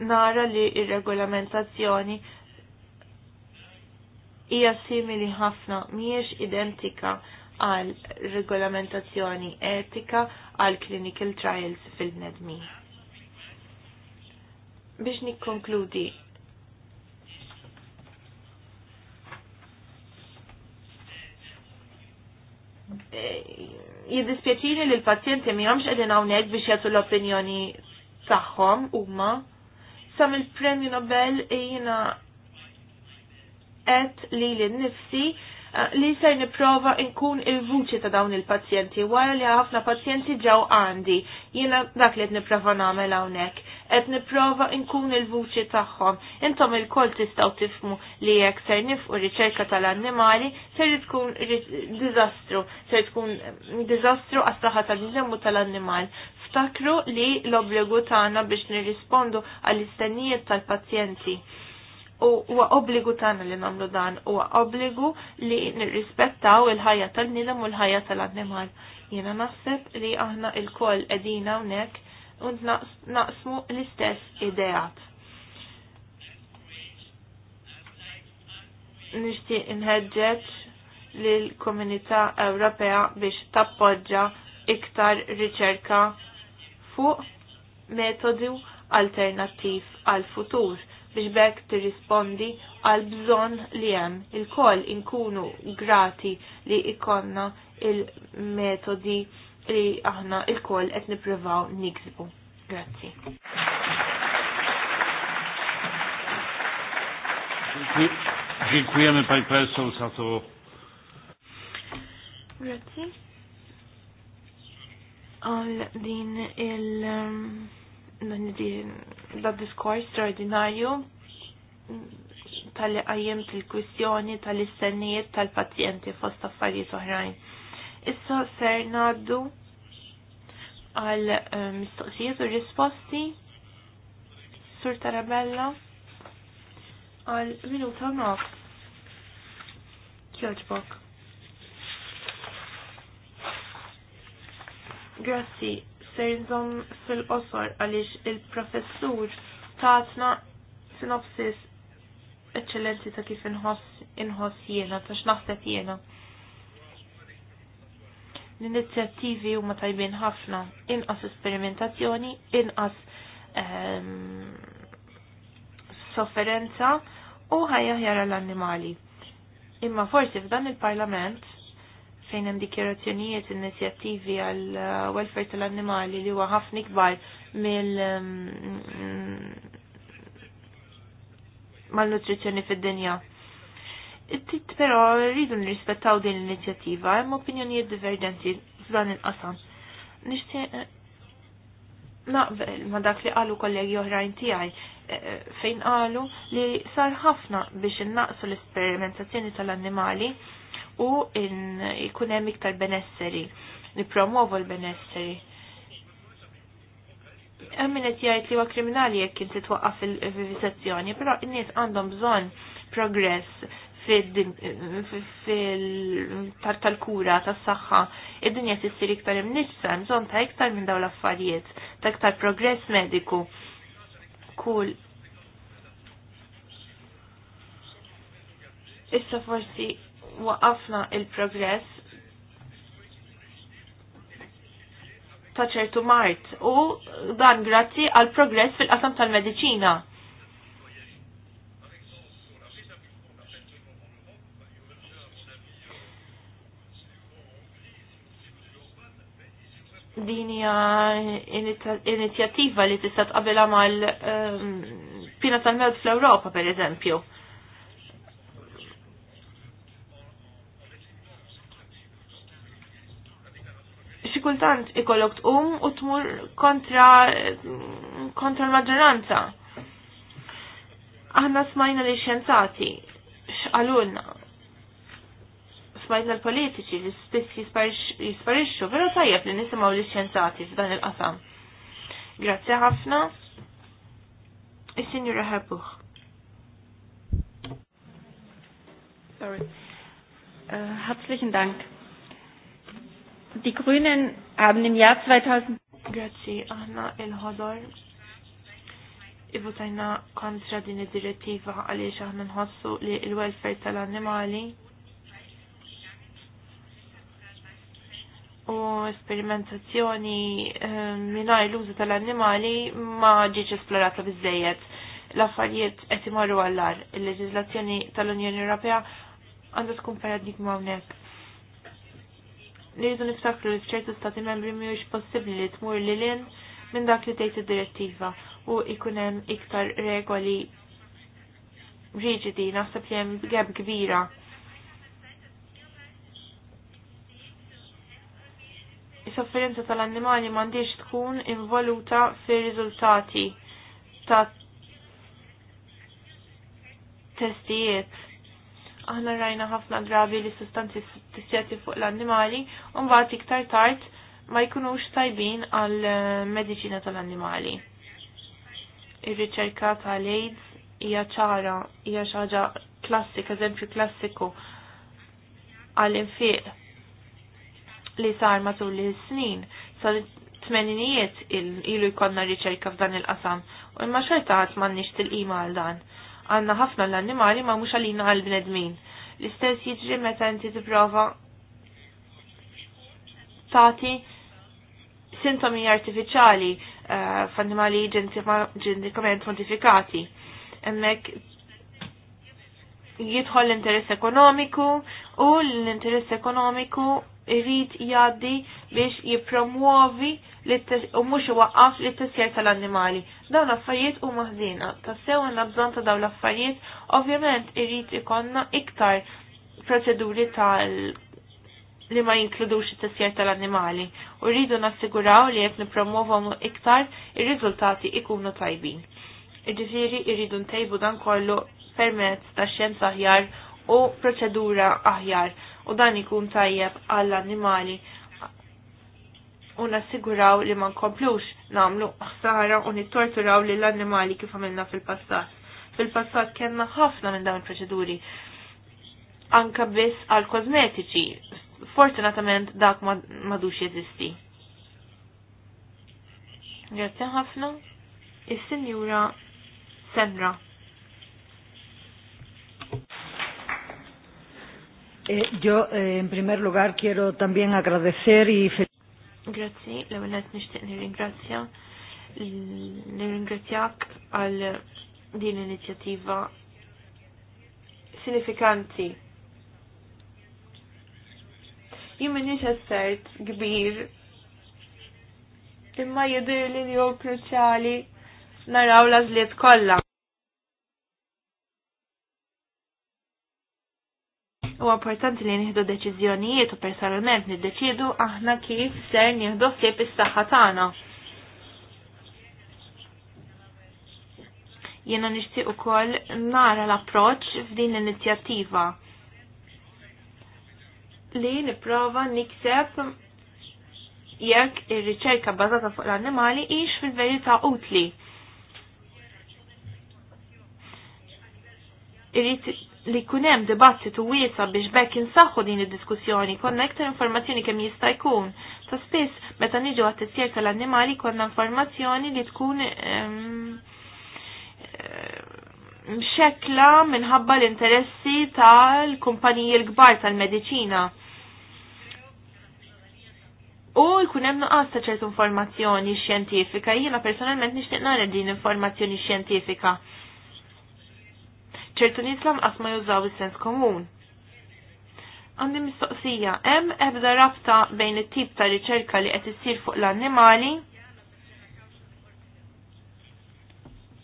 nara li ir-regolamentazzjoni hija simili ħafna mhijiex identika għal regolamentazzjoni etika għal clinical trials fil nedmi Biex nikkonkludi, eh, jiddispjaċini li l-pazjenti mi għamx għedin għawnek biex jgħatu l-opinjoni taħħom u ma sam il premju Nobel jina qed li eh, li nifsi li se niprofa nkun il-vuċi ta' dawn il-pazjenti, wara li ħafna pazjenti ġew għandi, jiena dak li qed niprofa nagħmel hawnhekk, qed niprofa nkun il-vuċi tagħhom. Intom il-koll tistgħu tifmu li jekk ser nifqu riċerka tal-annimali ser tkun diżastru, ser tkun diżastru għas-saħħa tal-nidem tal-annimal niftakru li l-obbligu tagħna biex nirrispondu għall-istennijiet tal-pazjenti. U huwa obbligu tagħna li nagħmlu dan, huwa obbligu li nirrispettaw il-ħajja tal-nidem u l-ħajja tal-annimal. Jiena naħseb li aħna l-koll qegħdin hawnhekk u naqsmu l-istess ideat. Nixtieq inħeġġeġ lill-Komunità Ewropea biex tappoġġa iktar riċerka fuq metodi alternattiv għal futur biex bekk tirrispondi għal bżon li hemm il-koll inkunu grati li ikonna il-metodi li aħna il-koll qed nippruvaw niksbu. Grazzi. Dziękujemy Pani Profesor za to. Grazie għal din il dan um, din diskors straordinarju tal-li għajjem tal kwistjoni tal-istennijiet tal-pazjenti fost affarijiet oħrajn. Issa ser naddu għal um, mistoqsijiet u risposti Sur Tarabella għal minuta nok. Kjoġbok. Grazzi, serżom fil-qosor għaliex il-professur tatna sinopsis eccellenti ta' kif inħoss inħoss jiena, ta' x'naħseb jiena. L-inizjattivi huma tajbin ħafna, inqas esperimentazzjoni, inqas um, sofferenza u ħajja ħjara l-annimali. Imma forsi f'dan il-parlament fejn hemm dikjarazzjonijiet inizjattivi għal uh, welfare tal-annimali li huwa ħafna ikbar mill um, mm, malnutrizzjoni nutrizzjoni fid-dinja. Però rridu nirrispettaw din l-inizjattiva, hemm opinjonijiet divergenti f'dan il-qasam. Nixtieq eh, naqbel ma dak li qalu kollegi oħrajn tiegħi eh, eh, fejn qalu li sar ħafna biex innaqsu l-esperimentazzjoni tal-annimali u jkun hemm iktar benesseri, nipromovu l-benesseri. Hemm min qed jgħid li huwa kriminali jekk kien twaqqaf il-vivizazzjoni, però n-nies għandhom bżonn progress tal-kura, tas-saħħa, id-dinja tissir iktar imnissa, bżonn ta' iktar minn daw l-affarijiet, ta' iktar progress mediku. Kull. Issa forsi waqafna il-progress ta' ċertu mart u dan grazzi għal progress fil-qasam tal-medicina. dinja inizjattiva li tista' tqabilha mal ehm, pina tal-mewt fl europa per eżempju. kultant ikollok tqum u tmur kontra kontra l-maġġoranza. Aħna smajna li xjenzati x'qalulna. Smajna l-politiċi li spiss jisparixxu, però tajjeb li nisimgħu li xjenzati f'dan il-qasam. Grazzi ħafna. Is-Sinjura Herbuch. Sorry. Uh, herzlichen Dank. Die Grünen haben im Jahr 2000 Grazzi, aħna il-ħodor ivotajna kontra din id-direttiva għaliex aħna nħossu li l-welfare tal-annimali u sperimentazzjoni ehm, minar l-użu tal-annimali ma ġiġ esplorata bizzejiet. L-affarijiet qed imorru għallar. Il-leġiżlazzjoni tal-Unjoni Ewropea għandha tkun paradigma hawnhekk rridu niftakru li f'ċertu stati membri mhux possibbli li tmur li lin minn dak li tgħid id-direttiva u jkun hemm iktar regoli riġidi naħseb li hemm gab kbira. Is-sofferenza tal-annimali m'għandix tkun involuta fir-riżultati ta' testijiet aħna rajna ħafna drabi li sustanzi tissjati fuq l-annimali u mbagħad iktar tard ma jkunux tajbin għal eh, mediċina tal-annimali. Ir-riċerka tal-AIDS hija ċara, hija xi ħaġa klassik, eżempju klassiku għall-infiq li sar matul l-snin. Sa tmeninijiet ilu jkollna riċerka f'dan il-qasam u imma xorta għat mannix til-ima għal dan għanna ħafna l-annimali ma mux għalina għal-bnedmin. L-istess jiġri meta inti tipprova tati sintomi artificiali uh, f'annimali ġendikament modifikati. Emmek jidħol l-interess ekonomiku u l-interess ekonomiku irrid jaddi biex jipromuovi u mhux iwaqqaf li t-tisjer tal-annimali. Dawn l-affarijiet u maħżina, tassew għandna bżonn ta' dawn l-affarijiet, ovvjament irrid ikonna iktar proċeduri tal li ma jinkludux it-tisjer tal-annimali u rridu nassiguraw li jek nipromovu iktar ir-riżultati ikunu tajbin. Iġifieri irridu ntejbu dan kollu permezz ta' xjenza aħjar u proċedura aħjar u dan ikun tajjeb għall-annimali u nassiguraw li ma nkomplux namlu ħsara u nittorturaw li l-annimali kif għamilna fil-passat. Fil-passat kena ħafna minn dawn il-proċeduri. Anka biss għal kozmetiċi, fortunatament dak madux jeżisti. Grazie ħafna. Is-Sinjura Senra. Eh, yo, eh, en primer lugar, quiero también agradecer y felicitar. Grazzi, l-ewwel qed nixtieq nirringrazzja nirringrazzjak għal din l-inizjattiva sinifikanti. Jien m'iniex espert kbir imma jidhirli li hu kruċjali naraw l zliet kollha. U importanti li nieħdu deċiżjonijiet u personalment niddeċidu aħna kif ser nieħdu ħsieb is-saħħa tagħna. Jiena nixtieq ukoll nara l-approċċ f'din l-inizjattiva li nipprova nikseb jekk ir-riċerka bbażata fuq l-annimali hix fil-verità utli. Irrid li kunem dibattitu wiesa biex bekk insaħħu din id-diskussjoni, konna iktar informazzjoni kemm jista' jkun. Ta' spiss meta niġu għat-tissir tal-annimali konna informazzjoni li tkun mxekla minħabba l-interessi tal-kumpaniji l-kbar tal-medicina. U jkun hemm nuqqas ta' ċertu informazzjoni xjentifika, jiena personalment nixtieq nara din informazzjoni xjentifika ċertu nislam għasma ma jużaw is-sens komun. Għandi mistoqsija, hemm ebda rabta bejn it-tip ta' riċerka li qed issir fuq l-annimali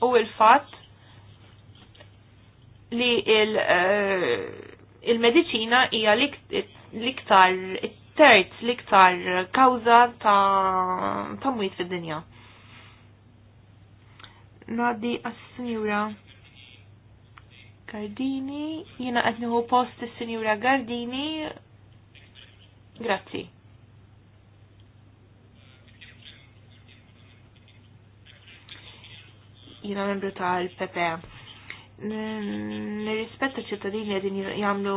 u l-fatt li eh, il-medicina uh, il hija l-iktar it-tert l-iktar kawza ta' ta' mwit fid-dinja. Nadi għas-sinjura Gardini, jina qed nieħu post is-Sinjura Gardini. Grazzi. Jina membru tal-PP. Nirrispetta ċittadini għedin jamlu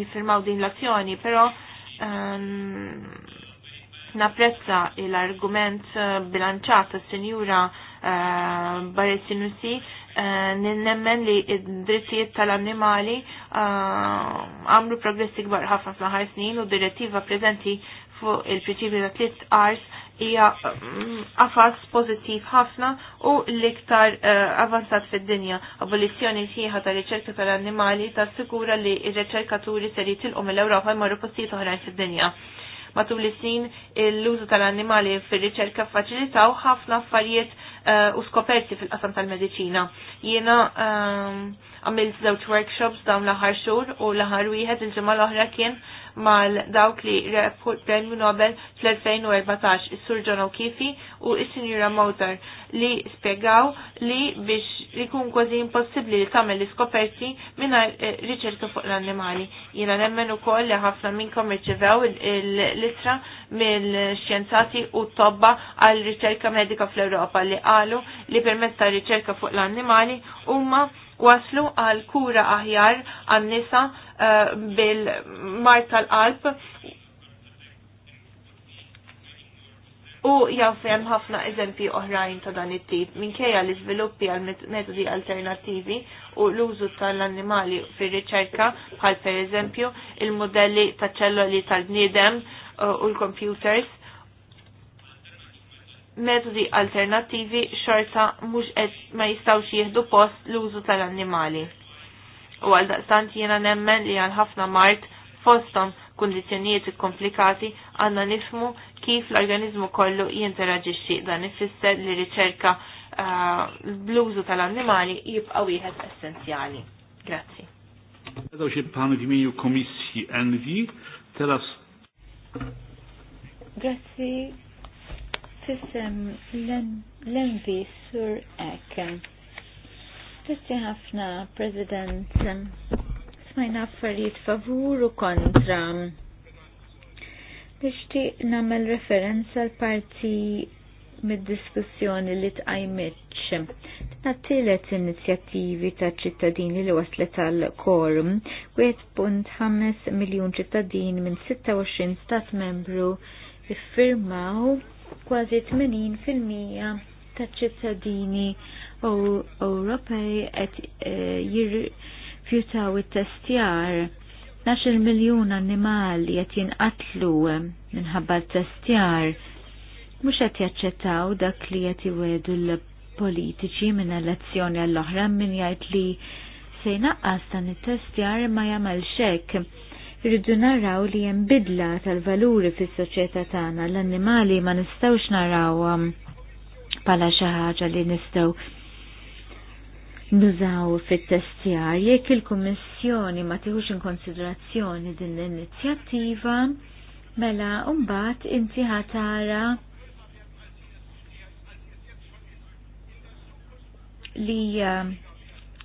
jiffirmaw din l-azzjoni, pero naprezza napprezza l-argument eh, bilanċata il sinjura uh, ninnemmen eh, li id-drittijiet tal-annimali eh, għamlu progressi kbar ħafna fl-ħar snin u direttiva prezenti fuq il-prinċipju ta' tliet ars hija qafas mm, pożittiv ħafna u l-iktar eh, avanzat fid-dinja. Abolizzjoni sħiħa ta' riċerka tal-annimali ta' sikura li r-riċerkaturi ser jitilqu mill-Ewropa jmorru postijiet oħrajn fid-dinja matul is-snin l-użu tal-annimali fir-riċerka faċilitaw ħafna affarijiet Eh, u skoperti fil-qasam tal-medicina. Jiena ehm, għamilt żewġ workshops dawn l-aħħar xhur u l wieħed il-ġimgħa l-oħra kien mal dawk li l premju Nobel fl-2014 is-Sur John O'Keefe u sinjura Motor li spiegaw li biex ikun kważi impossibbli li tagħmel l-iskoperti mingħajr eh, riċerka fuq l-annimali. Jiena nemmen ukoll li ħafna minnkom irċevew l-ittra mill-xjenzati u tobba għal riċerka medika fl-Ewropa li qalu li permezz ta' riċerka fuq l-annimali huma waslu għal kura aħjar għan-nisa Eh, bil-mart tal-qalb u jafem ħafna eżempji oħrajn ta' dan it-tip minkejja li żviluppi għal metodi alternativi u l-użu tal-annimali fir-riċerka bħal per eżempju il-modelli ta' ċelloli tal-bniedem eh, u l-computers metodi alternativi xorta mhux ma jistgħux jieħdu post l-użu tal-annimali. U għal daqstant jena nemmen li għal ħafna mart fostom kondizjonijiet komplikati għanna nifmu kif l-organizmu kollu jinteraġixxi dan ifisser li riċerka eh, l-bluzu tal-annimali jibqa' wieħed essenzjali. Grazzi. Zadał się pan w Envi. Grazzi. l-Envi sur ekken. Grazzi ħafna, President. Smajna affarijiet favur u kontra. Nixtieq nagħmel referenza l parti mid-diskussjoni li tqajmitx. għajmitx tielet inizjattivi ta' ċittadini li waslet tal korum, 1.5 miljun ċittadini minn 26 stat membru iffirmaw kważi 80% ta' ċittadini Ewropej qed e, jirrifjutaw it-testjar 12 miljun annimali qed jinqatlu e, minħabba t-testjar mhux qed jaċċettaw dak li qed iwedu l-politiċi minn elezzjoni għall-oħra min jgħid li se jnaqqas dan it-testjar ma jagħmel xekk irridu naraw li hemm bidla tal-valuri fis-soċjetà tagħna l-annimali ma nistgħux narawhom bħala xi ħaġa li nistgħu nużaw fit-testjar jekk il-Kummissjoni ma tieħux inkonsiderazzjoni din l-inizjattiva mela mbagħad inti ħatara li eh,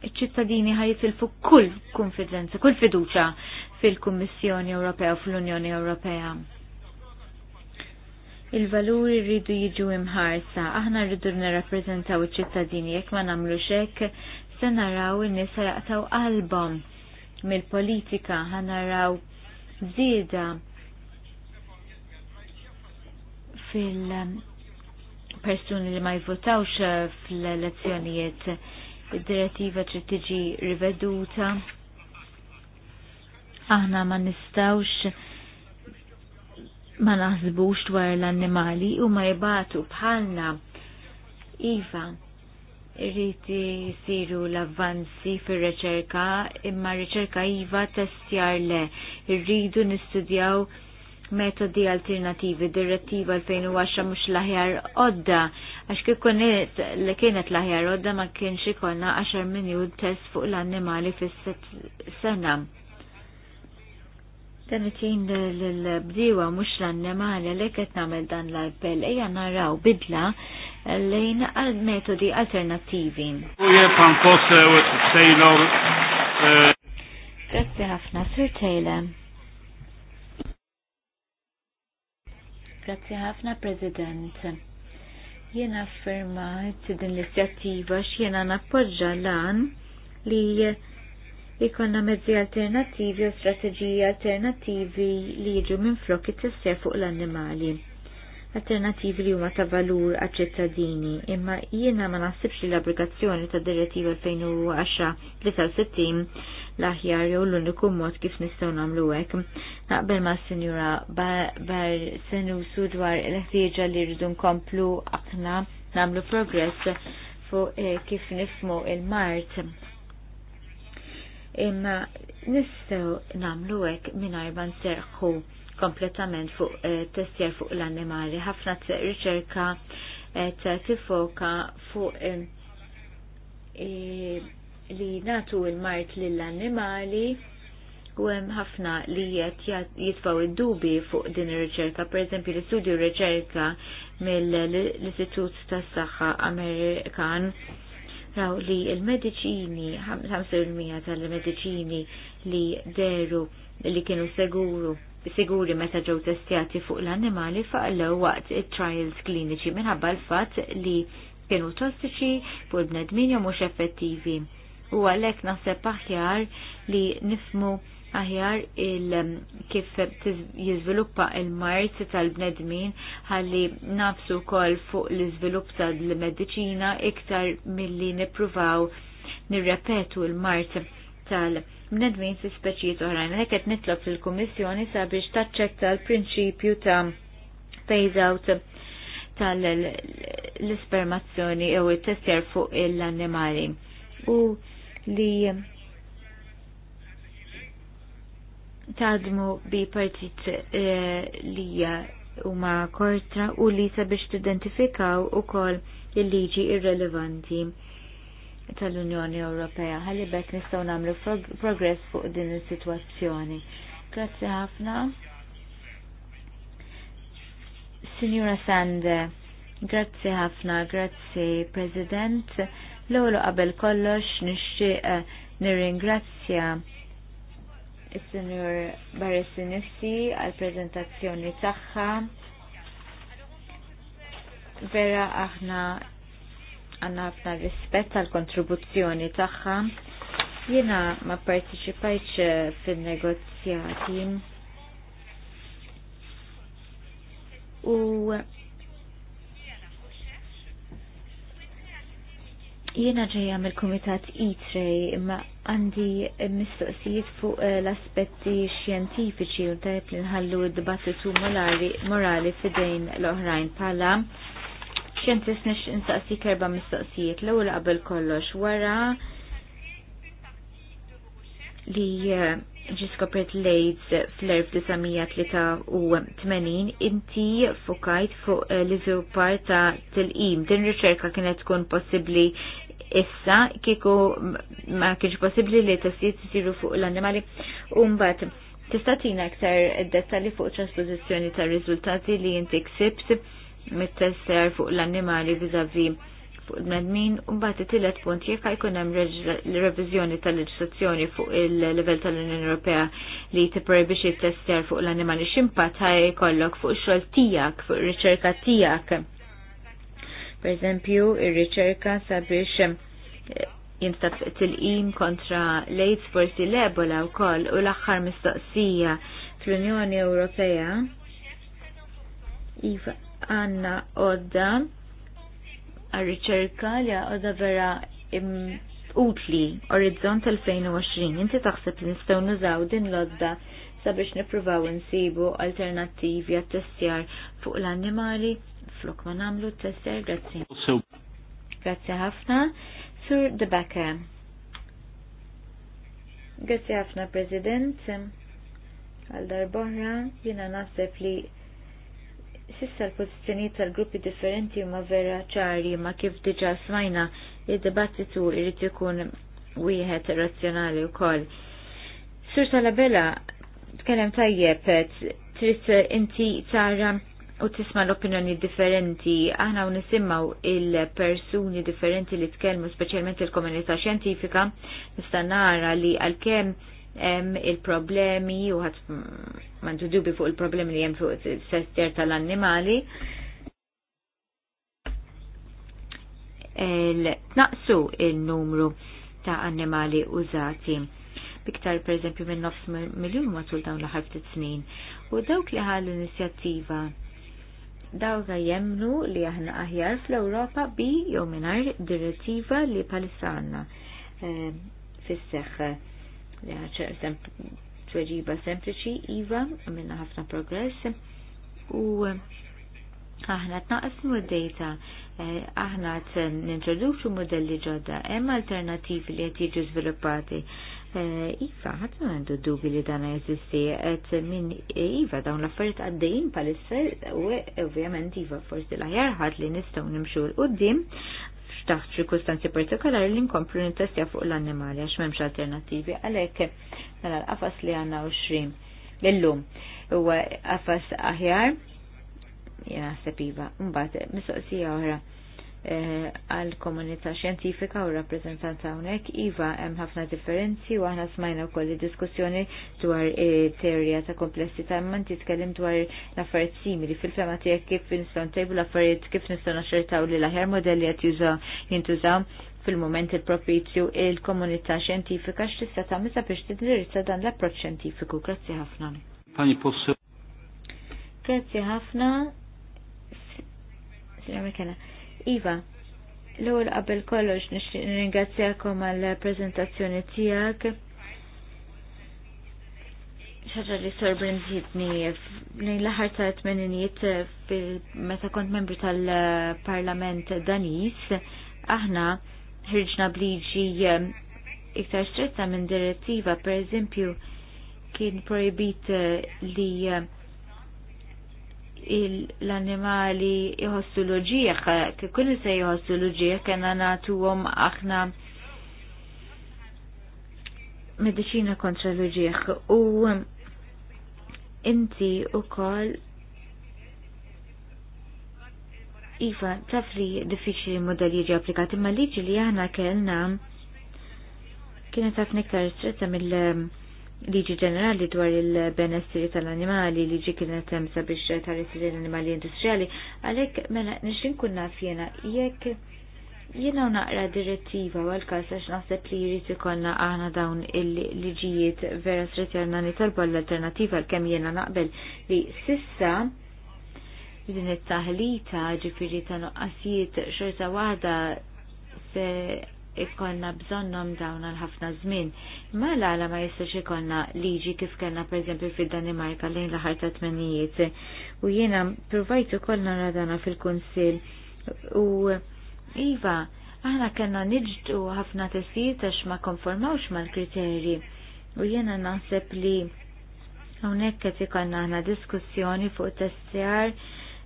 ċittadini ħajitilfu kull konfidenza, kull fiduċa fil-Kummissjoni Ewropea u fl-Unjoni Ewropea il-valuri rridu jiġu imħarsa, aħna rridu nirrappreżentaw iċ-ċittadini jekk ma nagħmlux xek se naraw in-nies jaqtaw qalbhom mill-politika ħanaraw żieda fil persuni li ma jvotawx fl-elezzjonijiet id-direttiva trid tiġi riveduta aħna ma nistawx ma naħsbux dwar l-annimali u ma jibatu bħalna. Iva, rriti siru l-avvanzi fil-reċerka, imma reċerka Iva testjar le, irridu nistudjaw metodi alternativi, direttiva 2010 mux laħjar odda, għax kikunet li kienet laħjar odda ma kienx ikonna 10 minjut test fuq l-annimali fis-sena. Dan itin l-bdiwa mux l annemali li qed nagħmel dan l-appell ejja naraw bidla lejn metodi alternattivi. E, Grazzi ħafna, Sir Taylor. Grazzi ħafna, President. Jena affermat din l-istjattiva x'jena nappoġġa lan li jikonna mezzi alternativi u strategiji alternativi li jiġu minn flokki tisser tessir fuq l-annimali. Alternativi li huma ta' valur għal ċittadini, imma jiena ma naħsibx li l-abrogazzjoni ta' direttiva 2010-63 l-aħjar jew l-uniku mod kif nistgħu nagħmlu hekk. Naqbel ma' sinjura bar senusu dwar l-ħtieġa li rridu nkomplu aħna nagħmlu progress fuq eh, kif nifmu il-Mart imma nistgħu nagħmlu hekk mingħajr ma serħu kompletament fuq eh, testjer fuq l-annimali. Ħafna riċerka qed eh, tifoka fuq eh, li natu il-mart lill-annimali u hemm ħafna li qed jitfaw id-dubi fuq din ir-riċerka. Pereżempju l-istudju riċerka mill-Istitut tas-Saħħa Amerikan raw li il-medicini, 5% tal-medicini li deru li kienu seguru siguri meta ġew testjati fuq l-annimali faqlew waqt it-trials kliniċi minħabba l-fatt li kienu tossiċi fuq il-bnedmin jew mhux effettivi. U għalhekk naħseb aħjar li nifmu aħjar il um, kif jizviluppa il-mart tal-bnedmin ħalli nafsu kol fuq l-izvilupp tal-medicina iktar mill-li nipruvaw nirrepetu il-mart tal-bnedmin fi speċijiet oħrajn. Hekk qed nitlob fil kummissjoni sabiex taċċetta l-prinċipju ta' phase out tal-ispermazzjoni u t-tester fuq l-annimali. U li taħdmu bi partit eh, li huma kortra u li sabiex tidentifikaw ukoll il-liġi irrelevanti tal-Unjoni Ewropea. Għalli bekk nistgħu nagħmlu progress fuq din is-sitwazzjoni. Grazzi ħafna. Signora Sande, grazie ħafna, grazie President. L-ewwel qabel kollox nixtieq eh, nirringrazzja il-Senjur Barresi Nifsi għal-prezentazzjoni tagħha. Vera aħna għanna ħafna rispett għal kontribuzzjoni tagħha. Jiena ma partiċipajċ fin-negozjati. U jiena ġejja mill-Kumitat E-Tray imma għandi mistoqsijiet fuq eh, l-aspetti xjentifiċi u tajb li nħallu d-dibattitu morali fidejn l-oħrajn pala. Xjentis nix instaqsi kerba mistoqsijiet l ewwel qabel kollox wara li eh, ġi skopret fl-1983 inti fukajt fuq eh, l-izvilupar ta' til im Din riċerka kienet tkun possibli issa kieku ma kienx possibli li testijiet isiru fuq l-annimali u mbagħad tista' tina aktar dettalji fuq trasposizzjoni tar riżultati li inti ksibt mit-tester fuq l-annimali viżavi fuq il-medmin, u mbagħad it punt jekk jkun hemm reviżjoni tal-leġislazzjoni fuq il-livell tal-Unjoni Ewropea li tipprojbixxi tester fuq l-annimali x'impatt ħaj jkollok fuq ix-xogħol tiegħek, fuq ir-riċerka tiegħek. Pereżempju, ir-riċerka sabiex eh, jinstab til-qim kontra l-AIDS forsi l-ebola u koll u l-axħar mistoqsija fl-Unjoni Ewropea. Iva, għanna odda għal-riċerka li għadha vera utli Orizzont 2020. Inti taħseb li nistgħu nużaw din l-odda sabiex nippruvaw insibu alternattivi għat-testjar fuq l-annimali flok ma nagħmlu t-testjar, grazzi. Grazzi ħafna. Sur Becker. Grazzi ħafna, President. Għal darbohra, jina naħseb li Sissa l-pozizjoni tal-gruppi differenti ma vera ċari ma kif diġa smajna il-dibattitu irrit ikun wieħed razzjonali wkoll. Sur tal-abela, tkellem tajjeb, trid inti tara u tisma l-opinjoni differenti, aħna u nisimmaw il-persuni differenti li tkellmu, speċjalment il-komunità xjentifika, nista' nara li għalkemm il-problemi u għat mandu dubi fuq il-problemi li jem fuq s sester tal-annimali. Naqsu il-numru ta' annimali użati biktar per eżempju minn nofs miljon matul dawn l-ħar ftit snin. U dawk li ħal l-inizjattiva dawk jemnu li aħna aħjar fl-Europa bi jew mingħajr direttiva li palissa eh, fis-seħħ tweġiba sempliċi, Iva, għamilna ħafna progress u eh, aħna tnaqsmu d-data, eh, aħna t-nintroduċu modelli ġodda, hemm alternativi li qed jiġu żviluppati. Eh, iva, ħadd għandu dubi li dan jeżisti, min Iva dawn l-affarijiet għaddejjin palissa u ovvjament Iva forsi l ħad li li nistgħu u d-dim, Taħt ċirkustanzi partikolari li nkomplu nintestja fuq l-annimali għax m'hemmx alternattivi għalhekk nara l-qafas li għandna xrim illum huwa qafas aħjar jena sepiva. Mbagħad mistoqsija oħra Eh, għal komunità xjentifika u rappreżentanta hawnhekk iva hemm ħafna differenzi u aħna smajna wkoll diskussjoni dwar teorija ta' komplessità imma inti tkellim dwar l-affarijiet simili fil-fema tiegħek kif nistgħu ntejbu l-affarijiet kif nistgħu naxxertaw li l-aħjar modelli qed jintużaw fil-moment il-propizju il-komunità xjentifika x'tista' tagħmel sabiex tiddirizza dan l-approċċ xjentifiku. Grazzi ħafna. Pani Grazzi ħafna. Sira Mekena. Iva, l għol qabel kollox n-ringazzjakom għall prezentazzjoni tiegħek ċaġa li sorbrenzitni lejn l-ħar ta' 80 meta kont membru tal-parlament Danis, aħna ħirġna bliġi ehm, iktar stretta minn direttiva, per eżempju, kien projbit eh, li eh, l-animali jħossu loġieħ, kikun se jħossu loġieħ, kena natu għom aħna medicina kontra loġieħ. U inti u koll Iva, tafri diffiċli modelli ġi applikati, ma liġi li għana kellna kienet għafna iktar stretta mill- liġi ġenerali dwar il-benessiri tal-animali liġi kienet hemm sabiex tarisi l-animali industriali, għalhekk mela nixin kun naf jiena jekk jiena naqra direttiva għal każ għax naħseb li jrid ikollna aħna dawn il-liġijiet vera stretti għandna nitolbu l-alternattiva għalkemm jiena naqbel li sissa din it-taħlita ġifieri ta' noqqasijiet xorta waħda se ikkonna bżonnom dawn għal ħafna żmien. Ma mela, l-għala ma jistax ikonna liġi kif kellna eżempju fid-Danimarka lejn l-aħħar ta' tmenijiet. U jiena provajtu kollna radana fil-Kunsill u iva, aħna kellna niġdu ħafna tessijiet għax ma konformawx mal-kriterji. U jiena naħseb li hawnhekk qed ikollna aħna diskussjoni fuq t-testijar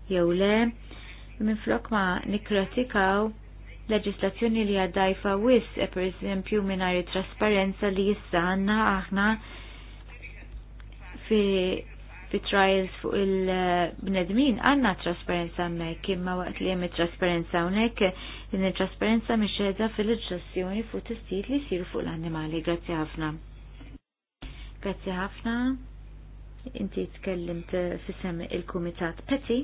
jew le, minflok ma nikkratikaw leġislazzjoni li għaddajfa wis, e, per eżempju, minnari trasparenza li jissa għanna aħna fi, fi trials fuq il-bnedmin għanna trasparenza mek, imma waqt li jemmi trasparenza unek, din trasparenza miexedha fil-leġislazzjoni fuq testijiet li siru fuq l-annimali. Grazzi ħafna. Grazzi ħafna. Inti tkellimt fissem il-Kumitat Peti.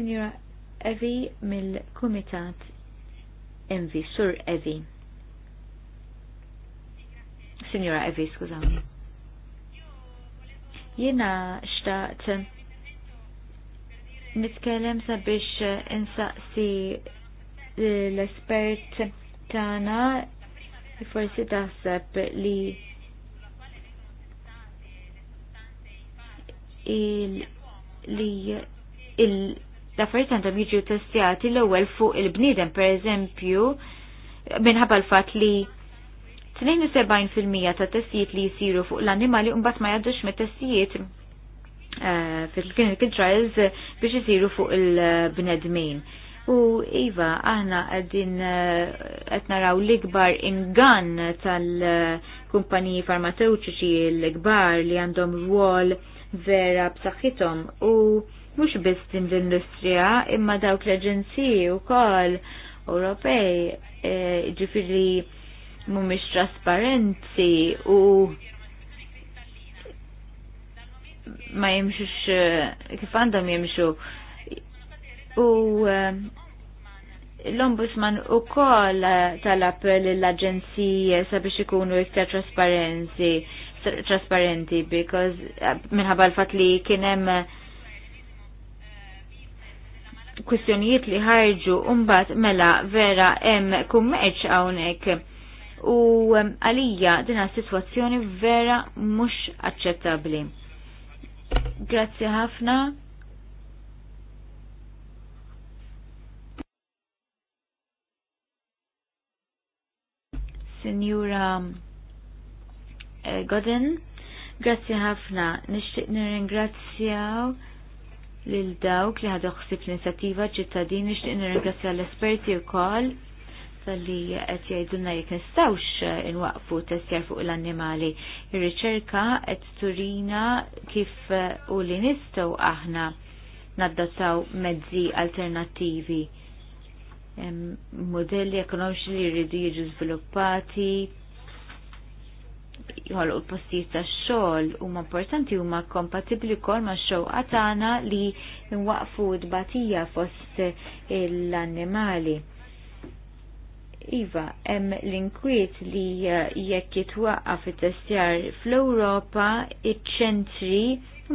Signora Evi mill-Kumitat Envi, Sur Evi. Signora Evi, skużami. Jena xtaqt nitkellem sabiex insaqsi l-espert tana forsi taħseb li il li il l-affarijiet għandhom jiġu testjati l-ewwel fuq il-bniedem pereżempju minħabba l-fatt li 72% ta' testijiet li jisiru fuq l-annimali mbagħad ma jaddux mit-testijiet eh, fil-clinical trials biex jisiru fuq il-bnedmin. U Iva, aħna għaddin eh, qed naraw l-ikbar ingan tal-kumpaniji farmaceutiċi l-ikbar li għandhom rwol vera b'saħħithom u mhux biss din l-industrija imma dawk l-aġenziji wkoll Ewropej e, ġifiri mhumiex trasparenti u ma jimxux e, kif għandhom jimxu u e, l-ombudsman u tal talab l-agenzija sabiex ikunu iktar trasparenzi trasparenti because minħabba l-fat li kienem uh, kwistjonijiet li ħarġu umbat mela vera hemm kummerċ hawnhekk. U għalija dina situazzjoni vera mhux aċċettabbli. Grazzi ħafna. Signora eh, Godin, grazzi ħafna, nixtieq nirringrazzjaw lil dawk li ħadu ħsib l-inizjattiva ċittadini xtieq nirringrazzja l-esperti wkoll tal-li qed jgħidulna jekk nistgħux inwaqfu testjar fuq l-annimali. Ir-riċerka qed turina kif u li nistgħu aħna naddataw mezzi alternattivi modelli ekonomiċi li jridu jiġu żviluppati, jħolqu postijiet ta' xogħol huma importanti huma kompatibbli wkoll ma' xogħol tagħna li nwaqfu d-batija fost l-annimali. Iva, hemm l-inkwiet li eh, jekk jitwaqqaf it-testjar fl-Ewropa iċ-ċentri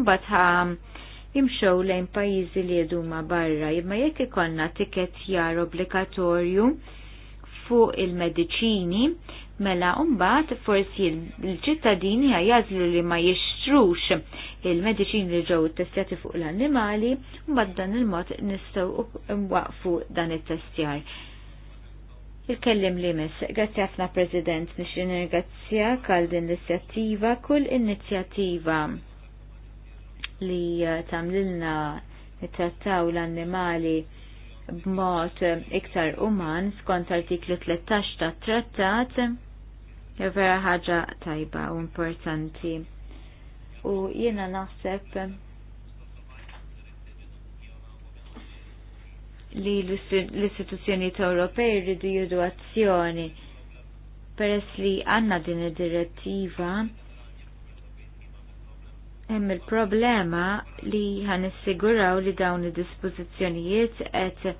mbagħad ħa jimxew lejn pajjiżi li ma barra, imma jekk ikollna tiket jar obbligatorju fuq il-mediċini, Mela umbat forsi l-ċittadini għajazlu li ma jixtrux il-medicin li ġew testjati fuq l-annimali, mbagħad dan il-mod nistgħu nwaqfu dan it-testjar. Il-kellim li mis, grazzi ħafna President, nix ringrazzja għal din l-inizjattiva, kull inizjattiva li eh, tamlilna nittrattaw l-annimali b'mod eh, iktar uman skont artiklu 13 tat-trattat vera ħaġa tajba u importanti. U jiena naħseb li l-istituzzjoni Ewropej rridu jiddu azzjoni peress li għanna din id-direttiva hemm il-problema li ħan issiguraw li dawn id-dispożizzjonijiet qed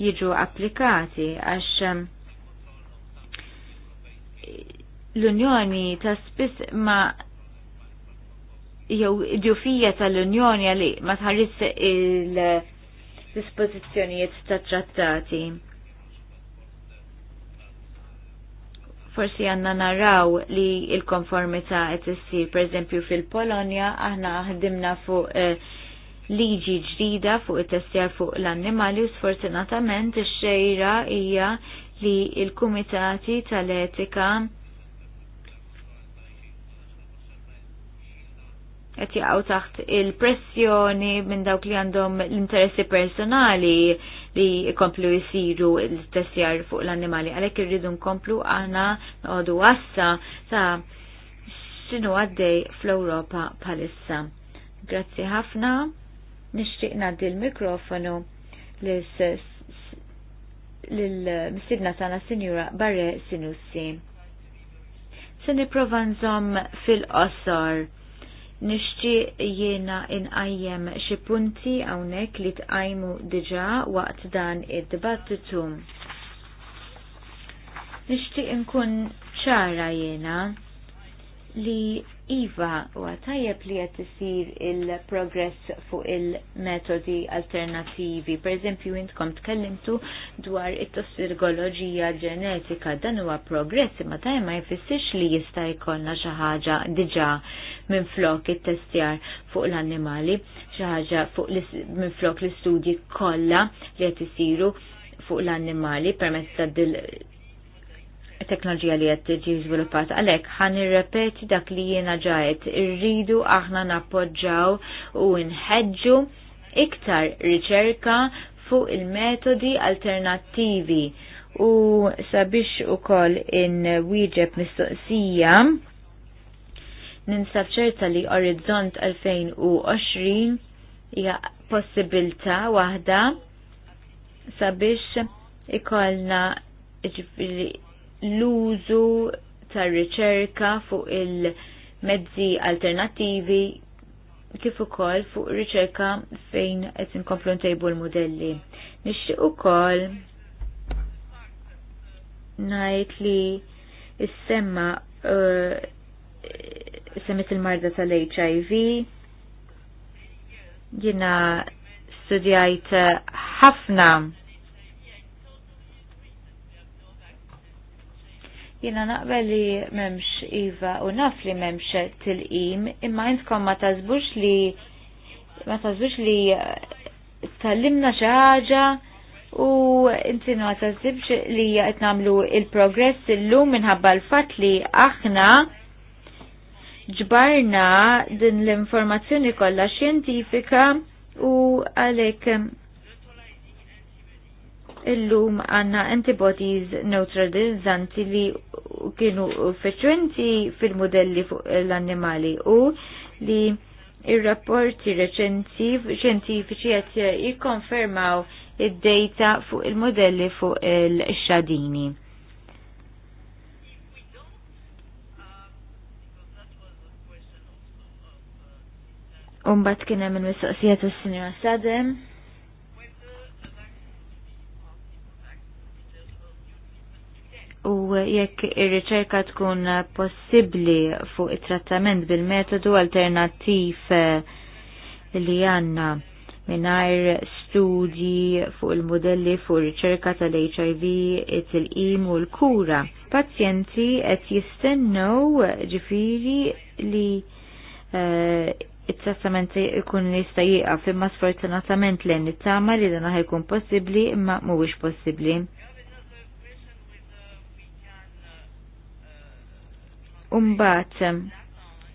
jiġu applikati għax l-Unjoni ta' spiss ma jew ġufija tal-Unjoni għalli ma tħarris il-dispozizjonijiet ta' trattati. Forsi għanna naraw li il-konformita qed issir, per eżempju fil-Polonja aħna ħdimna fuq eh, liġi ġdida fuq it tessjar fuq l-annimali u sfortunatament ix-xejra hija li il-Kumitati tal-Etika qed jaqgħu taħt il-pressjoni minn dawk li għandhom l-interessi personali li jkomplu jisiru l tessjar fuq l-annimali għalhekk irridu nkomplu aħna noqogħdu għassa ta' x'inhu għaddej fl-Ewropa bħalissa. Grazzi ħafna. Nixtieq ngħaddi l-mikrofonu l-sess l-mistidna tana Sinjura Barre Sinussi. Se niprofa nżomm fil-qosor. Nishti jiena in xi punti hawnhekk li tqajmu diġà waqt dan id-dibattitu. Nishti nkun ċara jiena li Iva u għatajab li għat isir il-progress fuq il-metodi alternativi. Per eżempju, intkom tkellimtu dwar it-tossirgoloġija ġenetika. Dan huwa progress imma tajja ma jfissirx li jista' jkollna xi ħaġa diġà minn flok it-testjar fuq l-annimali, xi ħaġa minn flok l-istudji kollha li qed isiru fuq l-annimali permezz ta' teknoloġija li qed tiġi żviluppata. Għalhekk ħan irrepeti dak li jiena ġajt irridu aħna nappoġġaw u nħeġġu iktar riċerka fuq il-metodi alternattivi u sabiex ukoll in wieġeb mistoqsija ninsab ċerta li Orizzont 2020 hija possibilità waħda sabiex ikollna l-użu tar-riċerka fuq il-mezzi alternattivi kif ukoll fuq riċerka fejn qed inkomplu ntejbu l-modelli. Nixtieq ukoll ngħid li issemma uh, semmet il-marda tal-HIV jiena studjajt ħafna uh, jina naqbel li memx Iva u naf li memx til-im, imma jintkom ma tazbux li ma tazbux li eh, tal-limna xaħġa u inti ma tazbux li jgħet il-progress il-lum minħabba l-fat li aħna ġbarna din l-informazzjoni kollha xjentifika u għalhekk illum għanna antibodies neutralizzanti li kienu feċenti fil-modelli fuq l-annimali u li il rapporti reċenti xjentifiċi qed jikkonfermaw id-data fuq il-modelli fuq il-xadini. Umbat kien hemm il-mistoqsija tas-Sinjora Sadem. U jekk ir-riċerka tkun possibbli fuq it-trattament bil-metodu alternattiv eh, li għanna minnajr studji fuq il-modelli fuq riċerka tal-HIV, it-tilqim u l-kura. Pazjenti qed jistennew ġifiri li eh, it-trattament ikun jista' jieqaf imma sfortunatament l-en it-tama li dan jkun possibbli imma mhuwiex possibbli. Umbat,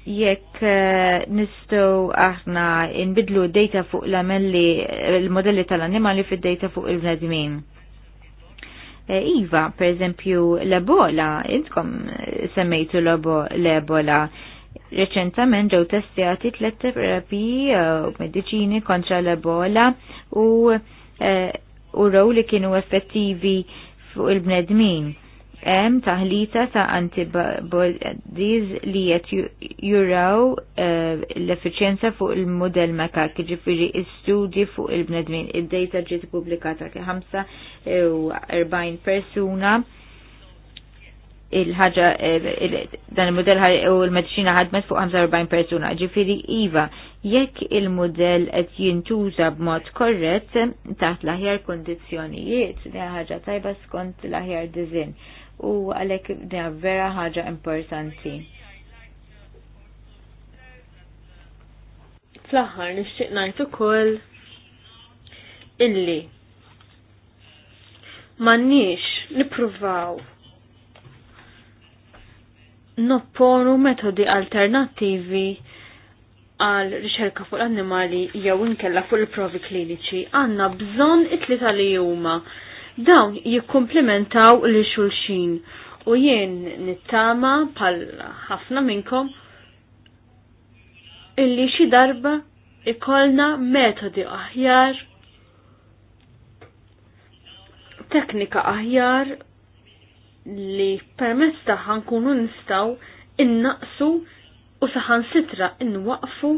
jekk eh, nistow aħna inbidlu data fuq l-amelli, l-modelli tal-animali fid data fuq il-bnedmin. Eh, iva, per eżempju, l-ebola, intkom eh, semmejtu l-ebola. Reċentament ġew testjati tliet terapi u mediċini kontra l-ebola u u li kienu effettivi fuq il-bnedmin hemm taħlita ta' antibodies li qed juraw eh, l-effiċjenza fuq il model makak, ġifieri istudji fuq il-bnedmin. Id-data ġiet pubblikata ke 45 persuna il-ħaġa eh, dan il-modell u l-medicina ħadmet fuq 45 persuna. Ġifiri Iva, jekk il-modell qed jintuża b'mod korrett taħt l-aħjar kondizzjonijiet, li ħaġa tajba skont l-aħjar dizin u għalek dina vera ħaġa importanti. Fl-aħħar nixtieq ngħid ukoll illi m'għandniex nippruvaw nopponu metodi alternattivi għal riċerka fuq l-annimali jew inkella fuq il-provi kliniċi għandna bżonn it-tlieta li huma Dawn jikkumplementaw li xulxin u jien nittama pal ħafna minnkom illi xi darba ikolna metodi aħjar, teknika aħjar li permezz taħan nkunu nistaw innaqsu u saħan sitra inwaqfu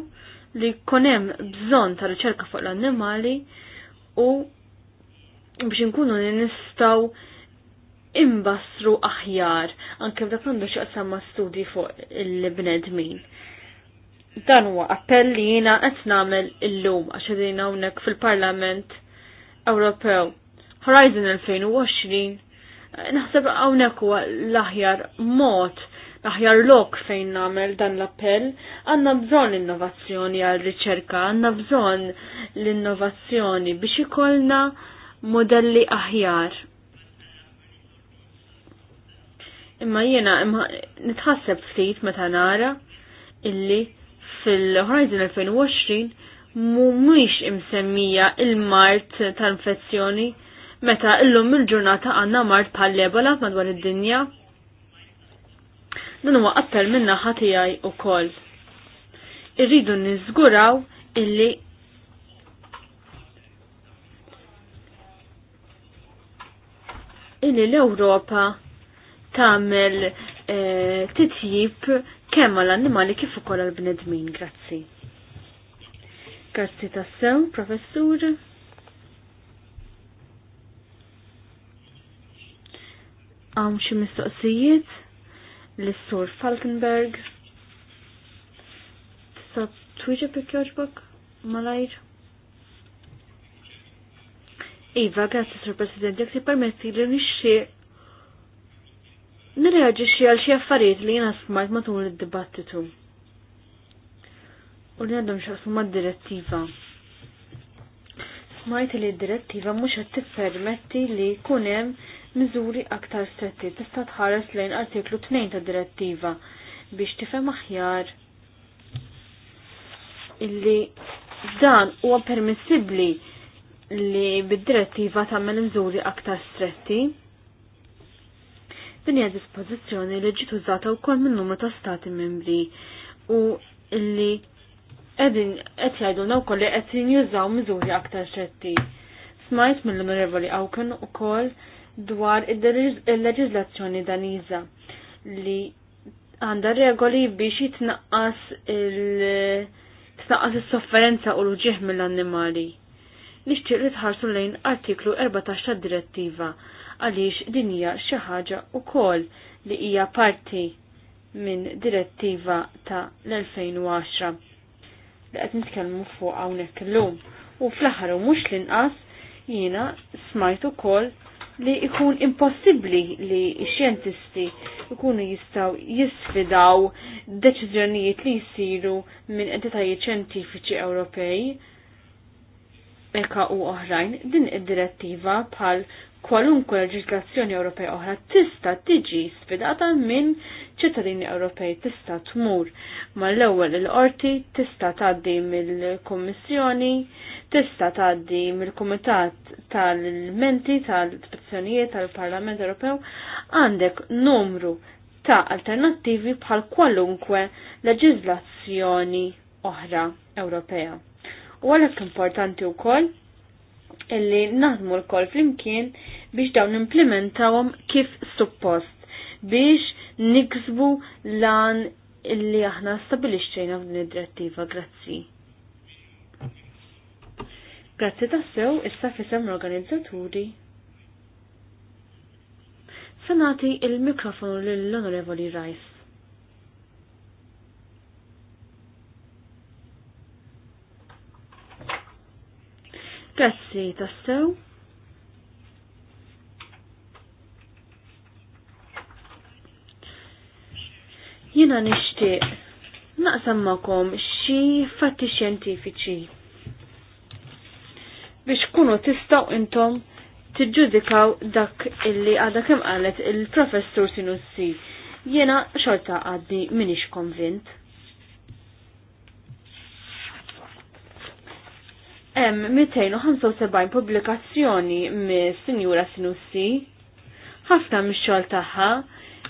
li konem bżon ta' riċerka fuq l-annimali u biex nkunu nistaw imbastru aħjar, anke f'dak l-għandu xaqsam ma' studi fuq il-bnedmin. Dan huwa appell li jiena qed nagħmel illum għax qegħdin hawnhekk fil-Parlament Ewropew. Horizon 2020 naħseb hawnhekk huwa l-aħjar mod l-aħjar lok fejn nagħmel dan l-appell, għandna bżonn innovazzjoni għal riċerka, għandna bżonn l-innovazzjoni biex ikollna modelli aħjar. Imma jiena nitħasseb ftit meta nara illi fil-Horizon 2020 mumiex imsemmija il-mart tal-infezzjoni meta illum il-ġurnata għanna mart pal-lebola madwar id-dinja. Dan huwa qattal minna ħatijaj u koll. Irridu nizguraw illi illi l-Ewropa tagħmel eh, titjib kemm għall-annimali kif ukoll għall-bnedmin. Grazzi. Grazzi tassew, professur. Għam xi mistoqsijiet l-Sur Falkenberg. Tista' twieġeb ikjoġbok malajr? Iva, grazie Sur President, jek ti permetti li nixxie nirreagġiċi għal xie affarijiet li jena smajt matul id-dibattitu. U li għandhom xaqsu ma' direttiva. Smajt li d-direttiva mux għed t-permetti li kunem miżuri aktar stretti tista' tħares lejn artiklu 2 ta' direttiva biex tifhem aħjar illi dan huwa permissibbli li bid-direttiva tagħmel miżuri aktar stretti. Din hija dispożizzjoni li ġiet użata wkoll minn numru ta' stati membri u li qegħdin qed jgħidulna wkoll li qed jinjużaw miżuri aktar stretti. Smajt mill-Onorevoli Awken ukoll dwar il-leġiżlazzjoni Daniża li għandha regoli biex jitnaqqas il-tnaqqas is-sofferenza u l-ġieħ mill-annimali nixtieq li tħarsu lejn artiklu 14 tad-direttiva għaliex din hija xi ħaġa wkoll li hija parti minn direttiva ta' l-2010 li qed nitkellmu fuq hawnhekk illum. U fl-aħħar u mhux l-inqas jiena smajt ukoll li ikun impossibbli li x-xjentisti ikunu jistaw jisfidaw deċiżjonijiet li jisiru minn entitajiet ċentifiċi Ewropej eka u oħrajn din id-direttiva bħal kwalunkwe leġislazzjoni Ewropea oħra tista' tiġi sfidata minn ċittadini Ewropej tista' tmur mal-ewwel il-qorti, tista' tgħaddi mill-Kummissjoni, tista' tgħaddi mill-Kumitat tal-Menti tal-Petizzjonijiet tal-Parlament Ewropew għandek numru ta' alternattivi bħal kwalunkwe leġislazzjoni oħra Ewropea. U għalhekk importanti wkoll illi naħdmu l-koll flimkien biex dawn implementawhom kif suppost biex niksbu lan illi aħna stabilixxejna f'din id-direttiva. Grazzi. Grazzi tassew issa fisem l-organizzaturi. Sanati il-mikrofonu lill-Onorevoli Rice. Grazzi tassew. Jina nishtiq naqsammakom xi fatti xjentifiċi biex kunu tistaw intom tiġġudikaw dak illi għadha kemm qalet il-professur Sinussi. Jena xorta għaddi minix konvint. hemm 275 pubblikazzjoni mis-Sinjura Sinussi. Ħafna mix-xogħol tagħha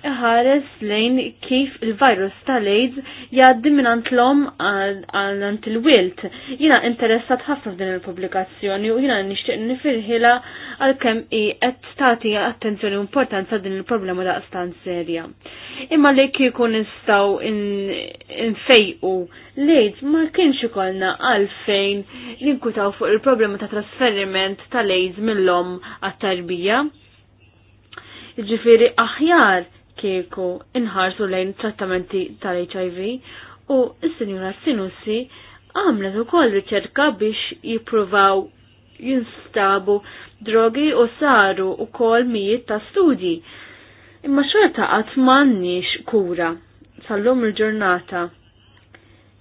iħares lejn kif il-virus tal-AIDS jgħaddi minn l għal ant il-wilt. Jina interessat ħafna f'din il-publikazzjoni u jina nixtieq nifirħila għal kem i qed tagħti attenzjoni importanza din il-problema stan serja. Imma li kiku nistaw infejqu l-AIDS ma kienx ikollna għalfejn jinkutaw fuq il-problema ta' trasferiment tal-AIDS mill om għat-tarbija. Ġifiri aħjar kieku inħarsu lejn trattamenti tal-HIV u s senjura Sinussi għamlet ukoll riċerka biex jippruvaw jinstabu drogi u saru u kol mijiet ta' studji. Imma xorta għat mannix kura sal-lum il-ġurnata.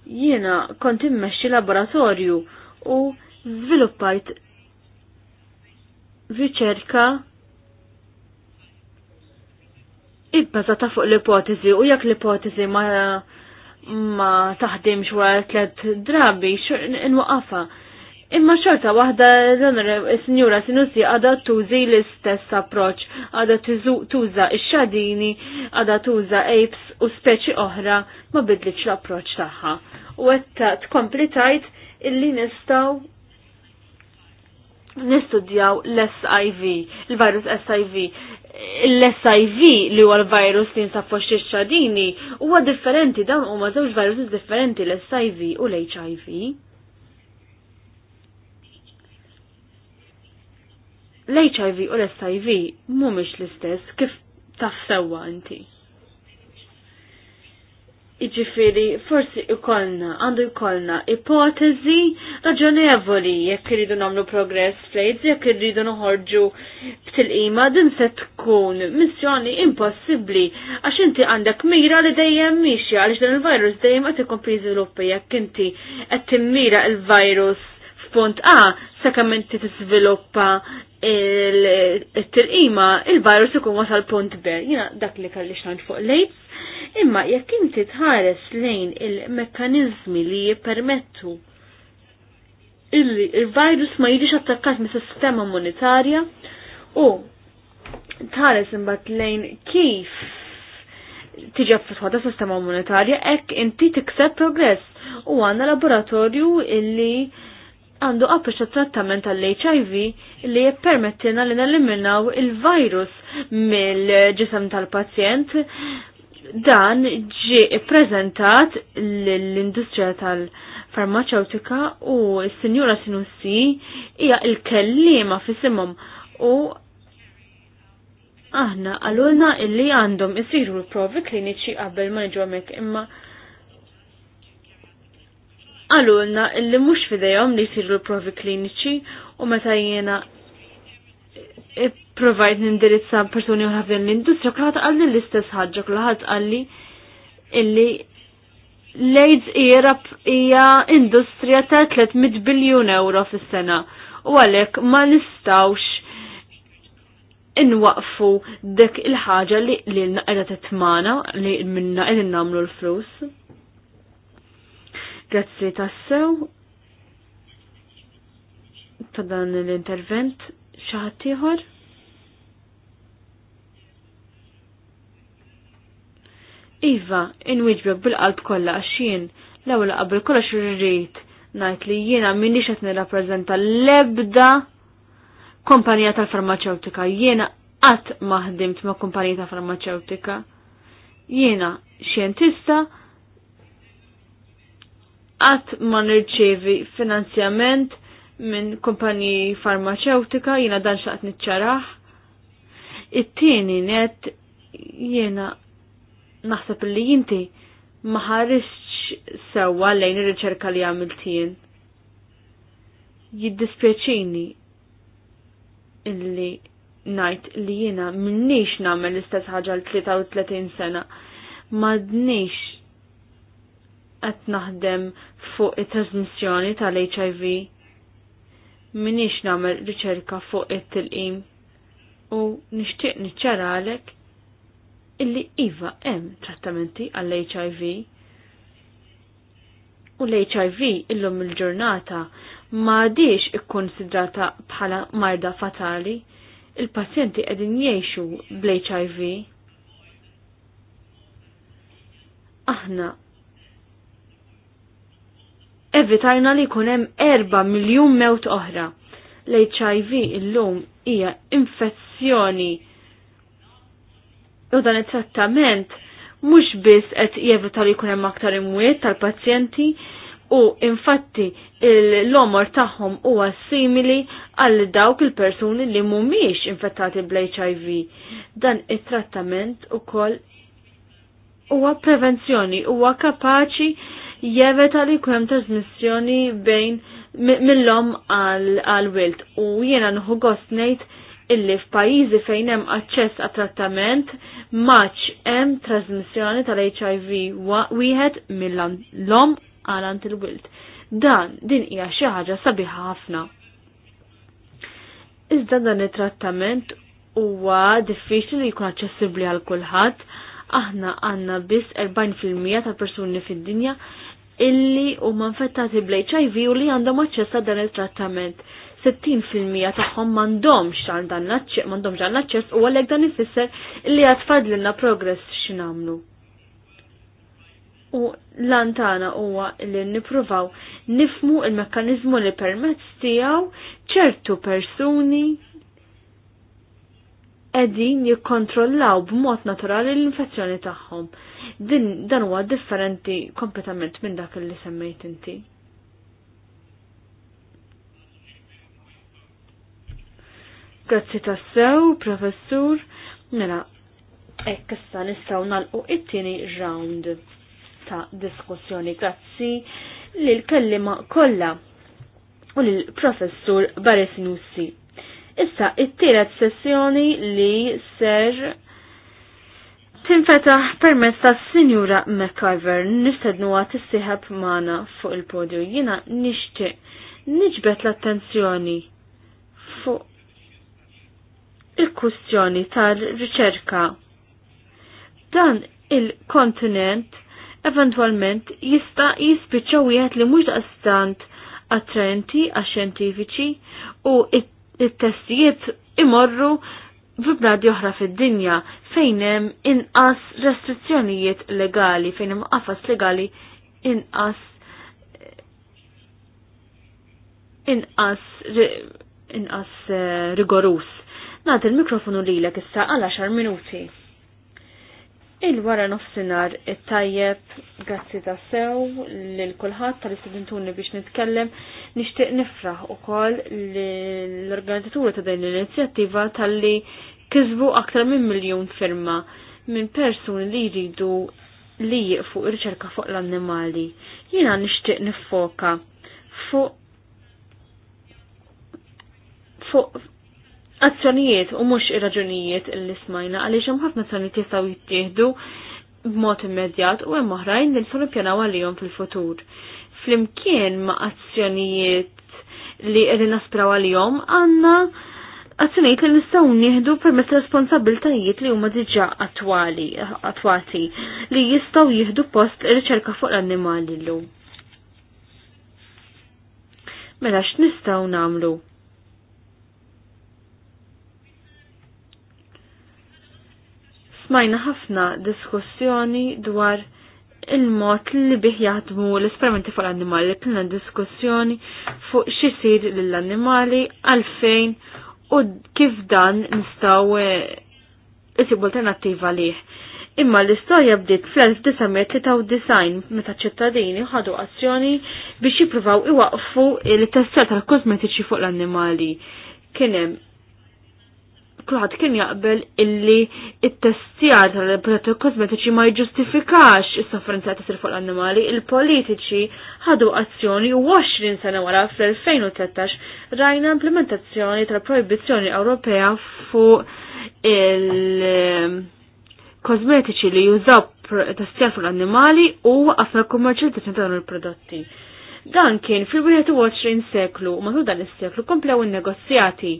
Jiena kont immexxi laboratorju u żviluppajt riċerka ta' fuq l-ipotezi u jekk l-ipotezi ma ma taħdimx wara tlet drabi inwaqafa. Imma xorta waħda l-sinjura sinusi għada tużi l-istess approċ, għada tuża x xadini għada tuża apes u speċi oħra ma bidlitx l-approċ tagħha. U għetta tkompli tajt illi nistaw nistudjaw l-SIV, il-virus SIV, l-SIV li huwa l-virus li nsab fost iċ-ċadini huwa differenti dawn huma żewġ virus differenti l-SIV u l-HIV. L-HIV u l-SIV mhumiex l-istess kif taf sewwa inti. Iġifiri, forsi ikolna, għandu ikolna ipotezi raġonevoli jekk irridu namlu progress flejt, jekk irridu noħorġu btil ima din se tkun missjoni impossibbli għax inti għandek mira li dejjem mixja għaliex dan il-virus dejjem qed ikompli jiżviluppi jekk inti qed timmira il-virus f'punt A sakemm inti tiżviluppa il-tilqima il-virus ikun wasal punt B. Jiena dak li kellix fuq lejt imma jekk inti tħares lejn il-mekkanizmi li jippermettu il-virus ma jidix attakkat mis sistema immunitarja u tħares imbagħad lejn kif tiġi affettwata sistema immunitarja hekk inti tikseb progress u għandna laboratorju illi għandu approċċ trattament tal-HIV li jippermettina li neliminaw il-virus mill-ġisem tal-pazjent Dan ġi prezentat l-industrija tal-farmaceutika u s-Sinjura Sinussi hija il-kellima fisimhom u aħna għalulna illi għandhom isiru l-provi kliniċi qabel ma nġomek imma għalulna illi mhux fidejhom li jsiru l-provi kliniċi u meta jiena provajt nindirizza persuni u ħafna l-industrija, kullħat għalli l-istess ħagġa, kullħat għalli illi l-AIDS Europe hija industrija ta' 300 biljun euro fis-sena u għalhekk ma nistawx inwaqfu dek il-ħaġa li lilna t tmana li minna qegħdin nagħmlu l-flus. Grazzi tassew ta' dan l-intervent xi ieħor? Iva, inwiġbek bil-qalb kolla għaxin, l-ewwel qabel kolla irrid ngħid li jiena minni qed nirrappreżenta l-ebda kumpanija tal-farmaceutika. Jiena qatt ma ħdimt ma' kompanija tal-farmaceutika. Jiena xjentista qatt ma nirċevi finanzjament minn kumpani farmaceutika jiena dan xaqt nitċaraħ. It-tieni net jiena naħseb li jinti maħarisċ sewwa lejn ir-riċerka li għamiltien. Jiddispjaċini illi najt li jiena minnix namel l-istess ħagġa l-33 sena. Madnix qed naħdem fuq it-trasmissjoni tal-HIV minix namel riċerka fuq it-tilqim u nixtieq niċċaralek illi iva hemm trattamenti għall-HIV u l-HIV illum il-ġurnata ma għadix ikkonsidrata bħala marda fatali il-pazjenti qegħdin jgħixu bl-HIV. Aħna evitajna li kunem 4 miljon mewt oħra. L-HIV illum hija infezzjoni u dan it-trattament mhux biss qed jevita li jkun hemm aktar imwiet tal-pazjenti u infatti l-omor tagħhom huwa simili għal dawk il-persuni li mhumiex infettati bl-HIV. Dan it-trattament ukoll huwa prevenzjoni, huwa kapaċi jeveta li kunem trasmissjoni bejn mill-lom għal-wilt u jena nħu gost ngħid illi f'pajjiżi fejn hemm aċċess għat trattament maċ hemm trasmissjoni tal-HIV wieħed mill-lom għalant il-wilt. Dan din hija xi ħaġa sabiħa ħafna. Iżda dan it-trattament huwa diffiċli li jkun aċċessibbli għal kulħadd, aħna għandna biss 40% tal-persuni fid-dinja illi huma manfettati bl-HIV u li għandhom aċċess għal dan il-trattament. 60% tagħhom m'għandhomx għal dan l-aċċess, m'għandhomx għal l-aċċess u għalhekk dan ifisser li qed fadlilna progress x'inagħmlu. U lantana huwa li nippruvaw nifmu il-mekkaniżmu li permezz tiegħu ċertu persuni qegħdin jikkontrollaw b'mod naturali l-infezzjoni tagħhom. Din dan huwa differenti kompletament minn dak li semmejt inti. Grazzi tassew, professur. Mela, ekk issa nistgħu nagħlqu it-tieni round ta' diskussjoni. Grazzi lil kellima kollha u lil professur Baris Nussi. Issa, it-tielet sessjoni li ser tinfetaħ permezz ta' Sinjura McIver nistednu għat issiħab mana fuq il-podju. Jina nixtieq niġbet l-attenzjoni fuq il-kustjoni tal-riċerka. Dan il-kontinent eventualment jista' jispiċċa wieħed li mhux għastant attrenti għax xjentifiċi u it it-testijiet imorru f'bladi oħra fid-dinja fejn hemm inqas restrizzjonijiet legali, fejn hemm qafas legali inqas inqas inqas eh, rigorus. Nagħti il-mikrofonu lilek issa għal 10 minuti il-wara nofsinar it-tajjeb għazzi ta' sew lil kulħadd tal-istudentuni biex nitkellem nixtieq nifraħ ukoll l organizzatura ta' din l-inizjattiva tal-li kisbu aktar minn miljun firma minn persuni li jridu li jiqfu irċerka riċerka fuq l-annimali. Jiena nixtieq nifoka fuq fuq azzjonijiet u mhux ir-raġunijiet ismajna smajna għaliex hemm ħafna azzjonijiet jistgħu jittieħdu b'mod immedjat u hemm oħrajn li nistgħu nippjanaw għalihom fil-futur. Flimkien ma' azzjonijiet li qegħdin naspraw għalihom għandna azzjonijiet li nistgħu nieħdu permezz responsabiltajiet li huma diġà attwali attwati li jistgħu jieħdu post riċerka fuq l-annimali llum. Mela x'nistgħu nagħmlu? smajna ħafna diskussjoni dwar il-mod li bih jaħdmu l-esperimenti fuq l-annimali, kellna diskussjoni fuq xisir l-annimali, għalfejn u kif dan nistaw eh, isibu alternativa liħ. Imma l-istorja bdiet fl-1993 meta ċittadini ħadu azzjoni biex jippruvaw iwaqfu l-testjar tal-kosmetiċi fuq l-annimali. Kienem kulħadd kien jaqbel illi it-testjar tal-prodotti kosmetiċi ma jġustifikax is-sofferenza ta' sir fuq l-annimali, il-politiċi ħadu azzjoni u 20 sena wara fl-2013 rajna implementazzjoni tal-proibizzjoni Ewropea fuq il-kosmetiċi li jużaw testijat fuq l-annimali u għafna kommerċil ta' dawn il-prodotti. Dan kien fil-21 seklu, matul dan is-seklu komplew il negozjati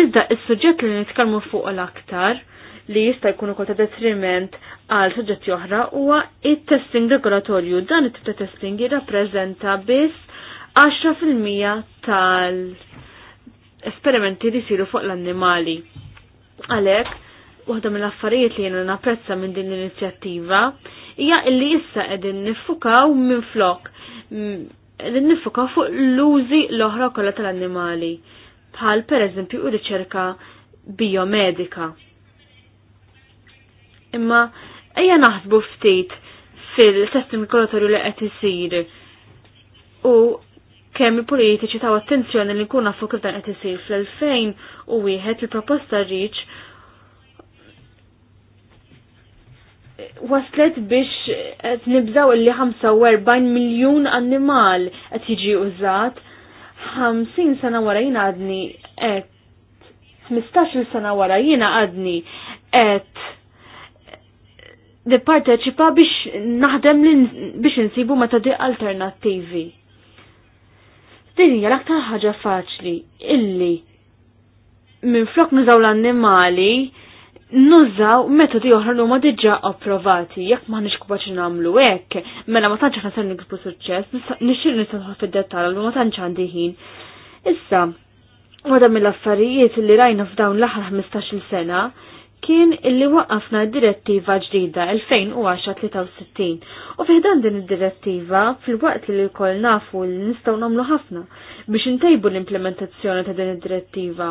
Iżda is-suġġett li nitkellmu fuq l-aktar li jista' jkun ukoll ta' detriment għal suġġetti oħra huwa it-testing regolatorju. Dan it-tip ta' testing jirrappreżenta biss 10% tal-esperimenti li jsiru fuq l-annimali. Għalhekk, waħda mill-affarijiet li jiena napprezza minn din l-inizjattiva hija illi issa qegħdin nifukaw minn flok nifuka fuq l-użi l-oħra kollha tal-annimali, bħal pereżempju u riċerka biomedika. Imma ejja naħsbu ftit fil-sistem regolatorju li qed isir u kemm il-politiċi taw attenzjoni li nkun nafu kif dan qed isir fl-2001 il-proposta Reach waslet biex qed nibżaw li 45 miljun annimal qed jiġi użat. 50 sena wara jiena għadni qed 15 sena wara jiena għadni qed nipparteċipa biex naħdem biex insibu metodi alternattivi. Dinja l-aktar ħaġa faċli illi minn flok nużaw l-annimali nużaw metodi oħra li huma diġà approvati, jekk m'għandniex kbaċi nagħmlu hekk, mela ma tantx aħna ser nikbu suċċess, nixtieq nistgħu fid-dettall għal ma tantx għandi ħin. Issa, waħda mill-affarijiet li rajna f'dawn l-aħħar 15-il sena kien illi waqqafna direttiva ġdida 2010-63 u fiħdan din id-direttiva fil-waqt li l-kol nafu li nistaw namlu ħafna biex intejbu l-implementazzjoni ta' din id-direttiva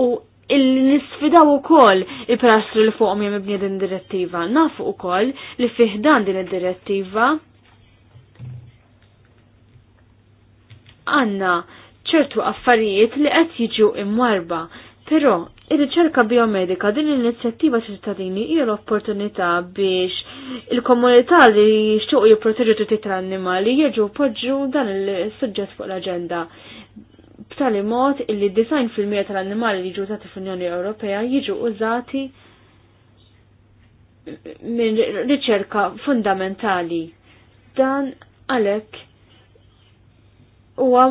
u illi nisfidaw ukoll i praslu li fuqhom jem ibni din direttiva. Nafu kol li fiħdan din id-direttiva għanna ċertu affarijiet li qed jiġu imwarba, però Ir-riċerka biomedika din l-inizjattiva ċittadini hija l-opportunità biex il-komunità li jixtiequ jipproteġu tutti tal-annimali jiġu poġġu dan il-suġġett fuq l-aġenda b'tali mod illi design fil-mija tal-annimali li ġużati fl-Unjoni Ewropea jiġu użati minn riċerka fundamentali. Dan għalek huwa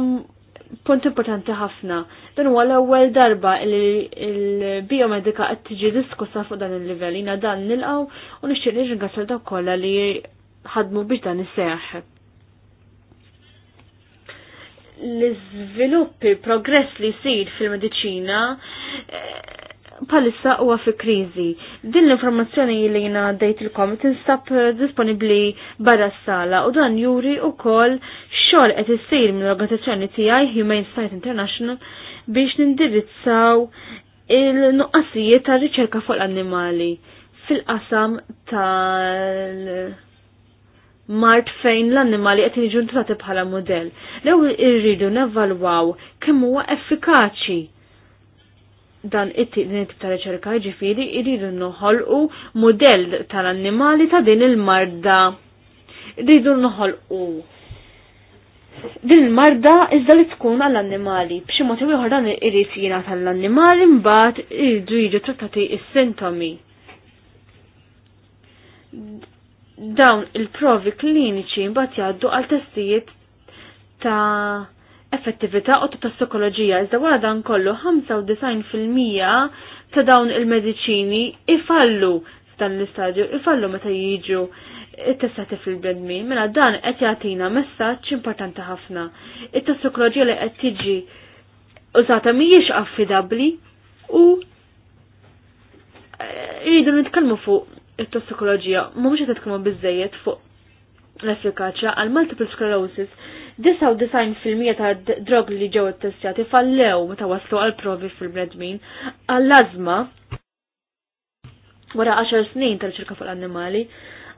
punt importanti ħafna. Dan huwa l-ewwel darba li l-biomedika qed tiġi diskussa fuq dan il-livell. Jina dan nilqgħu u nixtieq nirringrazzja dawk kollha li ħadmu biex dan iseħħ l-izviluppi, progress li jsir fil-medicina eh, palissa huwa fi kriżi. Din l-informazzjoni li jina dejtilkom tinstab disponibbli barra s-sala u dan juri wkoll xogħol qed isir mill organizzazzjoni tiegħi Humane Society International biex nindirizzaw il-nuqqasijiet tal riċerka fuq l-annimali fil-qasam tal- mart fejn l-annimali qed jiġu ntrati bħala modell. Lew irridu nevalwaw kemm huwa effikaċi dan it-tip ta' riċerka ġifiri irridu noħolqu modell tal-annimali ta' din il-marda. Irridu noħolqu din il-marda iżda li tkun għall-annimali. B'xi motiv ieħor dan irid jiena tal-annimali mbagħad irridu jiġu trattati s-sintomi dawn il-provi kliniċi mbagħad jgħaddu għal testijiet ta' effettività u ta' psikoloġija. Iżda wara dan kollu 95% ta' dawn il-mediċini ifallu f'dan l-istadju, ifallu meta jiġu it-testati fil-bredmi. Mela dan qed jagħtina messaġġ importanti ħafna. it tassikoloġija li qed tiġi użata mhijiex affidabbli u jridu eh, nitkellmu fuq it-tossikoloġija mhumiex qed tkunu biżejjed fuq l-effikaċja għal multiple sclerosis. 99% ta' drog li ġew ittestjati fallew meta waslu għal provi fil-bredmin għall-azma wara 10 snin tal-ċirka fuq l-annimali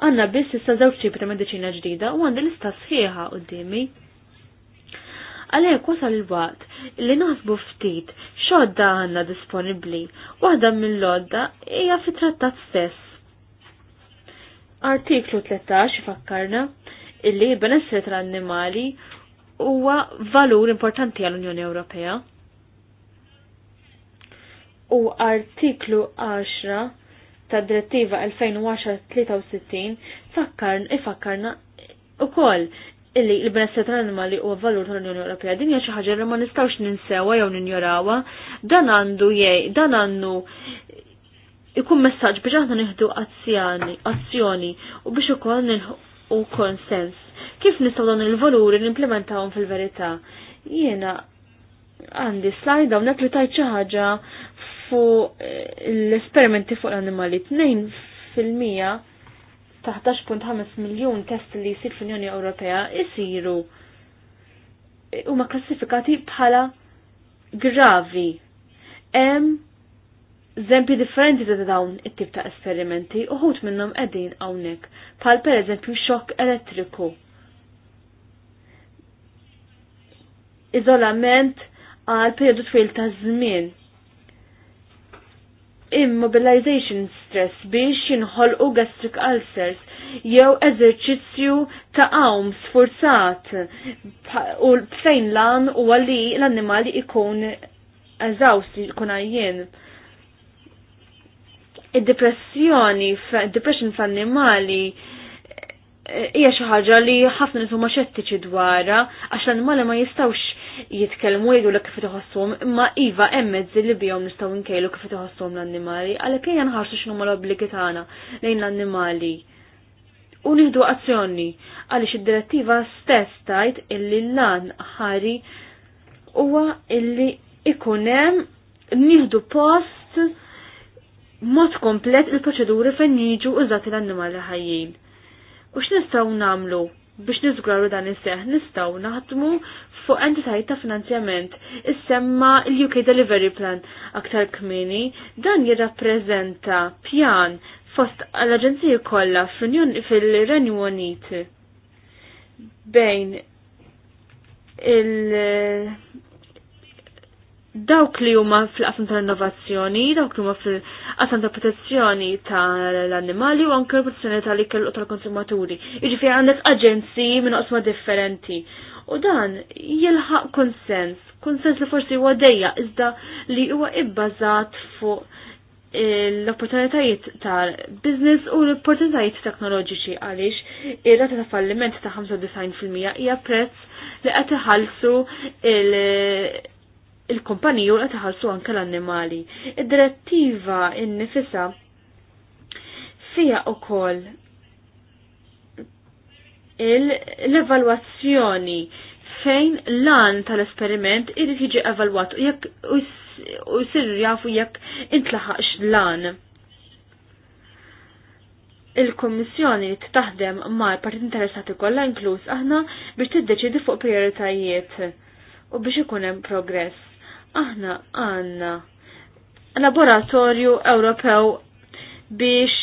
għanna biss issa żewġ tipi ta' mediċina ġdida u għandha lista sħiħa d-dimi. Għalhekk wasal il-waqt li naħsbu ftit xodda għandna disponibbli. Waħda mill-lodda hija fit-trattat stess Artiklu 13 fakkarna illi benessri tal-annimali huwa valur importanti għall-Unjoni Ewropea. U artiklu 10 ta' direttiva 2010-63 fakkarn ifakkarna koll illi il-benessri tal-annimali huwa valur tal-Unjoni Ewropea. Din hija xi ħaġa li ma nistgħux ninsewa jew ninjorawha. Dan għandu jgħid dan għandu ikun messaġġ biex aħna nieħdu azzjoni u biex ukoll nilħu konsens. Kif nistgħu dawn il-valuri nimplementawhom fil-verità? Jiena għandi slajda hawnhekk li tajt xi ħaġa fuq eh, l-esperimenti fuq l-annimali tnejn fil-mija ta' 11.5 miljun test li jisir fl-Unjoni Ewropea isiru eh, huma klassifikati bħala gravi. Hemm Zempi differenti ta' dawn it-tip ta' esperimenti uħut minnhom qegħdin hawnhekk, bħal pereżempju xokk elettriku. Iżolament għal periodu twil ta' żmien. Immobilization stress biex jinħolqu gastric ulcers jew eżerċizzju ta' għawm sforzat u fejn lan u għalli l-annimali ikun eżawst li jkun għajjen id-depressjoni, depression f'annimali hija xi ħaġa li ħafna nisu xettiċi dwarha għax l-annimali ma jistgħux jitkellmu jgħidu l kif iħossuhom, imma iva hemm mezzi li bihom nistgħu nkejlu kif iħossuhom l-annimali, għalhekk hija nħarsu x'inhu l-obbligi tagħna lejn l-annimali. U nieħdu azzjoni għaliex id-direttiva stess tajt illi lan ħari huwa illi ikun hemm nieħdu post mod komplet il-proċeduri fejn u użat l-annimali ħajjin. U x'nistgħu nagħmlu biex niżgwaru dan is-seħ nistgħu naħdmu fuq entitajiet ta' finanzjament issemma l-UK Delivery Plan aktar kmini dan jirrappreżenta pjan fost għall-aġenziji kollha fil-Renju Unit bejn il- dawk li huma fil-qasam tal-innovazzjoni, dawk li huma fil-qasam tal protezzjoni tal-annimali u anke l protezzjoni tal-ikel u tal-konsumaturi. Jiġifieri għandek aġenzi minn qosma differenti. U dan jilħaq konsens, konsens li forsi huwa dejja iżda li huwa ibbażat fuq eh, l-opportunitajiet tal-biznis u l-opportunitajiet teknoloġiċi għaliex ir-rata ta' falliment ta' 95% hija prezz li qed iħallsu il- il-kumpaniju qed iħallsu anke l-annimali. Id-direttiva in-nifisa fija ukoll l-evalwazzjoni fejn lan tal-esperiment irid jiġi evalwat u jekk u jsir jafu jekk intlaħaqx lan il-Kommissjoni li taħdem ma' partit interessati kollha inkluż aħna biex tiddeċidi fuq prioritajiet u biex ikun hemm progress aħna għanna laboratorju Ewropew biex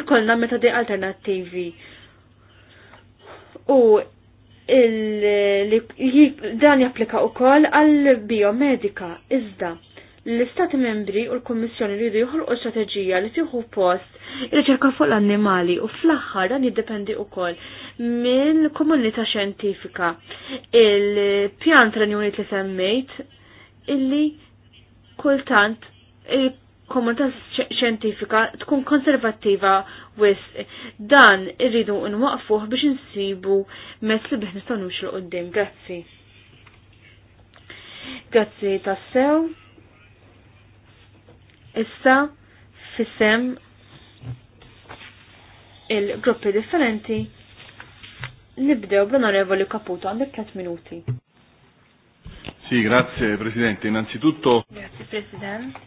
ikollna metodi alternattivi. U dan japplika u koll għal biomedika iżda l-Istati membri u l-Kommissjoni li l strateġija li tieħu post il riċerka fuq l-annimali u fl-aħħar dan jiddependi wkoll mill-komunità xjentifika. Il-pjan tal li semmejt illi kultant il-komunità xjentifika tkun konservattiva wis dan irridu nwaqfuh biex insibu mezz li biex nistgħu nimxu qudiem. Grazzi. Grazzi tassew. Issa fissem il-gruppi differenti Nibdew bl-onorevoli Caputo, għandek 3 minuti. Sì, grazie Presidente. Innanzitutto... Grazie Presidente,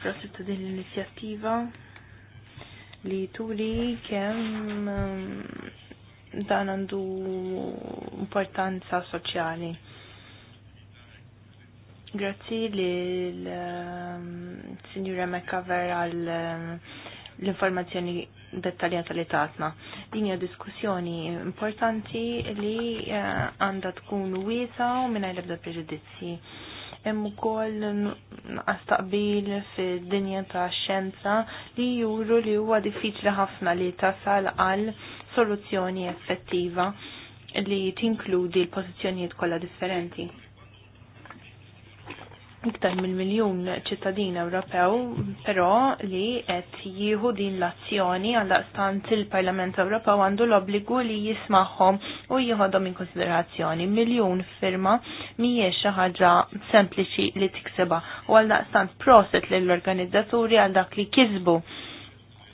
prosit din l-inizjattiva li turi kemm mm, dan għandu importanza soċjali. Grazzi li l-Signora mm, Mekkaver għal mm, l-informazzjoni dettaljata li tatna. Din hija diskussjoni importanti li eh, għandha tkun wiesa u mingħajr ebda preġudizzi. Hemm ukoll għastaqbil fid-dinja tax xjenza li juru li huwa diffiċli ħafna li tasal għal soluzzjoni effettiva li tinkludi l-pożizzjonijiet kollha differenti iktar mill miljun ċittadin Ewropew, però li qed jieħu din l-azzjoni għal stant il-Parlament Ewropew għandu l-obbligu li jismagħhom u jieħodhom in konsiderazzjoni. Miljun firma mhijiex xi ħaġa sempliċi li tikseba u għal daqstant proset lill-organizzaturi għal dak li kisbu.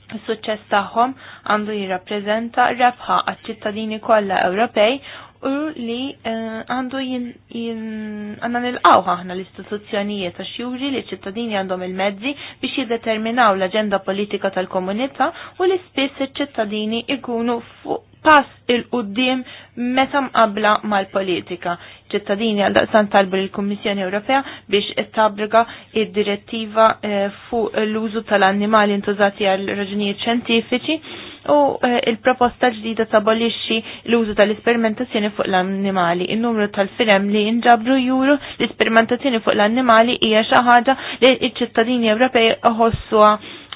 Is-suċċess tagħhom għandu jirrappreżenta rebħa għaċ-ċittadini kollha Ewropej u li eh, għandu għanna nil-qaw ħahna l-istituzzjonijiet għax juri li ċittadini għandhom il-mezzi biex jiddeterminaw l-agenda politika tal-komunità u li spiss iċ-ċittadini ikunu fuq pass il-qoddim meta mqabla mal-politika. ċittadini għal daqsan talbu l-Kommissjoni Ewropea biex ittabbliga id-direttiva eh, fuq l-użu tal-annimali intużati għal raġunijiet ċentifiċi u eh, il-proposta ġdida tabolixxi l-użu tal-isperimentazzjoni fuq l-annimali. In-numru tal-firem li inġabru juru l-isperimentazzjoni fuq l-annimali hija xi ħaġa li ċittadini Ewropej iħossuha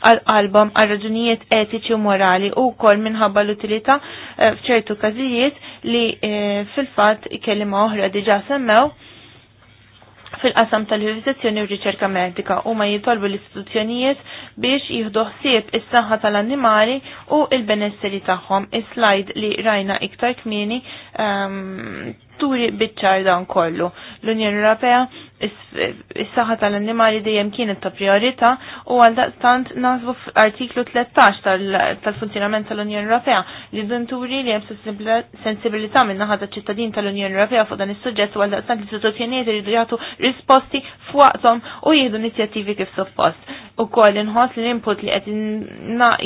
għal album għal raġunijiet etiċi u morali u wkoll minħabba l-utilità eh, f'ċertu każijiet li eh, fil-fatt kellima oħra diġa' semmew fil-qasam tal-ħivizazzjoni u riċerka medika u ma jitolbu l-istituzzjonijiet biex jihdu ħsieb is-saħħa tal-annimali u il-benesseri tagħhom. Is-slajd li rajna iktar kmieni um, turi biċċar dan kollu. L-Unjoni Ewropea is-saħħa tal-annimali dejjem kienet ta' priorità u għal daqstant naħsbu f'artiklu 13 tal-funzjonament tal-Unjoni Ewropea li d-dunturi li hemm sensibilità minn naħa ċittadin tal-Unjoni Ewropea fuq dan is-suġġett u għal daqstant l-istituzzjonijiet iridu jagħtu risposti f'waqthom u jieħdu inizjattivi kif suppost. Ukoll inħoss li l-input li qed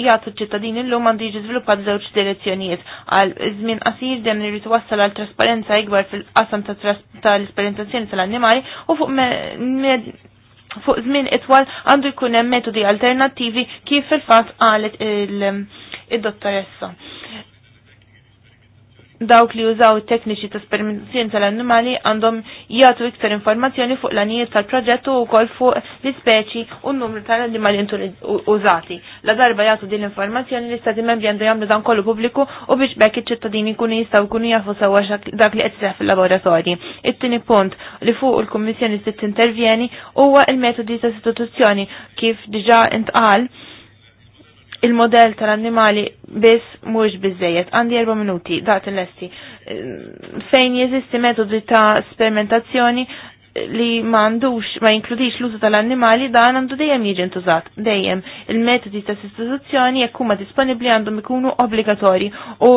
jagħtu ċittadini llum għandu jiġi żviluppat żewġ direzzjonijiet għal żmien qasir dan irid wassal għal trasparenza ikbar fil-qasam tal-esperjenzazzjoni tal-annimali u fuq fuq żmien itwal għandu jkun hemm metodi alternattivi kif il-fatt qalet il-dottoressa. il, il dottoressa dawk li użaw tekniċi ta' sperimentazzjoni tal-annimali għandhom jagħtu iktar informazzjoni fuq l-anijiet tal proġettu u wkoll fuq l-ispeċi u n-numru tal-annimali użati. La darba jagħtu din l-informazzjoni li stati membri għandu jagħmlu dan kollu pubbliku u biex bekk iċ-ċittadini kunu jistgħu jkunu jafu sawa dak li qed fil-laboratorji. It-tieni punt li fuq il-Kummissjoni se tintervjeni huwa il-metodi ta' istituzzjoni kif diġà intqal il-modell tal-annimali biss mhux biżejjed. Għandi erba' minuti, dat il-lesti. Fejn jeżisti metodi ta' sperimentazzjoni li m'għandux ma jinkludix l-użu tal-annimali, dan għandu dejjem jiġi ntużat. Dejjem il-metodi ta' sistituzzjoni jekk huma disponibbli għandhom ikunu obbligatorji u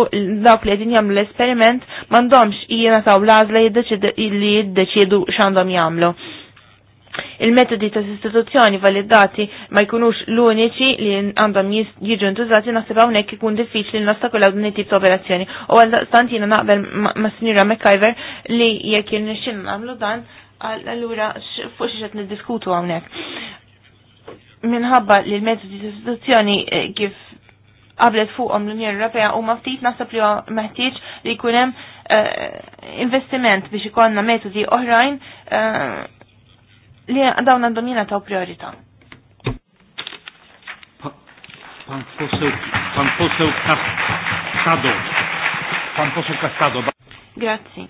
dawk li qegħdin jagħmlu l-esperiment m'għandhomx jingħataw l-għażla li jiddeċiedu x'għandhom jagħmlu il-metodi ta' istituzzjoni validati ma jkunux l-uniċi li għandhom jiġu ntużati naħseb hawnhekk ikun diffiċli nostakolaw din it-tip ta' operazzjoni. U għal jiena naqbel ma' Sinjura McIver li jekk jirnexxin nagħmlu dan allura fuq xi qed niddiskutu hawnhekk. Minħabba li l-metodi ta' istituzzjoni eh, kif qablet fuqhom l-Unjoni Ewropea huma ftit naħseb li meħtieġ li jkun hemm eh, investiment biex ikollna metodi oħrajn eh, li dawn għandhom jina taw priorita. Pan poseł, pan poseł Castaldo. Pan poseł kastado. Grazie.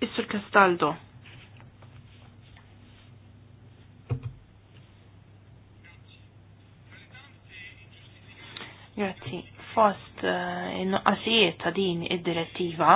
Isur kastaldo. Grazie. Fost uh, in-nuqqasijiet ta' din id-direttiva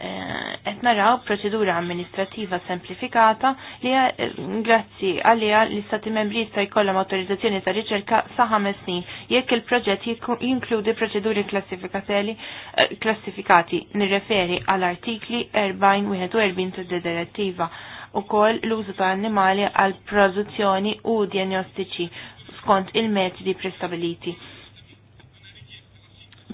Eh, qed naraw proċedura amministrativa semplifikata li eh, grazzi għalija l-istati membri jista' jkollhom awtorizzazzjoni ta' riċerka sa' ħames snin jekk il-proġett jinkludi proċeduri eh, klassifikati nirreferi għal artikli 41 ta' direttiva u kol l-użu ta' animali għal produzzjoni u diagnostiċi skont il-metodi prestabiliti.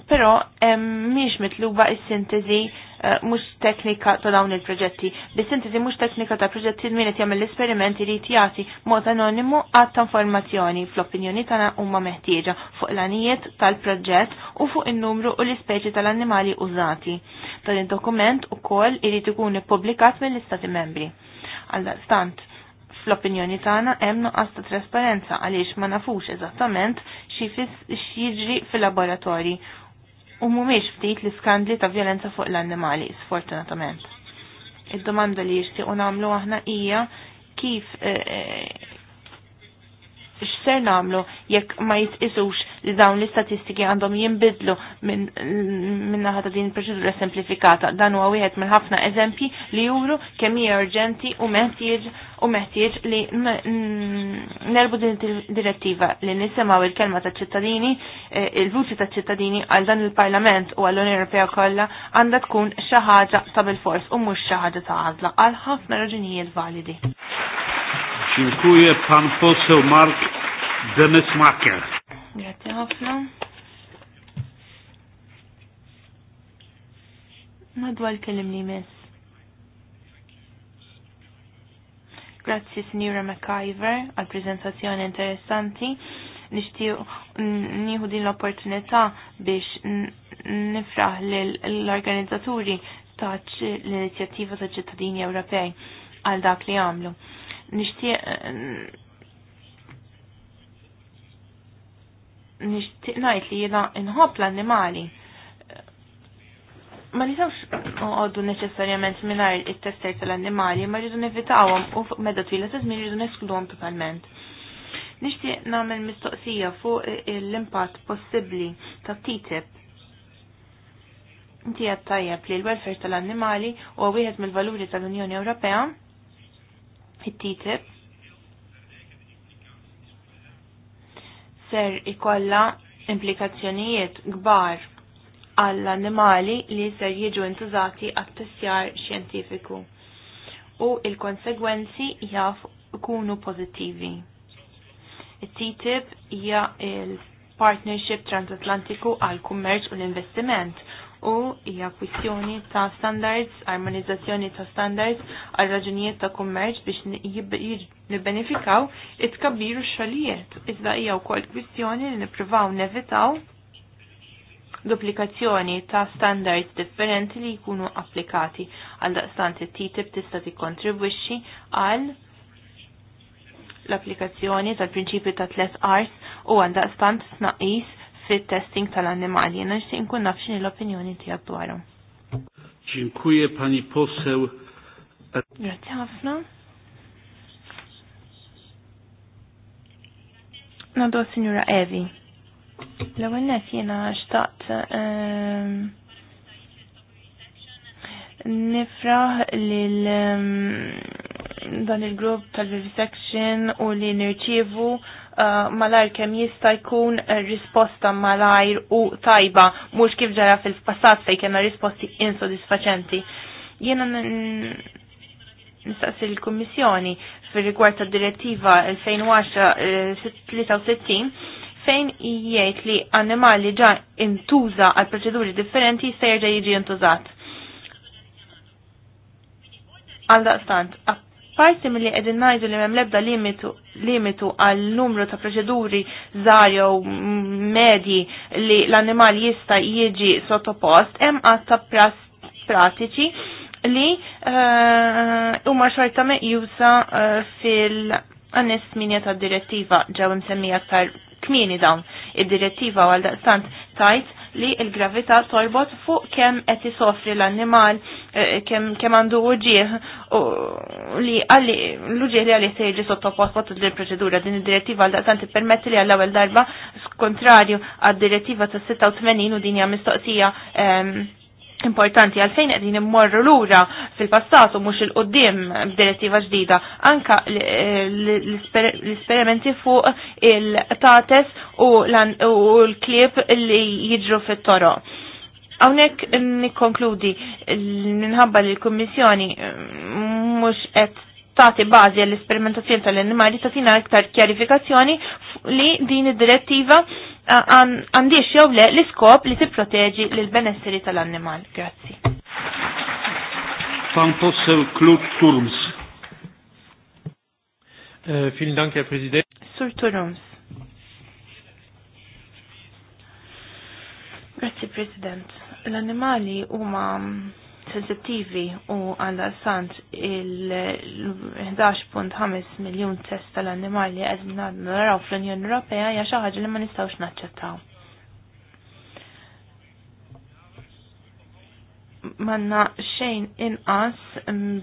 Pero miex mitluba is-sintesi Eh, mhux teknika ta' dawn il-proġetti. Bis-sintesi mhux teknika ta' proġetti min qed jagħmel l-esperimenti li jagħti mod anonimu għad ta' informazzjoni fl-opinjoni tagħna huma meħtieġa fuq l-anijiet tal-proġett u fuq in-numru u l-ispeċi tal-annimali użati. Dan id-dokument ukoll irid ikun ippubblikat mill-Istati Membri. Għalda stant, fl-opinjoni tagħna hemm nuqqas ta' trasparenza għaliex ma nafux eżattament xi jiġri fil-laboratorji u mumiex ftit li skandli ta' violenza fuq l-annimali, sfortunatament. Id-domanda li jishtiqu namlu aħna hija kif eh, eh, x'ser namlu jekk ma jitqisux li dawn l-istatistiki għandhom jinbidlu minn naħa ta' din il-proċedura semplifikata. Dan huwa wieħed minn ħafna eżempji li juru kemm hija urġenti u meħtieġ u meħtieġ li nerbu din direttiva li nisimgħu il-kelma ta' ċittadini, eh, il-vuċi ta' ċittadini għal dan il-Parlament u għall-Unjoni Ewropea kollha għandha tkun xi ħaġa ta' bil-fors u mhux xi ħaġa ta' għażla għal ħafna raġunijiet validi. Dziękuję. Pan poseł Mark Demesmaker. Grazie ħafna. Madwar kellim li mis. Grazzi Signora McIver għal prezentazzjoni interessanti. Nishtiju nieħu din l-opportunità biex nifraħ l-organizzaturi taċ l-inizjattiva ta' ċittadini Ewropej għal dak li għamlu. Nixtieq nixtieq ngħid li jena inħobb l-annimali. Ma nistgħux noqogħdu neċessarjament mingħajr il tester tal-annimali, ma rridu nevitawom u fuq medda twila t żmien rridu neskluwom totalment. Nixtieq nagħmel mistoqsija fuq l-impatt possibbli ta' TTIP Inti qed tajjeb li l-welfare tal-annimali huwa wieħed mill-valuri tal-Unjoni Ewropea it titib e. ser ikolla implikazzjonijiet kbar għall-annimali li ser jiġu intużati għat tessjar xjentifiku u il-konsegwenzi jaf kunu pozittivi. It-TTIP hija il-Partnership Transatlantiku għal kummerċ u l-Investiment u hija kwistjoni ta' standards, armonizzazzjoni ta' standards għal raġunijiet ta' kummerċ biex nibbenefikaw it-kabbiru xalijiet. Iżda hija wkoll kwistjoni li nippruvaw nevitaw duplikazzjoni ta' standards differenti li jkunu applikati għal daqstant it-TTIP tista' tikkontribwixxi għal l-applikazzjoni tal-prinċipju ta' tlet ars u għandaqstant tnaqqis fit-testing tal-annimali. Jena nixtieq nkun naf x'inhi l-opinjoni ti għadwaru. Dziękuję pani poseł. Grazie ħafna. Nadu signora Evi. L-ewwel nett jiena xtaqt ehm, nifraħ lil ehm, dan il-grupp tal-vivisection u li nirċievu uh, malajr kem jista' jkun uh, risposta malajr u tajba, mhux kif ġara fil-passat fej kena risposti insodisfaċenti. Jiena nistaqsi l-Kummissjoni fir-rigward tad-direttiva 2010-63 uh, fejn jgħid li annimali ġa intuża għal proċeduri differenti jista' jerġa' jiġi intużat. Għal daqstant, Parti mill-li qegħdin ngħidu li hemm lebda limitu għal numru ta' proċeduri żgħar jew medji li l-annimal jista' jiġi sottopost, hemm għatta ta' pratiċi li eh, huma xorta meqjusa eh, fil għannis minja ta' direttiva ġew msemmija aktar kmini dawn. Id-direttiva għal daqstant tajt li l-gravità torbot fuq kemm qed isofri l-annimal eh, kemm kemm għandu uġieħ li għalli l-uġieħ li għalli se jiġi sottopost waqt din proċedura din id-direttiva għal daqstant tippermetti li għall-ewwel darba skontrarju għad-direttiva tas-86 u din hija mistoqsija ehm, importanti għalfejn qegħdin immorru lura fil-passat u mhux il-qudiem b'direttiva ġdida. Anka l-esperimenti fuq il-tates u l-klieb li jiġru fit-toro. Hawnhekk nikkonkludi minħabba li l-Kummissjoni mm, mhux qed tagħti bażi għall-esperimentazzjoni tal animali tagħtina iktar kjarifikazzjoni li din id-direttiva għandix jowle l-iskop li t-proteġi l benessiri tal-annimal. Grazzi. Pan Possel Klut Turms. Fil eh, Dank, Herr Präsident. Sur Turms. Grazzi, President. L-annimali ma' sensittivi u għal sant il-11.5 miljon test tal-annimali għed naraw fl-Unjoni Ewropea hija xi ħaġa li ma nistgħux naċċettaw. Manna xejn inqas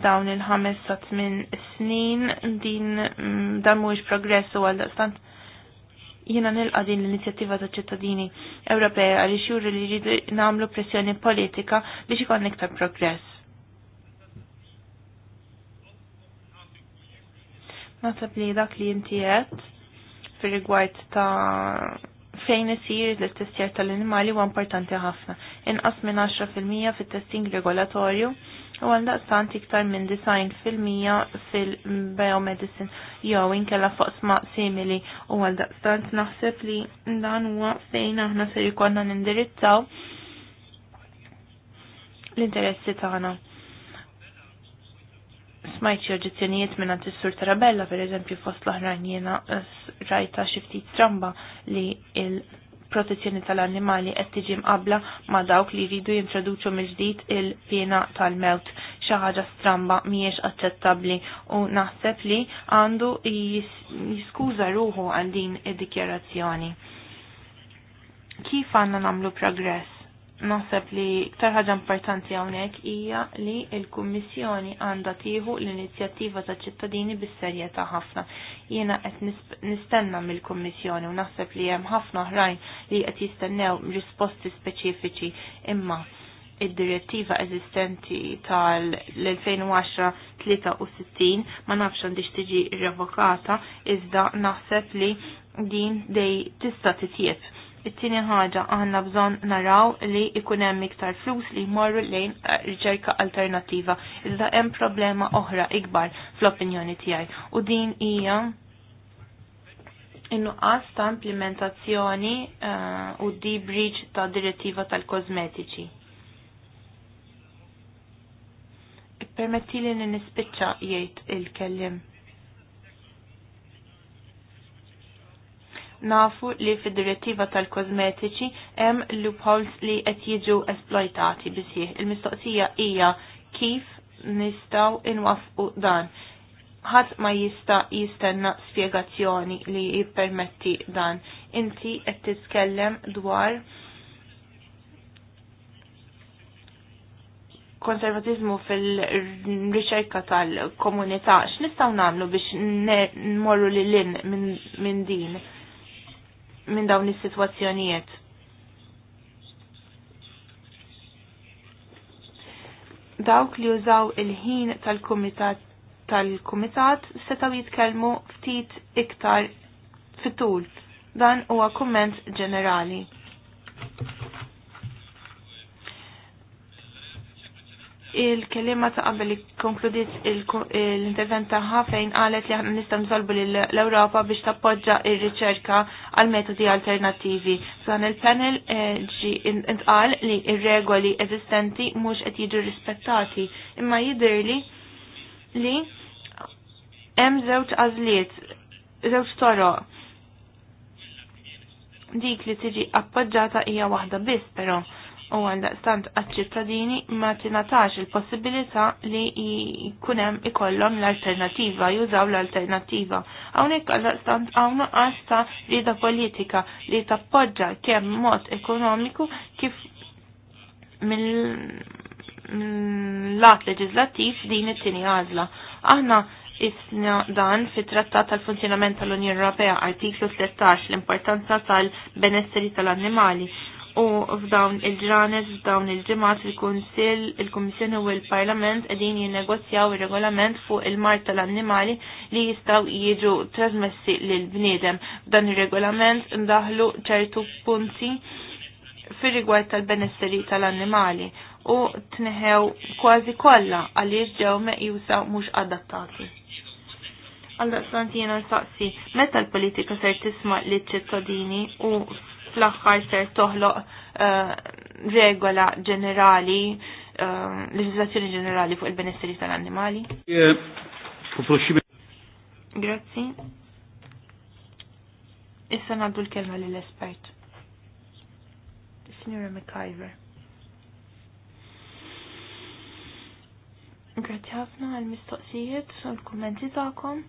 dawn il-ħames sa tmien snin din mm, dan mhuwiex progress u għal stant Jiena nilqa din l-inizjattiva ta' ċittadini Ewropea għaliex juri li jridu nagħmlu pressjoni politika biex ikon iktar progress. Naħseb li dak li inti qed fir-rigward ta' fejn isir l istessjer tal-animali huwa importanti ħafna. Inqas minn 10% fit-testing regolatorju u għal daqstant iktar minn design fil-mija fil-biomedicine jew inkella foqsma simili u għal daqstant naħseb li dan huwa fejn aħna se jkollna nindirizzaw l-interessi tagħna. Smajt xi oġġezzjonijiet minn sur Tarabella pereżempju fost l-oħrajn jiena rajta xi ftit stramba li il- protezzjoni tal-annimali qed tiġi mqabla ma' dawk li jridu jintroduċu mill-ġdid il-pjena tal-mewt xi ħaġa stramba mhijiex aċċettabbli u naħseb li għandu jiskuża ruħu għal din id-dikjerazzjoni. Kif għandna nagħmlu progress? naħseb li iktar ħaġa importanti hawnhekk hija li l-Kummissjoni għandha tieħu l-inizjattiva tal ċittadini bis-serjetà ħafna. Jiena qed nistenna mill-Kummissjoni u naħseb li hemm ħafna oħrajn li qed jistennew risposti speċifiċi imma id-direttiva eżistenti tal-2010-63 ma nafx għandix tiġi revokata iżda naħseb li din dej tista' titjieb It-tieni ħaġa aħna bżonn naraw li jkun hemm iktar flus li jmorru lejn eh, riċerka alternattiva. Iżda hemm problema oħra ikbar fl-opinjoni tiegħi u din hija in-nuqqas ta' implementazzjoni eh, u uh, di breach ta' direttiva tal-kosmetiċi. Permetti li nispiċċa jgħid il-kellim. nafu li fid-direttiva tal-kosmetiċi hemm loopholes li qed jiġu esploitati bisih. Il-mistoqsija hija kif nistgħu inwafqu dan. Ħadd ma jista' jistenna spjegazzjoni li jippermetti dan. Inti qed titkellem dwar konservatizmu fil-riċerka tal-komunità, x'nistgħu nagħmlu biex morru lil lin minn din minn dawn is-sitwazzjonijiet. Dawk li użaw il-ħin tal-kumitat tal-kumitat setaw jitkellmu ftit iktar fitul. Dan huwa kumment ġenerali. il-kelima ta' qabel li konkludiet l-intervent ta' ħafejn qalet li aħna nista' nżolbu l-Ewropa biex tappoġġa ir-riċerka għal metodi alternattivi. Dan il-panel eh, ġi intqal li ir-regoli eżistenti mhux qed jiġu rispettati, imma jidhirli li hemm żewġ għażliet, żewġ toroq. Dik li tiġi appoġġata hija waħda biss però u għandaqstant għat-ċittadini ma tinatax il-possibilità li jkunem ikollhom l-alternativa, jużaw l-alternativa. Hawnhekk għandaqstant hawn nuqqas ta' da politika li tappoġġa kemm mod ekonomiku kif mill-lat leġislattiv din it-tieni għażla. Aħna isna dan fit trattat tal-funzjonament tal-Unjoni Ewropea artiklu 13 l-importanza tal-benesseri tal-annimali u f'dawn il-ġranet, f'dawn il-ġimat, il-Kunsil, il-Kommissjoni u il-Parlament edin jinnegozjaw il-regolament fuq il-mart tal-annimali li jistaw jiġu trasmessi lil-bniedem. F'dan il-regolament ndaħlu ċertu punti fir-rigward tal-benesseri tal-annimali u tneħew kważi kollha għaliex ġew meqjusa mhux adattati. Għalla santina saqsi, meta l-politika ser tisma' liċ ċittadini u fl-aħħar ser toħloq eh, regola ġenerali, eh, leġislazzjoni ġenerali fuq il-benesseri tal-annimali. Grazzi. Issa naddu l-kelma lill-espert. Signora McIver. Grazzi ħafna għal-mistoqsijiet għal kommenti ta'kom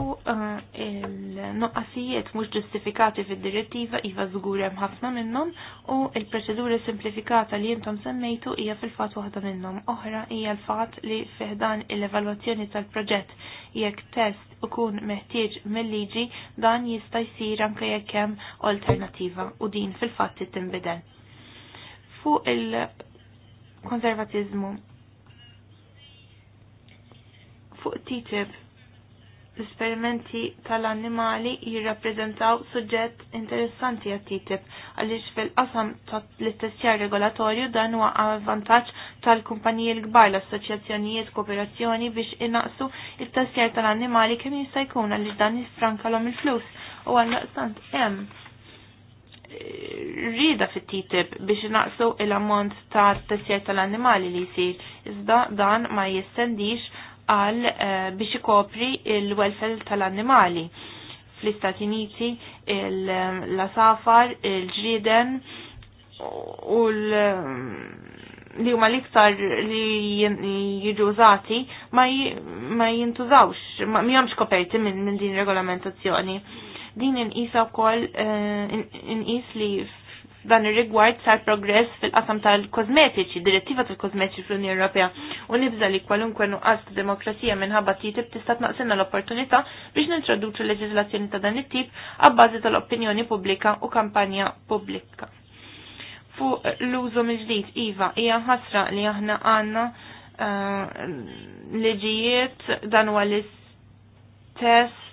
fuq eh, il-noqqasijiet mhux ġustifikati fid-direttiva iva żgur hemm ħafna minnhom u l-proċedura simplifikata li intom semmejtu hija fil-fatt waħda minnhom. Oħra hija l-fatt li fiħdan l-evalwazzjoni tal-proġett jekk test ikun meħtieġ mill-liġi dan jista' jsir anke jekk hemm alternattiva u din fil-fatt tittinbidel. Fuq il-konservatizmu fuq TTIP l-esperimenti tal-annimali jirrappreżentaw suġġett interessanti għat TTIP għaliex fil-qasam l istessjar regolatorju dan huwa għavantaċ tal-kumpaniji l-kbar l-assoċjazzjonijiet kooperazzjoni biex innaqsu l tessjar tal-annimali kemm jista' jkun għaliex dan jisfrankalhom il-flus u għallaqstant hemm eh, rida fit titib biex naqsu il-ammont ta' tessjer tal-annimali li jisir, iżda dan ma jistendix għal eh, biex ikopri il-welfare tal-annimali. Fl-Istati Uniti l-asafar, il-ġriden u l- li huma l-iktar li jiġużati ma jintużawx, ma jomx koperti minn din regolamentazzjoni. Din inqisa wkoll eh, inqis li Dan ir-rigward sar progress fil-qasam tal-kosmetiċi, direttiva tal-kosmetiċi fl-Unjoni Ewropea u nibża li kwalunkwe nuqqas ta' demokrazija minħabba TTIP tista' tnaqsilna l-opportunità biex nintroduċu leġiżlazzjoni ta' dan it-tip għabbażi tal-opinjoni pubblika u kampanja pubblika. Fuq l-użu mill-ġdid, Iva, hija ħasra li aħna għandna leġijiet eh, liġijiet dan huwa l-istess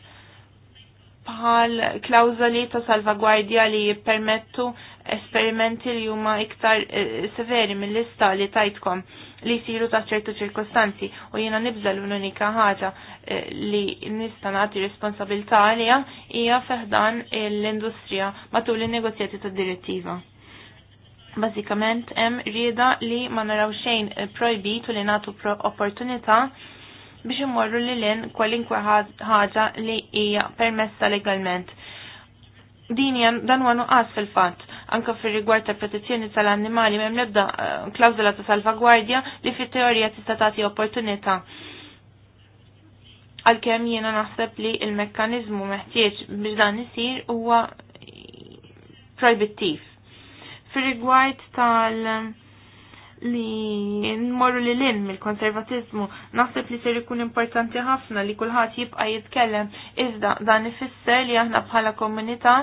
bħal klawżoli ta' salvagwardja li jippermettu esperimenti li huma iktar eh, severi mill-lista li tajtkom li siru ta' ċertu ċirkostanzi u jiena nibżal l-unika ħaġa eh, li nista' nagħti responsabilità għalija hija feħdan l-industrija matul in-negozjati tad-direttiva. Bażikament hemm rieda li ma naraw xejn eh, projbit u li nagħtu opportunità biex imorru li lin kwalinkwe ħaġa li hija permessa legalment. Din dan wanu qas fil-fatt anka fir rigward ta' protezzjoni tal-annimali m'hemm nebda eh, klawzula ta' salvagwardja li fit-teorija tista' tagħti opportunità. Għalkemm jiena naħseb li il-mekkaniżmu meħtieġ biex dan isir huwa projbittiv. Fir rigward tal- li nmorru li l-in mill-konservatizmu, naħseb li ser ikun importanti ħafna li kulħadd jibqa' jitkellem iżda dan ifisser li aħna bħala komunità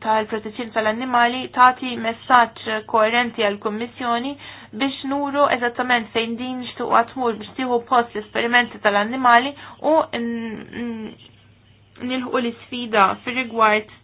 tal-protezzjoni tal-annimali tagħti messaġġ koerenti għall kummissjoni biex nuru eżattament fejn din xtuq għatmur biex tieħu post l-esperimenti tal-annimali u nilħu l-isfida fir-rigward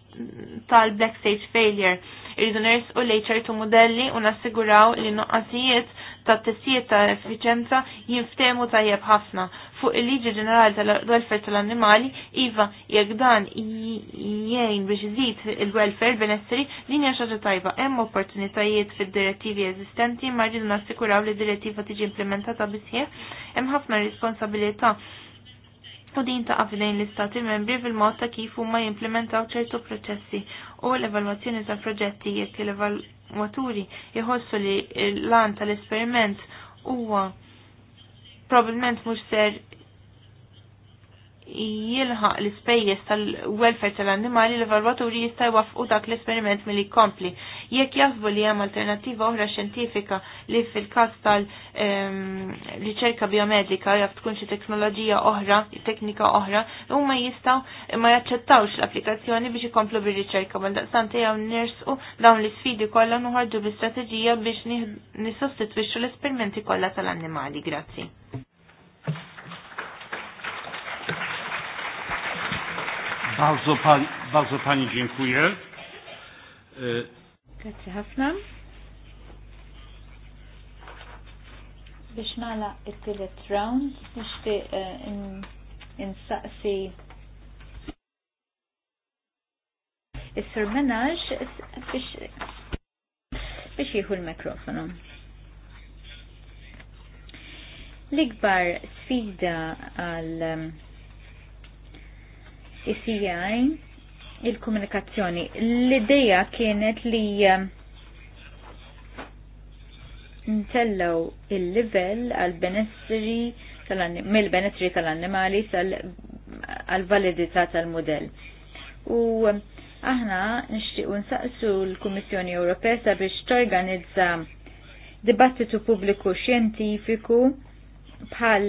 tal-black stage failure. Irridu nersqu lejn ċertu modelli u nassiguraw li noqqasijiet ta' tessijiet ta' effiċenza jinftemu tajjeb ħafna. Fuq il-liġi ġenerali tal-welfare tal-annimali, iva jekk dan jgħin biex iżid il-welfare benessri din hija xaġa tajba. Hemm opportunitajiet fid-direttivi eżistenti ma rridu nassikuraw li direttiva tiġi implementata bisħieħ. Hemm ħafna responsabilità u din ta' fidejn l-istati membri fil-mod ta' kif huma jimplementaw ċertu proċessi u l-evalwazzjoni ta' proġetti jekk maturi jħossu li l an tal-esperiment huwa probabbilment mhux ser jilħaq l-ispejjeż tal-welfare tal-annimali l-evalwaturi jista' jwaffqu dak l-esperiment milli jkompli jekk jaħbu li hemm alternattiva oħra xjentifika li fil-każ tal-riċerka ehm, biomedika jaf tkun xi teknoloġija oħra, teknika oħra, huma jistgħu ma jaċċettawx l-applikazzjoni biex ikomplu bir-riċerka bal daqstant jew nirsqu dawn l-isfidi kollha nuħarġu bl-istrateġija biex nissostitwixxu l-esperimenti kollha tal-annimali. Grazzi. Bardzo, pa, bardzo Pani dziękuję. E, Grazie ħafna. Biex nala it-tillet round, nishtiq eh, insaqsi Is-Sir Menax biex jieħu l-mikrofonu. L-ikbar sfida għal ICI eh, il-komunikazzjoni. L-ideja kienet li eh, ntellaw il-livell għal-benessri mill-benessri tal-annimali għal-validità tal model U eh, aħna nixtiequ nsaqsu l-Kummissjoni Ewropea sabiex torganizza dibattitu pubbliku xjentifiku bħal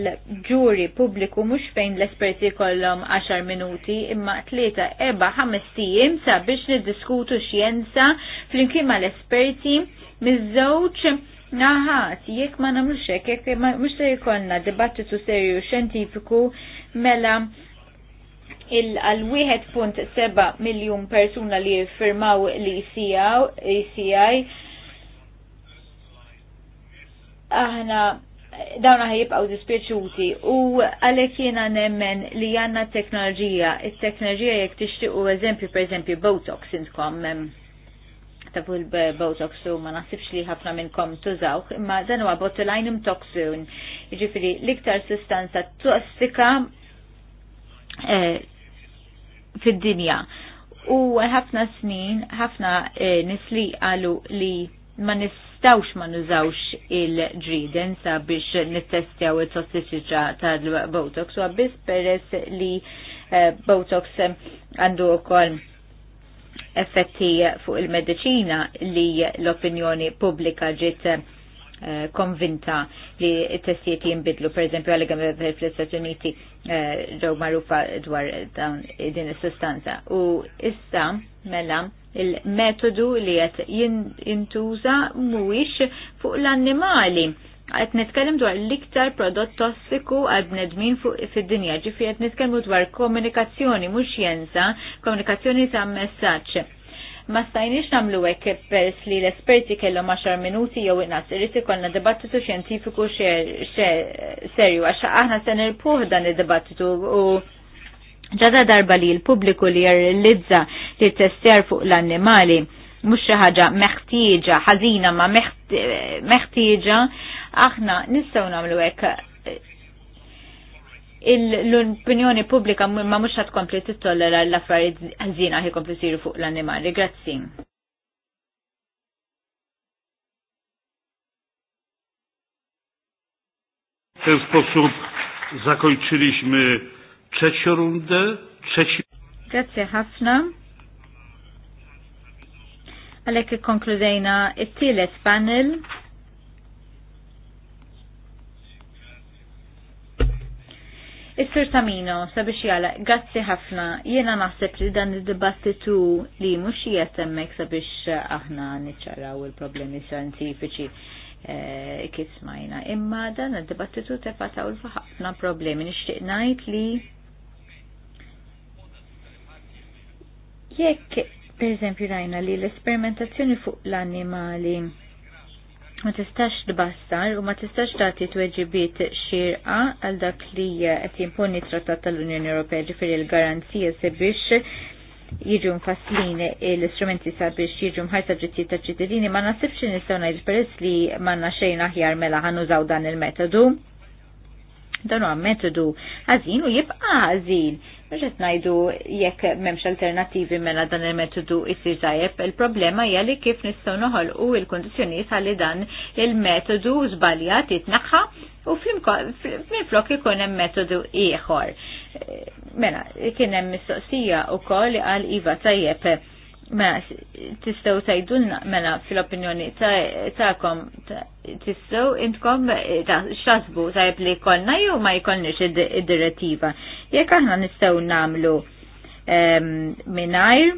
ġuri pubbliku mhux fejn l-esperti kollom 10 minuti imma tlieta eba ħames tiem sabiex niddiskutu xjenza flimkien mal esperti miż-żewġ naħat jekk ma nagħmlux hekk jekk mhux se jkollna dibattitu serju xjentifiku mela il-1.7 miljun persuna li firmaw li jisijaj, e aħna dawna ħajibqaw dispieċuti u għalek jena nemmen li għanna teknoloġija, il-teknoloġija jek u eżempju per eżempju Botox intkom tafu il-Botox u ma nasibx li ħafna minnkom tużaw, imma dan huwa botulinum toxin, jiġifieri l-iktar sustanza tossika eh, fid-dinja. U ħafna snin, ħafna eh, nisli qalu li ma nis nistawx ma nużawx il-ġriden sabiex nittestjaw il-tossiċiċa tal-Botox u għabbis peress li eh, Botox eh, għandu kol effetti fuq il-medicina li l-opinjoni pubblika ġiet eh, konvinta li t-testijiet jimbidlu, per eżempju, għallegħam fl istat Uniti ġew marufa dwar din is-sustanza. U issa mela il-metodu li qed jintuża mhuwiex fuq l-annimali. Qed nitkellem dwar l-iktar prodott tossiku għal bnedmin fid-dinja, ġifri għet nitkellmu dwar komunikazzjoni mhux jenza, komunikazzjoni ta' messaġġ ma stajniex namlu hekk pers li l-esperti kellhom maċar minuti jew inqas irid ikollna dibattitu xjentifiku serju għax aħna se puħ dan id debattitu u Ġada darba li l-pubbliku li jirrealizza li tester fuq l-annimali mux xi ħaġa meħtieġa, ħażina ma meħtieġa, aħna nistgħu nagħmlu hekk l-opinjoni pubblika ma mhux ħad kompli t-tollera l-affarijiet ħażina ħi kompli siru fuq l-annimali. Grazzi. W ten sposób zakończyliśmy Trzecią rundę, Grazie ħafna. Għalek konkludejna it-tielet panel. Is-Sir Tamino, sabiex jala, grazzi ħafna, jiena naħseb li dan id-dibattitu li mux jgħatemmek sabiex aħna niċċaraw il-problemi scientifiċi e, eh, kif smajna. Imma dan id-dibattitu tefataw l faħna problemi. Nixtieq ngħid li Jekk, per eżempju, rajna li l-esperimentazzjoni fuq l-annimali ma tistax tbassar u ma tistax tagħti tweġibiet xirqa għal dak li qed jimponi trattat tal-Unjoni Ewropea ġifieri l-garanzija sabiex jiġu mfasslin l-istrumenti sabiex jiġu mħarsa ġittijiet ta' ċittadini ma nasibx nistgħu ngħid peress li m'għandna xejn aħjar mela ħanużaw dan il-metodu dan huwa metodu għażin u jibqa' għażin. Mhux ngħidu jekk m'hemmx alternattivi mela dan il-metodu jsir tajjeb, il-problema hija li kif nistgħu noħolqu il-kundizzjonijiet għalli dan il-metodu żbaljat jitnaħħa u fl-flok ikun hemm metodu ieħor. Eh, mela, kien hemm mistoqsija wkoll għal iva tajjeb Mela, tistaw tajdunna mela, fil-opinjoni ta'kom, tistaw intkom xasbu ta' li konna jew ma jkollniex id-direttiva. Jekk aħna nistaw namlu minajr,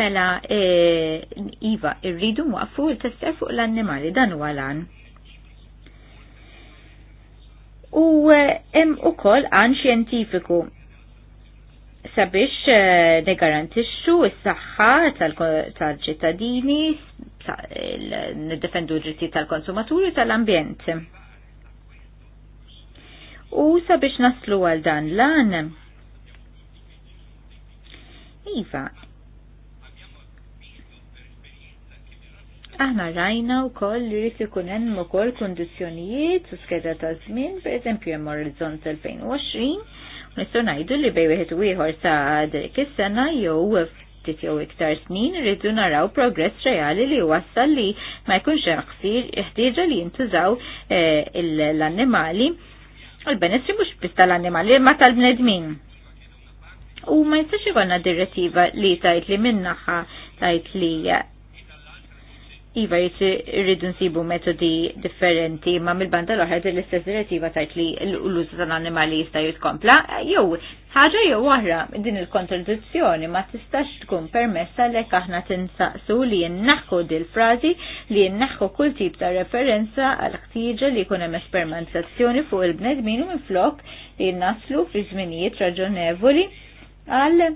mela, e, Iva, irridu muqfu il-tester fuq l-annimali, dan u għalan. U hemm ukoll għan xjentifiku sabiex eh, garantixxu s-saħħa tal-ċittadini, nidefendu defendu dritti tal-konsumaturi tal-ambjent. U sabiex naslu għal dan lan. Iva, Aħna rajna u koll li rrit ikun hemm ukoll kondizjonijiet u skeda ta' żmien, pereżempju hemm Orizzont 2020, Nistgħu ngħidu li bej wieħed ieħor sa dik is-sena jew ftit jew iktar snin irridu naraw progress reali li wassal li ma jkunx ħsir ħtieġa li jintużaw eh, l-annimali l benessri mhux biss tal-annimali ma tal-bnedmin. U ma jistax ikollna direttiva li tajt li minnaħa tajt li Iva rridu nsibu metodi differenti ma mill-banda l-oħra l-istess direttiva tajt li l-użu tal-animali jista' jitkompla, jew ħaġa jew wahra din il-kontradizzjoni ma tistax tkun permessa lek aħna tinsaqsu li jennaħku dil frazi li jennaħku kull tip ta' referenza għal ħtieġa li jkun hemm espermentazzjoni fuq il-bnedmin u flok li jinnaslu fi żminijiet raġonevoli għal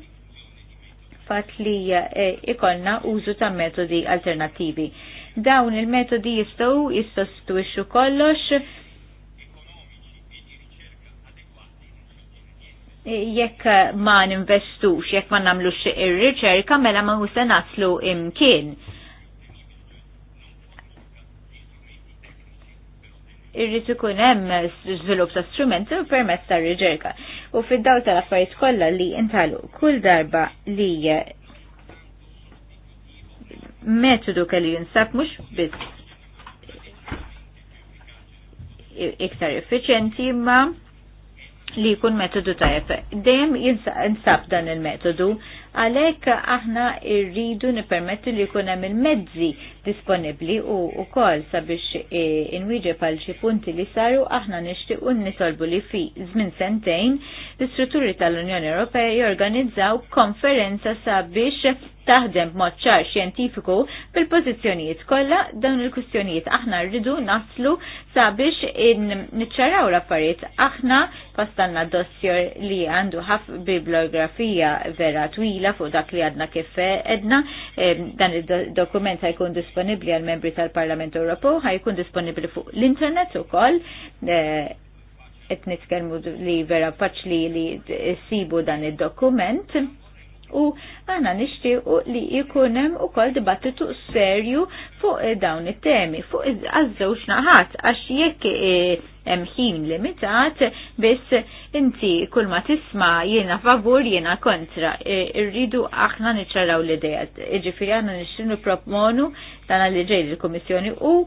Fatt fat li eh, ikolna użu ta' metodi alternativi. Dawn il-metodi jistow jistostituixxu kollox jekk ma ninvestux, jekk ma namlux ir-riċerka mela ma se naslu imkien irrid ikun hemm żvilupp ta' strumenti u permezz ta' riġerka U fid-daw tal-affarijiet kollha li intalu kull darba li metodu kelli jinsab mhux biss iktar effiċenti ma li jkun metodu tajjeb. Dejjem jinsab dan il-metodu Għalhekk aħna rridu nippermettu li jkun hemm il-mezzi disponibbli u wkoll sabiex e, inwiġe għal xi punti li saru aħna nixtiequ nisolbu li fi żmien sentejn l-istrutturi tal-Unjoni Ewropea jorganizzaw konferenza sabiex taħdem b'mod ċar xjentifiku fil-pożizzjonijiet kollha dawn il-kwistjonijiet aħna rridu naslu sabiex niċċaraw l-affarijiet aħna pastanna dossier li għandu ħaf bibliografija vera twila fuq dak li għadna kif edna dan il-dokument ħajkun disponibli għal membri tal-Parlament Ewropew ħajkun disponibli fuq l-internet ukoll eh, qed nitkellmu li vera faċli li sibu dan id-dokument. U għana nishtiqu li jikunem u kol dibattitu serju fuq eh, dawn it-temi, fuq għazzewx naħat, għax jekk eh, emħin limitat, biss inti kull ma tisma jiena favur jiena kontra, eh, irridu aħna niċċaraw l-idejat, ġifiri għana nixtinu propmonu dan li ġej l-Komissjoni u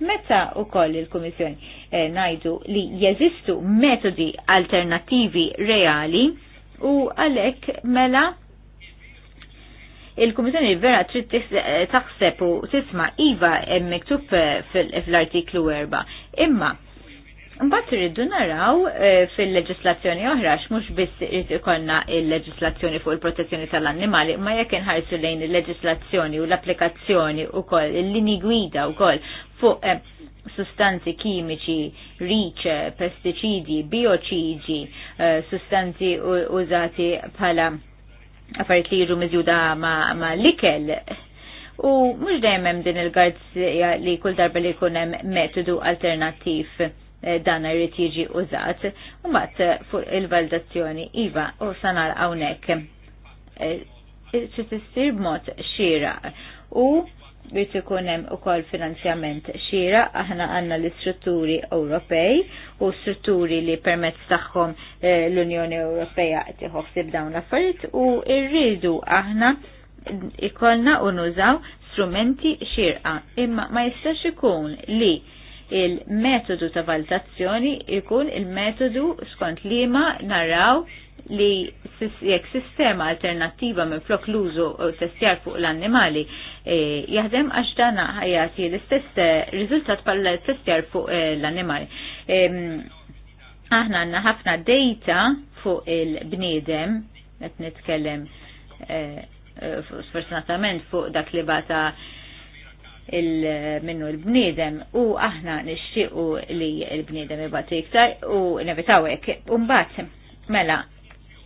Meta u koll il-Komissjoni eh, najdu li jeżistu metodi alternativi reali u għalek mela il-Komissjoni vera trid eh, taħseb u tisma' iva hemm miktub eh, fl-artiklu 4. Imma Mbagħad rridu naraw eh, fil-leġislazzjoni oħra mux biss irid ikollna il-leġislazzjoni fuq il-protezzjoni tal-annimali, ma jekk inħarsu lejn il-leġislazzjoni u l-applikazzjoni wkoll il-lini gwida wkoll fuq eh, sustanzi kimiċi, riċ, pestiċidi, bioċidi, eh, sustanzi użati bħala affarijiet li jiġu miżjuda ma' likel. ikel U mhux dejjem din il-garzija li kull darba li jkun hemm metodu alternattiv Eh, dan irrid jiġi użat. U mbagħad eh, fuq il-validazzjoni iva u sanar hawnhekk se eh, tisir b'mod xieraq u biex ikun hemm ukoll finanzjament xira, aħna għandna l-istrutturi Ewropej u strutturi li permezz tagħhom l-Unjoni Ewropea qed iħossib dawn l-affarijiet u rridu aħna ikollna u nużaw strumenti xirqa imma ma jistax ikun li il-metodu ta' valutazzjoni ikun il-metodu skont li ma naraw li jekk sistema alternativa minn flok l-użu u testjar fuq l-annimali eh, jaħdem għax dana ħajati l-istess eh, riżultat pal testjar fuq eh, l-annimali. Aħna għanna ħafna data fuq il-bniedem, qed nitkellem sfortunatament fuq dak li bata minnu l-bniedem u aħna nixtiequ li l-bniedem ibati iktar u nevitaw hekk mbagħad mela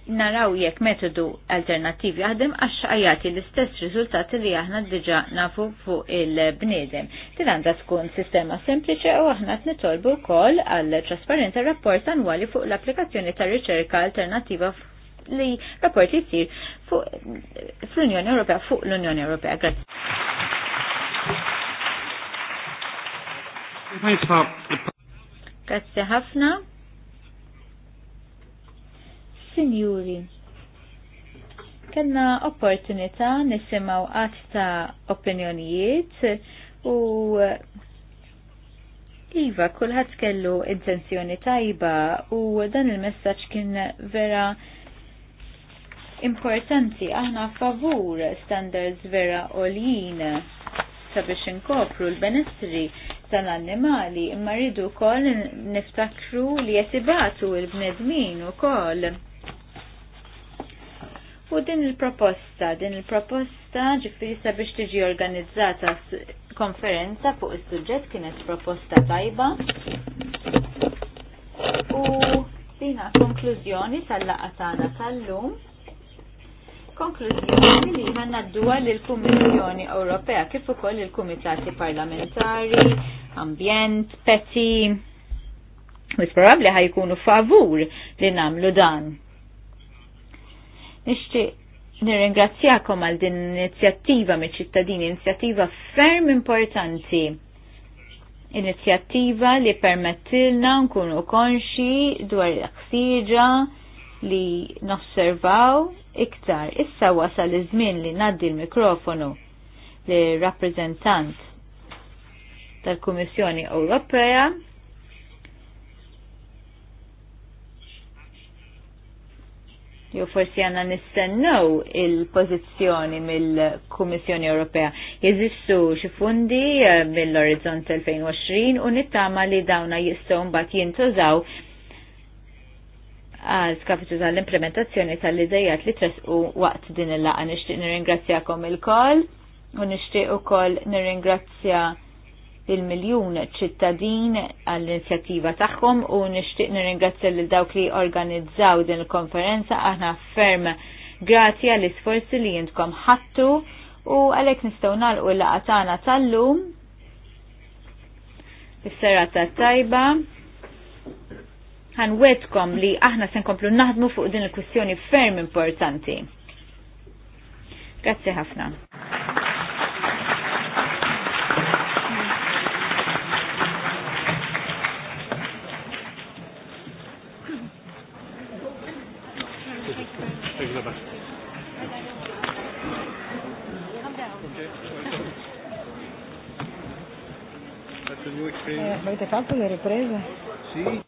naraw jekk metodu alternattiv jaħdem għax għajati l-istess rizultat li aħna diġa nafu fuq il-bniedem. Din għandha tkun sistema sempliċi u aħna t nitolbu wkoll għal trasparenza rapport annwali fuq l-applikazzjoni ta' riċerka alternattiva li rapport li jsir fuq l-Unjoni Ewropea fuq l-Unjoni Ewropea. Grazie. Grazzi ħafna. Signori, kellna opportunità nisimaw għat ta' opinjonijiet u Iva, kulħadd kellu intenzjoni tajba u dan il-messaġġ kien vera importanti aħna favur standards vera olin sabiex inkopru l-benessri tal-annimali, imma rridu wkoll niftakru li jesibatu il l-bnedmin ukoll. U din il-proposta, din il-proposta ġifieri sabiex tiġi organizzata konferenza fuq is-suġġett kienet proposta tajba. U dina konklużjoni tal-laqatana tal-lum. Konklużjoni li ħanna d-dua l-Kummissjoni Ewropea kif ukoll il-Kumitati Parlamentari, Ambjent, Peti, mis probabli ħajkunu favur li namlu dan. Nixtieq nirringrazzjakom għal din inizjattiva me ċittadini, inizjattiva ferm importanti. Inizjattiva li permettilna nkunu konxi dwar l-aksiġa, li nosservaw iktar. Issa wasal iż-żmien li naddi l-mikrofonu li rappresentant tal-Kummissjoni Ewropea jew forsi għanna nistennew il-pozizjoni mill-Kummissjoni Ewropea. Jeżistu xi fundi eh, mill-Orizzont 2020 u nittama li dawna jistgħu mbagħad jintużaw għal skapitu tal-implementazzjoni tal-idejat li tresqu waqt din il-laqa. Nishtiq nirringrazzjakom il-koll u nishtiq u koll nirringrazzja il-miljun ċittadin għall-inizjattiva tagħhom u nixtieq nirringrazzja lil dawk li organizzaw din il-konferenza aħna ferm grati għall-isforzi li jintkom ħattu u għalhekk nistgħu nagħlqu l-laqgħa tagħna tal-lum is-serata tajba ħanwetkom li aħna se nkomplu naħdmu fuq din il-kwistjoni ferm importanti. Grazie ħafna. Eh, avete fatto le riprese? Sì.